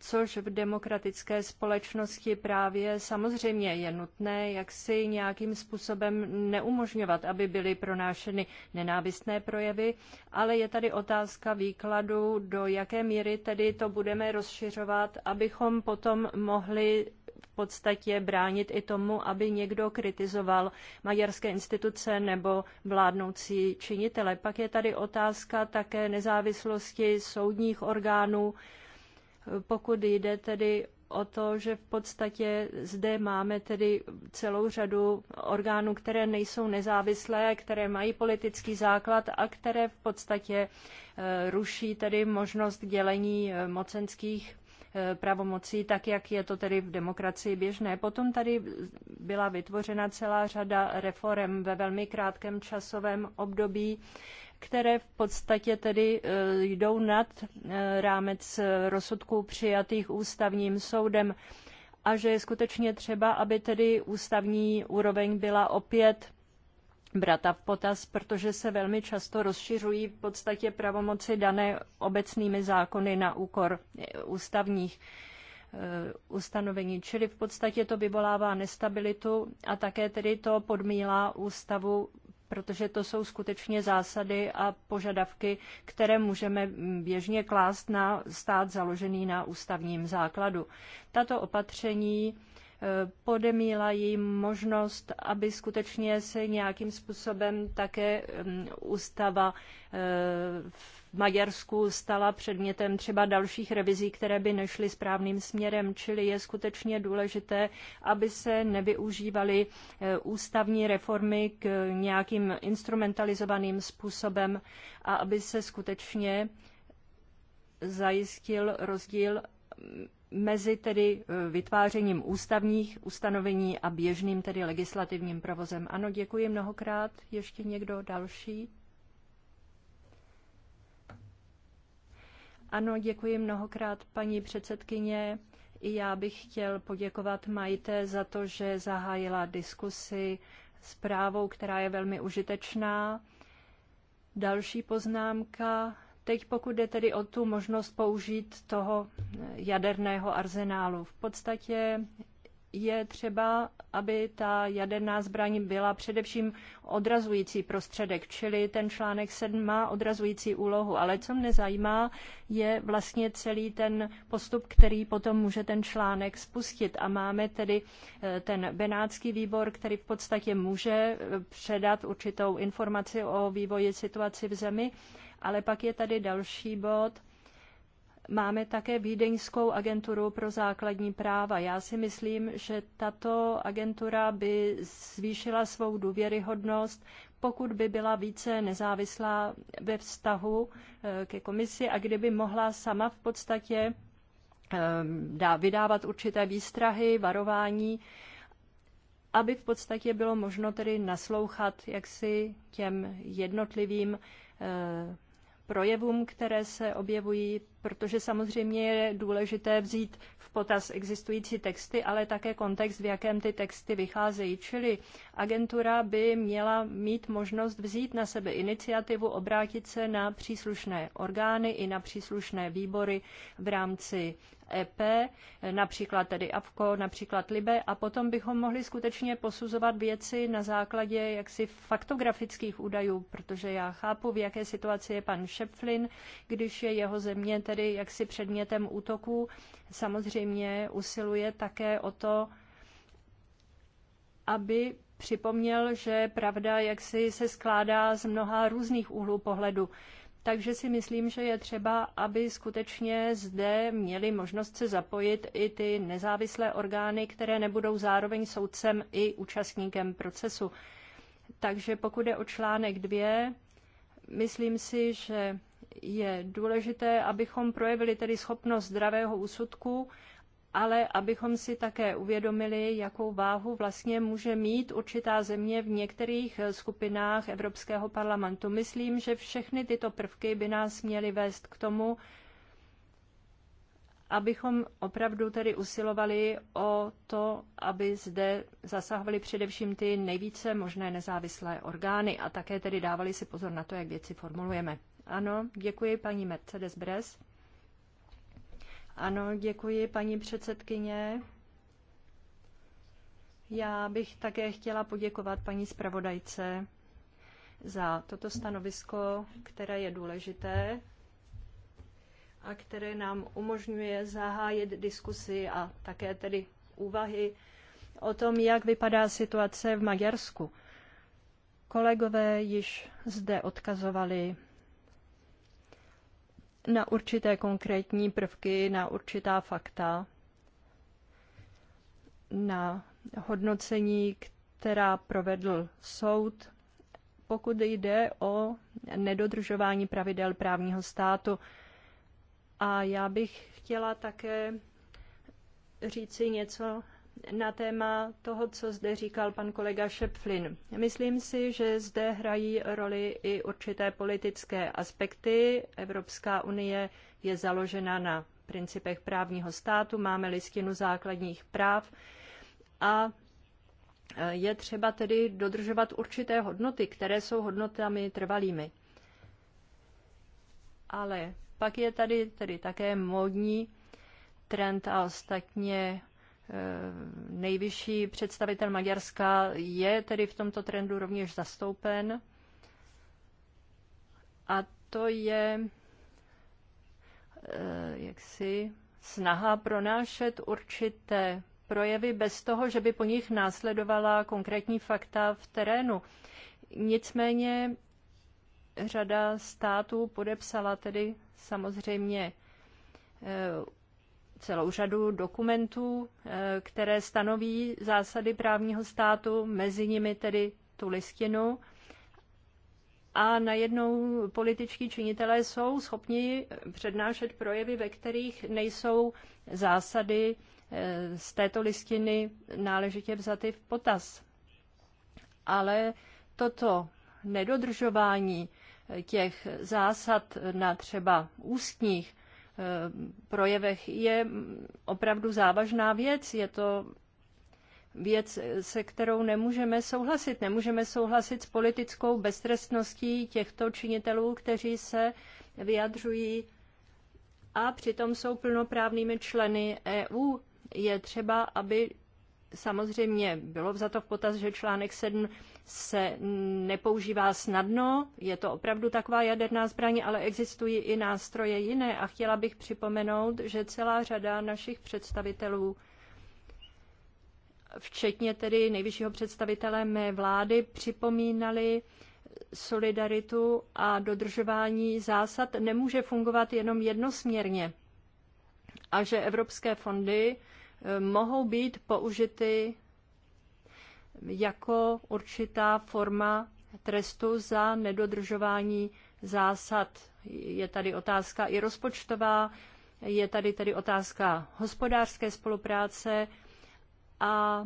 což v demokratické společnosti právě samozřejmě je nutné, jaksi nějakým způsobem neumožňovat, aby byly pronášeny nenávistné projevy, ale je tady otázka výkladu, do jaké míry tedy to budeme rozšiřovat, abychom potom mohli podstatě bránit i tomu, aby někdo kritizoval maďarské instituce nebo vládnoucí činitele. Pak je tady otázka také nezávislosti soudních orgánů, pokud jde tedy o to, že v podstatě zde máme tedy celou řadu orgánů, které nejsou nezávislé, které mají politický základ a které v podstatě eh, ruší tedy možnost dělení eh, mocenských E, pravomocí, tak jak je to tedy v demokracii běžné. Potom tady byla vytvořena celá řada reform ve velmi krátkém časovém období, které v podstatě tedy e, jdou nad e, rámec rozsudků přijatých ústavním soudem a že je skutečně třeba, aby tedy ústavní úroveň byla opět brata v potaz, protože se velmi často rozšiřují v podstatě pravomoci dané obecnými zákony na úkor eh, ústavních eh, ustanovení. Čili v podstatě to vyvolává nestabilitu a také tedy to podmílá ústavu, protože to jsou skutečně zásady a požadavky, které můžeme mm, běžně klást na stát založený na ústavním základu. Tato opatření podemíla jim možnost, aby skutečně se nějakým způsobem také mm, ústava eh, v Maďarsku stala předmětem třeba dalších revizí, které by nešly správným směrem. Čili je skutečně důležité, aby se nevyužívaly eh, ústavní reformy k nějakým instrumentalizovaným způsobem a aby se skutečně zajistil rozdíl mm, mezi tedy eh, vytvářením ústavních ustanovení a běžným tedy legislativním provozem. Ano, děkuji mnohokrát. Ještě někdo další? Ano, děkuji mnohokrát, paní předsedkyně. I já bych chtěl poděkovat Majte za to, že zahájila diskusi zprávou, která je velmi užitečná. Další poznámka Teď pokud jde tedy o tu možnost použít toho jaderného arzenálu, v podstatě je třeba, aby ta jaderná zbraň byla především odrazující prostředek, čili ten článek 7 má odrazující úlohu. Ale co mne zajímá, je vlastně celý ten postup, který potom může ten článek spustit. A máme tedy eh, ten Benátský výbor, který v podstatě může eh, předat určitou informaci o vývoji situaci v zemi ale pak je tady další bod. Máme také Vídeňskou agenturu pro základní práva. Já si myslím, že tato agentura by zvýšila svou důvěryhodnost, pokud by byla více nezávislá ve vztahu eh, ke komisi a kdyby mohla sama v podstatě eh, dá vydávat určité výstrahy, varování, aby v podstatě bylo možno tedy naslouchat jaksi těm jednotlivým eh, projevům, které se objevují protože samozřejmě je důležité vzít v potaz existující texty, ale také kontext, v jakém ty texty vycházejí. Čili agentura by měla mít možnost vzít na sebe iniciativu, obrátit se na příslušné orgány i na příslušné výbory v rámci EP, například tedy AVKO, například LIBE, a potom bychom mohli skutečně posuzovat věci na základě jaksi faktografických údajů, protože já chápu, v jaké situaci je pan Šepflin, když je jeho země tedy jaksi předmětem útoku, samozřejmě usiluje také o to, aby připomněl, že pravda jaksi se skládá z mnoha různých úhlů pohledu. Takže si myslím, že je třeba, aby skutečně zde měli možnost se zapojit i ty nezávislé orgány, které nebudou zároveň soudcem i účastníkem procesu. Takže pokud je o článek dvě, myslím si, že je důležité, abychom projevili tedy schopnost zdravého úsudku, ale abychom si také uvědomili, jakou váhu vlastně může mít určitá země v některých skupinách Evropského parlamentu. Myslím, že všechny tyto prvky by nás měly vést k tomu, abychom opravdu tedy usilovali o to, aby zde zasahovali především ty nejvíce možné nezávislé orgány a také tedy dávali si pozor na to, jak věci formulujeme. Ano, děkuji paní Mercedes Bres. Ano, děkuji paní předsedkyně. Já bych také chtěla poděkovat paní zpravodajce za toto stanovisko, které je důležité a které nám umožňuje zahájit diskusy a také tedy úvahy o tom, jak vypadá situace v Maďarsku. Kolegové již zde odkazovali na určité konkrétní prvky, na určitá fakta, na hodnocení, která provedl soud, pokud jde o nedodržování pravidel právního státu. A já bych chtěla také říci něco na téma toho, co zde říkal pan kolega Šepflin. Myslím si, že zde hrají roli i určité politické aspekty. Evropská unie je založena na principech právního státu, máme listinu základních práv a eh, je třeba tedy dodržovat určité hodnoty, které jsou hodnotami trvalými. Ale pak je tady tedy také módní trend a ostatně Eh, nejvyšší představitel Maďarska je tedy v tomto trendu rovněž zastoupen. A to je eh, jaksi snaha pronášet určité projevy bez toho, že by po nich následovala konkrétní fakta v terénu. Nicméně řada států podepsala tedy samozřejmě eh, celou řadu dokumentů, eh, které stanoví zásady právního státu, mezi nimi tedy tu listinu. A najednou političtí činitelé jsou schopni přednášet projevy, ve kterých nejsou zásady eh, z této listiny náležitě vzaty v potaz. Ale toto nedodržování eh, těch zásad na třeba ústních Eh, projevech je opravdu závažná věc. Je to věc, se kterou nemůžeme souhlasit. Nemůžeme souhlasit s politickou beztrestností těchto činitelů, kteří se vyjadřují a přitom jsou plnoprávnými členy EU. Je třeba, aby samozřejmě bylo za to v potaz, že článek 7 se nepoužívá snadno, je to opravdu taková jaderná zbraň, ale existují i nástroje jiné a chtěla bych připomenout, že celá řada našich představitelů včetně tedy nejvyššího představitele mé vlády, připomínali solidaritu a dodržování zásad nemůže fungovat jenom jednosměrně a že evropské fondy eh, mohou být použity jako určitá forma trestu za nedodržování zásad. Je tady otázka i rozpočtová, je tady tedy otázka hospodářské spolupráce a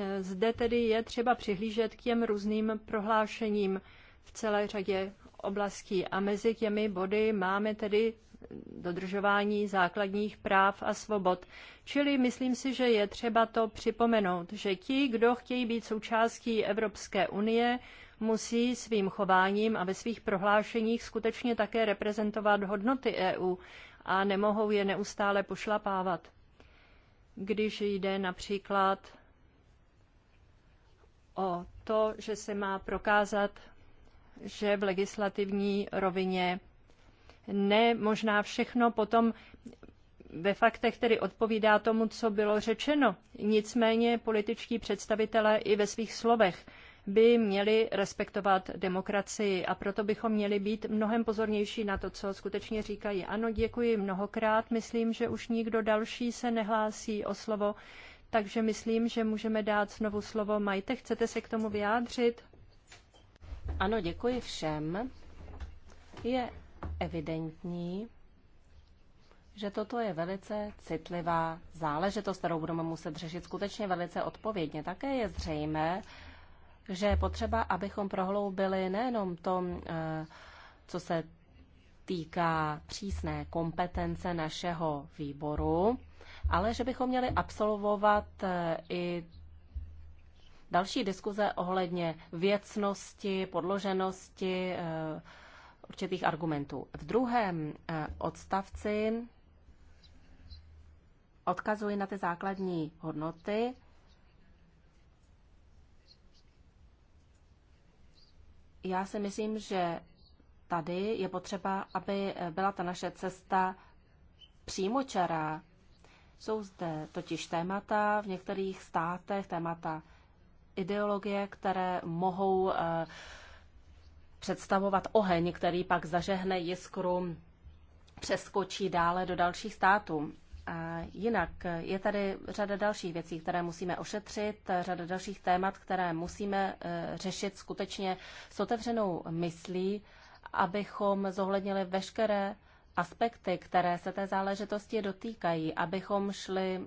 e, zde tedy je třeba přihlížet k těm různým prohlášením v celé řadě oblastí. A mezi těmi body máme tedy dodržování základních práv a svobod. Čili myslím si, že je třeba to připomenout, že ti, kdo chtějí být součástí Evropské unie, musí svým chováním a ve svých prohlášeních skutečně také reprezentovat hodnoty EU a nemohou je neustále pošlapávat. Když jde například o to, že se má prokázat, že v legislativní rovině ne možná všechno potom ve faktech tedy odpovídá tomu, co bylo řečeno. Nicméně političtí představitelé i ve svých slovech by měli respektovat demokracii a proto bychom měli být mnohem pozornější na to, co skutečně říkají. Ano, děkuji mnohokrát. Myslím, že už nikdo další se nehlásí o slovo, takže myslím, že můžeme dát znovu slovo Majte. Chcete se k tomu vyjádřit? Ano, děkuji všem. Je evidentní, že toto je velice citlivá záležitost, kterou budeme muset řešit skutečně velice odpovědně. Také je zřejmé, že je potřeba, abychom prohloubili nejenom to, eh, co se týká přísné kompetence našeho výboru, ale že bychom měli absolvovat eh, i další diskuze ohledně věcnosti, podloženosti, eh, určitých argumentů. V druhém eh, odstavci odkazuji na ty základní hodnoty, já si myslím, že tady je potřeba, aby byla ta naše cesta přímočará. Jsou zde totiž témata v některých státech, témata ideologie, které mohou eh, představovat oheň, který pak zažehne jiskru, přeskočí dále do dalších států. A jinak je tady řada dalších věcí, které musíme ošetřit, řada dalších témat, které musíme e, řešit skutečně s otevřenou myslí, abychom zohlednili veškeré aspekty, které se té záležitosti dotýkají, abychom šli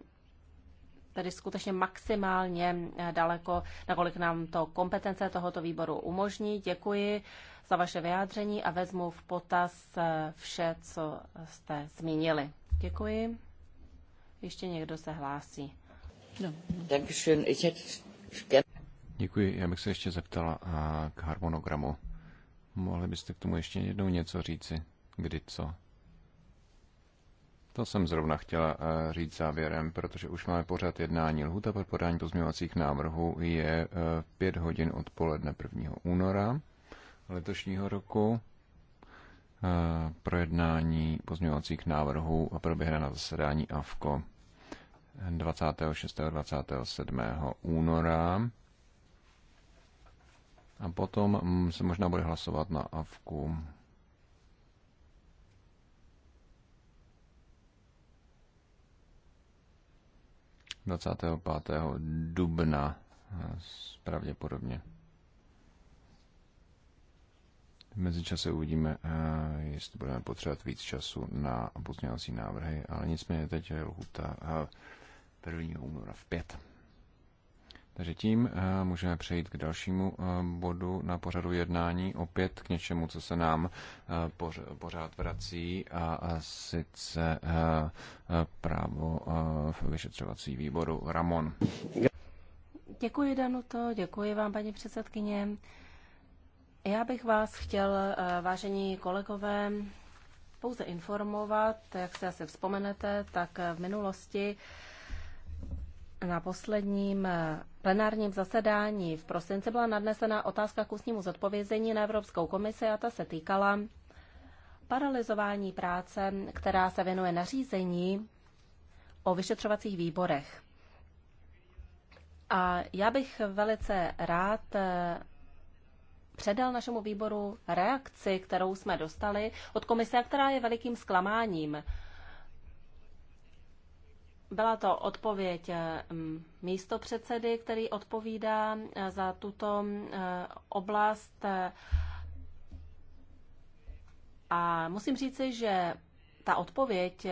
tedy skutečně maximálně eh, daleko, nakolik nám to kompetence tohoto výboru umožní. Děkuji za vaše vyjádření a vezmu v potaz eh, vše, co jste zmínili. Děkuji. Ještě někdo se hlásí. No. Děkuji. Já bych se ještě zeptala eh, k harmonogramu. Mohli byste k tomu ještě jednou něco říci? Kdy co? To jsem zrovna chtěla eh, říct závěrem, protože už máme pořád jednání. Lhuta pro podání pozměňovacích návrhů je 5 eh, hodin odpoledne 1. února letošního roku. Eh, projednání pozměňovacích návrhů a proběhne na zasedání AVKO 26. a 27. února. A potom mm, se možná bude hlasovat na AVKu 25. dubna pravděpodobně. V mezičase uvidíme, eh, jestli budeme potřebovat víc času na pozměňovací návrhy, ale nicméně teď je lhuta 1. Eh, února v 5. Takže tím eh, můžeme přejít k dalšímu eh, bodu na pořadu jednání, opět k něčemu, co se nám eh, pořád vrací, a sice právo v vyšetřovací výboru Ramon. Děkuji, Danuto, děkuji vám, paní předsedkyně. Já bych vás chtěl, vážení kolegové, pouze informovat, jak se asi vzpomenete, tak v minulosti na posledním plenárním zasedání v prosinci byla nadnesena otázka k ústnímu zodpovězení na Evropskou komisi a ta se týkala paralizování práce, která se věnuje nařízení o vyšetřovacích výborech. A já bych velice rád eh, předal našemu výboru reakci, kterou jsme dostali od komise, která je velikým zklamáním. Byla to odpověď eh, místo předsedy, který odpovídá eh, za tuto eh, oblast. A musím říci, že ta odpověď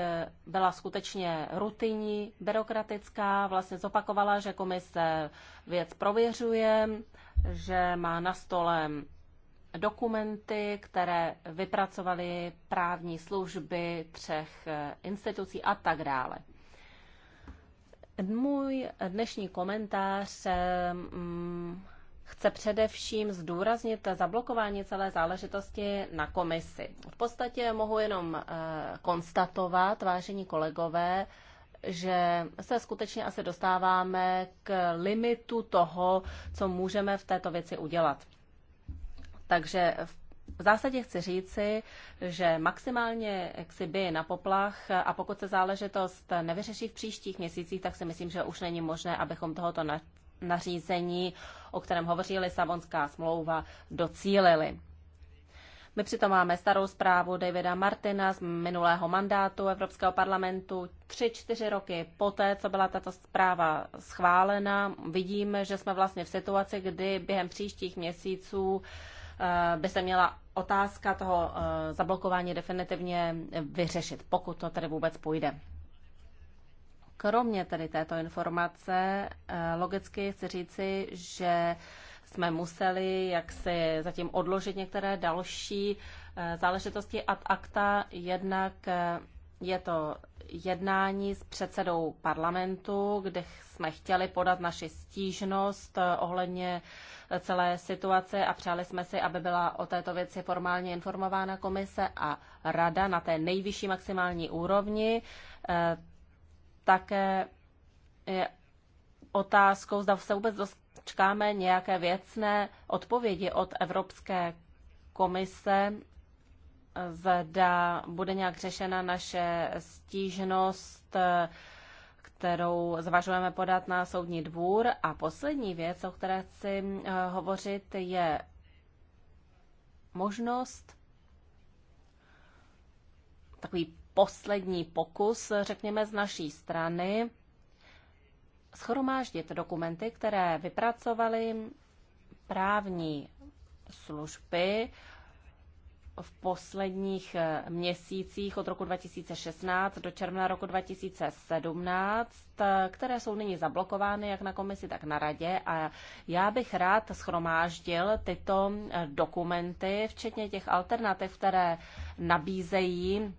byla skutečně rutinní, byrokratická, vlastně zopakovala, že komise věc prověřuje, že má na stole dokumenty, které vypracovaly právní služby třech institucí a tak dále. Můj dnešní komentář mm, chce především zdůraznit zablokování celé záležitosti na komisi. V podstatě mohu jenom eh, konstatovat, vážení kolegové, že se skutečně asi dostáváme k limitu toho, co můžeme v této věci udělat. Takže v v zásadě chci říci, že maximálně si by na poplach a pokud se záležitost nevyřeší v příštích měsících, tak si myslím, že už není možné, abychom tohoto na, nařízení, o kterém hovoří Lisabonská smlouva, docílili. My přitom máme starou zprávu Davida Martina z minulého mandátu Evropského parlamentu. Tři, čtyři roky poté, co byla tato zpráva schválena, vidíme, že jsme vlastně v situaci, kdy během příštích měsíců uh, Eh, by se měla otázka toho eh, zablokování definitivně vyřešit, pokud to tedy vůbec půjde. Kromě tedy této informace eh, logicky chci říci, že jsme museli jaksi zatím odložit některé další záležitosti ad acta. Jednak je to jednání s předsedou parlamentu, kde jsme chtěli podat naši stížnost ohledně celé situace a přáli jsme si, aby byla o této věci formálně informována komise a rada na té nejvyšší maximální úrovni. Eh, také je otázkou, zda se vůbec dočkáme nějaké věcné odpovědi od Evropské komise, zda bude nějak řešena naše stížnost eh, kterou zvažujeme podat na soudní dvůr. A poslední věc, o které chci eh, hovořit, je možnost takový poslední pokus, řekněme, z naší strany schromáždit dokumenty, které vypracovaly právní služby v posledních eh, měsících od roku 2016 do června roku 2017, eh, které jsou nyní zablokovány jak na komisi, tak na radě. A já bych rád schromáždil tyto eh, dokumenty, včetně těch alternativ, které nabízejí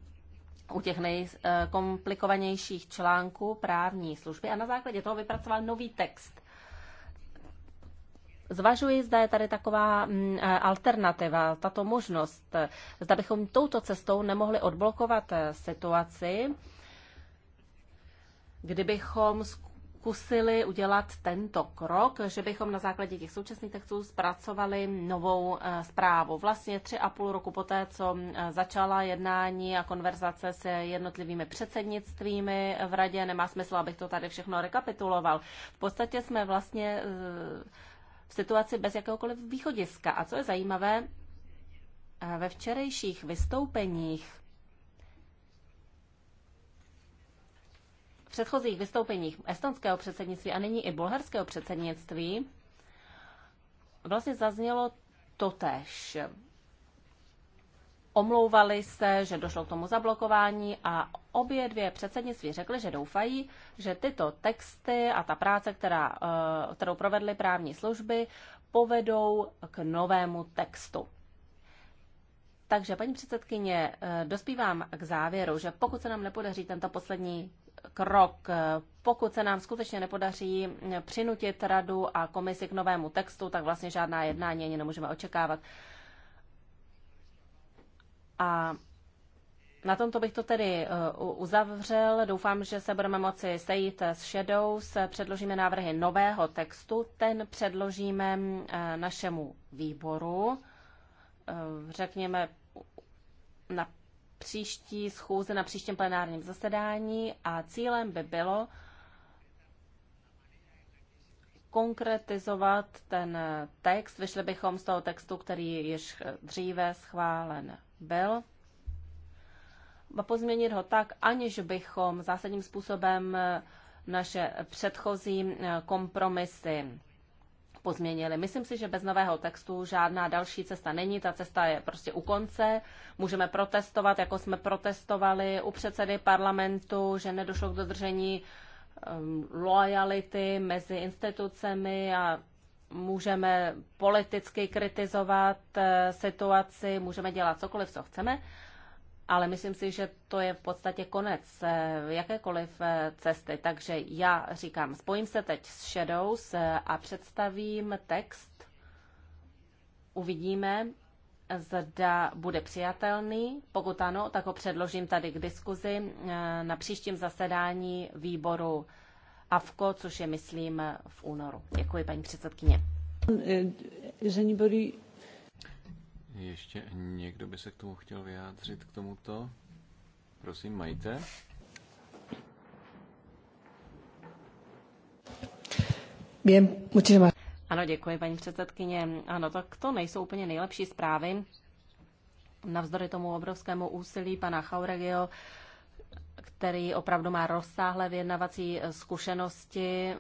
u těch nejkomplikovanějších článků právní služby a na základě toho vypracoval nový text. Zvažuji, zda je tady taková mm, eh, alternativa, tato možnost, zda bychom touto cestou nemohli odblokovat eh, situaci, kdybychom zkusili udělat tento krok, že bychom na základě těch současných textů zpracovali novou eh, zprávu. Vlastně tři a půl roku poté, co mm, začala jednání a konverzace s jednotlivými předsednictvími v radě, nemá smysl, abych to tady všechno rekapituloval. V podstatě jsme vlastně v situaci bez jakéhokoliv východiska. A co je zajímavé, ve včerejších vystoupeních v předchozích vystoupeních estonského předsednictví a nyní i bulharského předsednictví vlastně zaznělo totež omlouvali se, že došlo k tomu zablokování a obě dvě předsednictví řekly, že doufají, že tyto texty a ta práce, která, eh, kterou provedly právní služby, povedou k novému textu. Takže, paní předsedkyně, eh, dospívám k závěru, že pokud se nám nepodaří tento poslední krok, eh, pokud se nám skutečně nepodaří přinutit radu a komisi k novému textu, tak vlastně žádná jednání ani nemůžeme očekávat. A na tomto bych to tedy eh, uzavřel. Doufám, že se budeme moci sejít s Shadows. Předložíme návrhy nového textu. Ten předložíme eh, našemu výboru. Eh, řekněme na příští schůze, na příštím plenárním zasedání a cílem by bylo konkretizovat ten text. Vyšli bychom z toho textu, který již dříve schválen byl, a pozměnit ho tak, aniž bychom zásadním způsobem eh, naše předchozí eh, kompromisy pozměnili. Myslím si, že bez nového textu žádná další cesta není. Ta cesta je prostě u konce. Můžeme protestovat, jako jsme protestovali u předsedy parlamentu, že nedošlo k dodržení um, mezi institucemi a můžeme politicky kritizovat eh, situaci, můžeme dělat cokoliv, co chceme, ale myslím si, že to je v podstatě konec eh, jakékoliv eh, cesty. Takže já říkám, spojím se teď s Shadows a představím text. Uvidíme, zda bude přijatelný. Pokud ano, tak ho předložím tady k diskuzi na příštím zasedání výboru AVKO, což je, myslím, v únoru. Děkuji, paní předsedkyně. Ještě někdo by se k tomu chtěl vyjádřit, k tomuto? Prosím, majte. Bien, muchísimas. Ano, děkuji, paní předsedkyně. Ano, tak to nejsou úplně nejlepší zprávy. Navzdory tomu obrovskému úsilí pana Chauregio který opravdu má rozsáhlé vyjednavací eh, zkušenosti,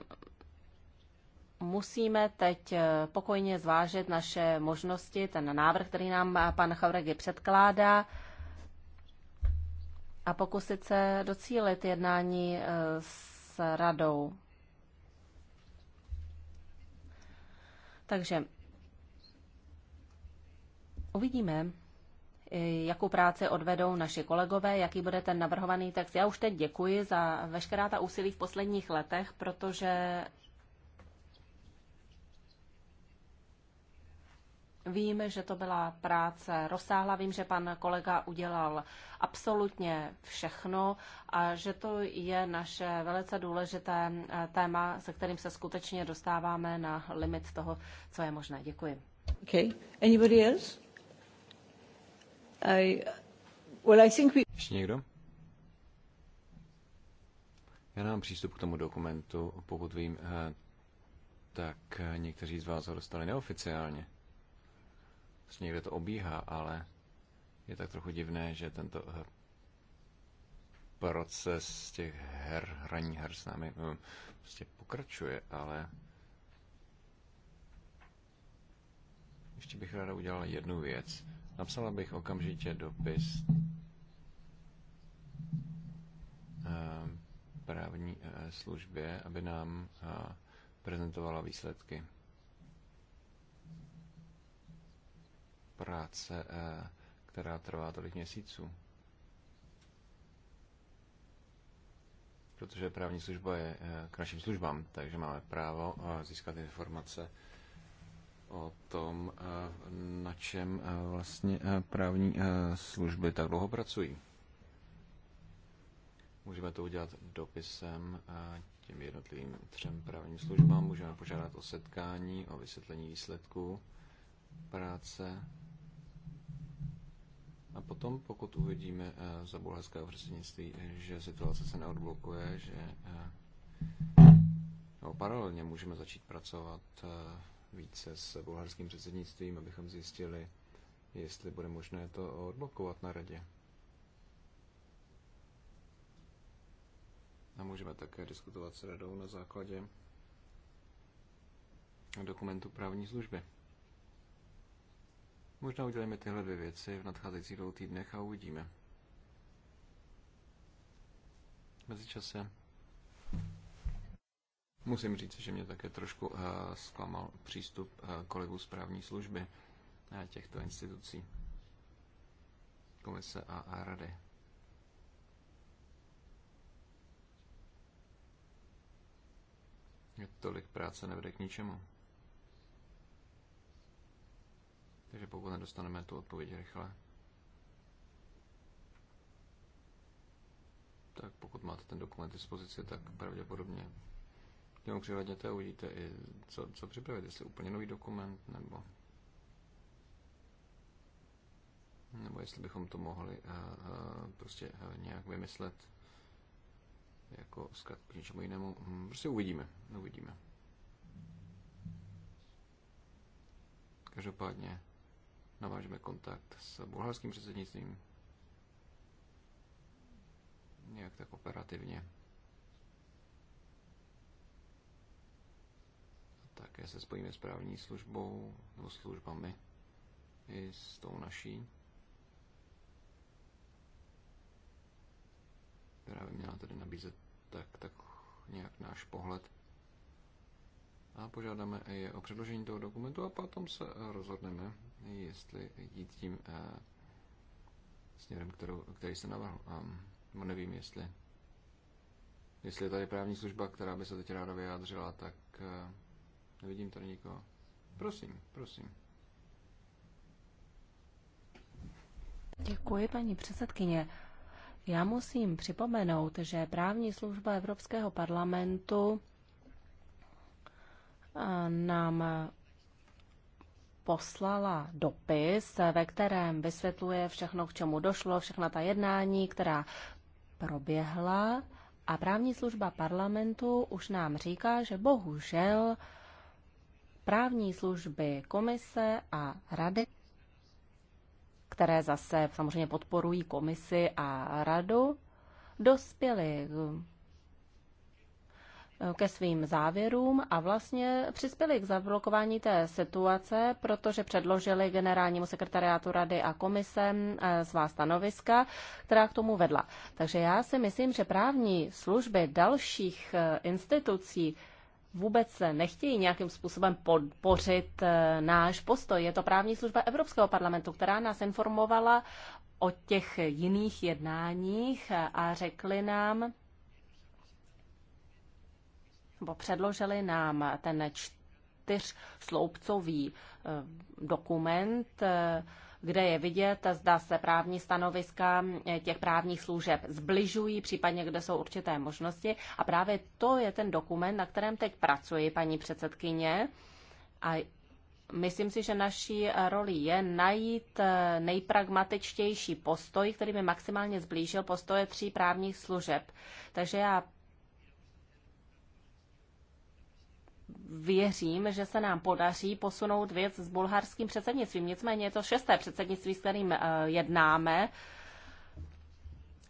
musíme teď eh, pokojně zvážit naše možnosti, ten návrh, který nám eh, pan Chauregi předkládá, a pokusit se docílit jednání s radou. Takže uvidíme, E, jakou práci odvedou naši kolegové, jaký bude ten navrhovaný text. Já už teď děkuji za veškerá ta úsilí v posledních letech, protože Vím, že to byla práce rozsáhla, vím, že pan kolega udělal absolutně všechno a že to je naše velice důležité e, téma, se kterým se skutečně dostáváme na limit toho, co je možné. Děkuji. Okay. Anybody else? Ještě někdo? Já nemám přístup k tomu dokumentu, pokud vím, eh, tak eh, někteří z vás ho dostali neoficiálně. Vlastně někde to obíhá, ale je tak trochu divné, že tento eh, proces těch her, hraní her s námi prostě pokračuje, ale Ještě bych ráda udělala jednu věc. Napsala bych okamžitě dopis eh, právní eh, službě, aby nám eh, prezentovala výsledky práce, která trvá tolik měsíců. Protože právní služba je k našim službám, takže máme právo získat informace o tom, eh, na čem eh, vlastně eh, právní služby tak dlouho pracují. Můžeme to udělat dopisem těm jednotlivým třem právním službám, můžeme požádat o setkání, o vysvětlení výsledků práce. A potom, pokud uvidíme za bulharského předsednictví, že situace se neodblokuje, že no, paralelně můžeme začít pracovat více s bulharským předsednictvím, abychom zjistili, jestli bude možné to odblokovat na radě. A můžeme také diskutovat s radou na základě dokumentu právní služby. Možná uděláme tyhle dvě věci v nadcházejících dvou týdnech a uvidíme. se. Musím říct, že mě také trošku uh, zklamal přístup uh, kolegů z služby uh, těchto institucí, komise a, a rady. Tolik práce nevede k ničemu. Takže pokud nedostaneme tu odpověď rychle, tak pokud máte ten dokument dispozici, tak pravděpodobně k němu přihledněte a uvidíte, i co, co připravit, jestli úplně nový dokument, nebo nebo jestli bychom to mohli uh, uh, prostě uh, nějak vymyslet jako skat k něčemu jinému. Hm, prostě uvidíme, uvidíme. Každopádně navážeme kontakt s bulharským předsednictvím nějak tak operativně. Také se spojíme s právní službou nebo službami i s tou naší. která by měla tedy nabízet tak, tak nějak náš pohled. A požádáme je o předložení toho dokumentu a potom se rozhodneme, jestli jít tím eh, směrem, kterou, který se navrhl. Um, nevím, jestli, jestli je tady právní služba, která by se teď ráda vyjádřila, tak eh, Nevidím tady nikoho. Prosím, prosím. Děkuji, paní předsedkyně. Já musím připomenout, že právní služba Evropského parlamentu eh, nám poslala dopis, ve kterém vysvětluje všechno, k čemu došlo, všechna ta jednání, která proběhla. A právní služba parlamentu už nám říká, že bohužel právní služby komise a rady, které zase samozřejmě podporují komisi a radu, dospěly eh, ke svým závěrům a vlastně přispěli k zablokování té situace, protože předložili generálnímu sekretariátu rady a komisem eh, svá stanoviska, která k tomu vedla. Takže já si myslím, že právní služby dalších eh, institucí vůbec nechtějí nějakým způsobem podpořit eh, náš postoj. Je to právní služba Evropského parlamentu, která nás informovala o těch jiných jednáních a řekli nám, nebo předložili nám ten čtyřsloupcový eh, dokument, eh, kde je vidět, zda se právní stanoviska eh, těch právních služeb zbližují, případně kde jsou určité možnosti. A právě to je ten dokument, na kterém teď pracuji, paní předsedkyně. A Myslím si, že naší eh, roli je najít eh, nejpragmatičtější postoj, který by maximálně zblížil postoje tří právních služeb. Takže já věřím, že se nám podaří posunout věc s bulharským předsednictvím. Nicméně je to šesté předsednictví, s kterým eh, jednáme,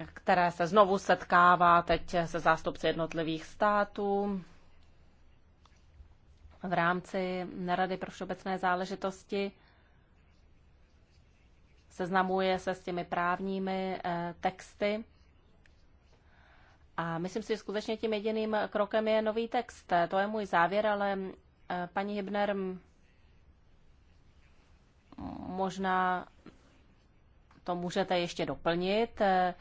které se znovu setkává teď se zástupci jednotlivých států v rámci Rady pro všeobecné záležitosti seznamuje se s těmi právními eh, texty a myslím si, že skutečně tím jediným krokem je nový text. To je můj závěr, ale eh, paní Hibner možná to můžete ještě doplnit, eh,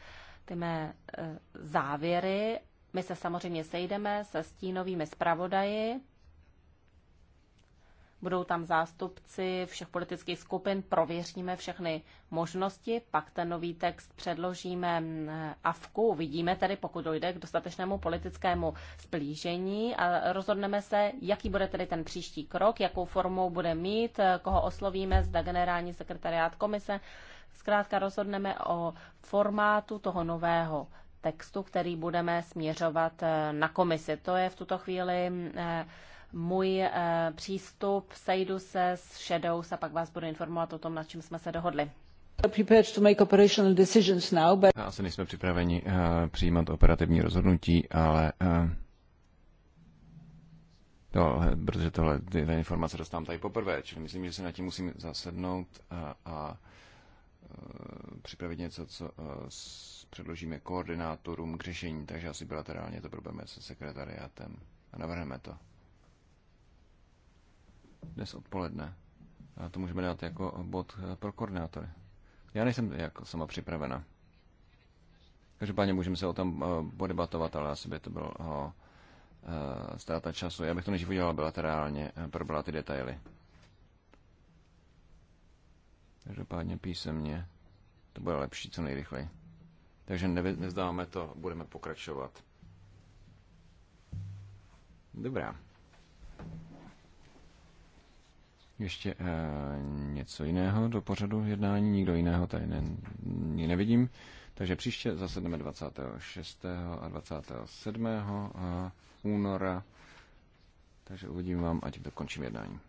ty mé eh, závěry. My se samozřejmě sejdeme se stínovými zpravodaji budou tam zástupci všech politických skupin, prověříme všechny možnosti, pak ten nový text předložíme AFKu, uvidíme tedy, pokud dojde k dostatečnému politickému splížení a rozhodneme se, jaký bude tedy ten příští krok, jakou formou bude mít, koho oslovíme, zda generální sekretariát komise. Zkrátka rozhodneme o formátu toho nového textu, který budeme směřovat na komisi. To je v tuto chvíli eh, můj eh, přístup. Sejdu se s Shadows a pak vás budu informovat o tom, na čem jsme se dohodli. Asi nejsme připraveni uh, přijímat operativní rozhodnutí, ale uh, tohle, protože tohle, tyhle informace dostávám tady poprvé, čili myslím, že se na tím musím zasednout a, a připravit něco, co předložíme koordinátorům k řešení, takže asi bilaterálně to probeme se sekretariátem a navrhneme to dnes odpoledne. A to můžeme dát jako bod pro koordinátory. Já nejsem jako sama připravena. Každopádně můžeme se o tom eh, podebatovat, ale asi by to bylo o, eh, ztráta času. Já bych to nejdřív udělal bilaterálně, eh, probrala ty detaily. Každopádně písemně. To bude lepší co nejrychleji. Takže nevzdáme to, budeme pokračovat. Dobrá. ještě eh, něco jiného do pořadu jednání. Nikdo jiného tady ne, nevidím. Takže příště zasedneme 26. a 27. Eh, února. Takže uvidím vám, ať dokončím jednání.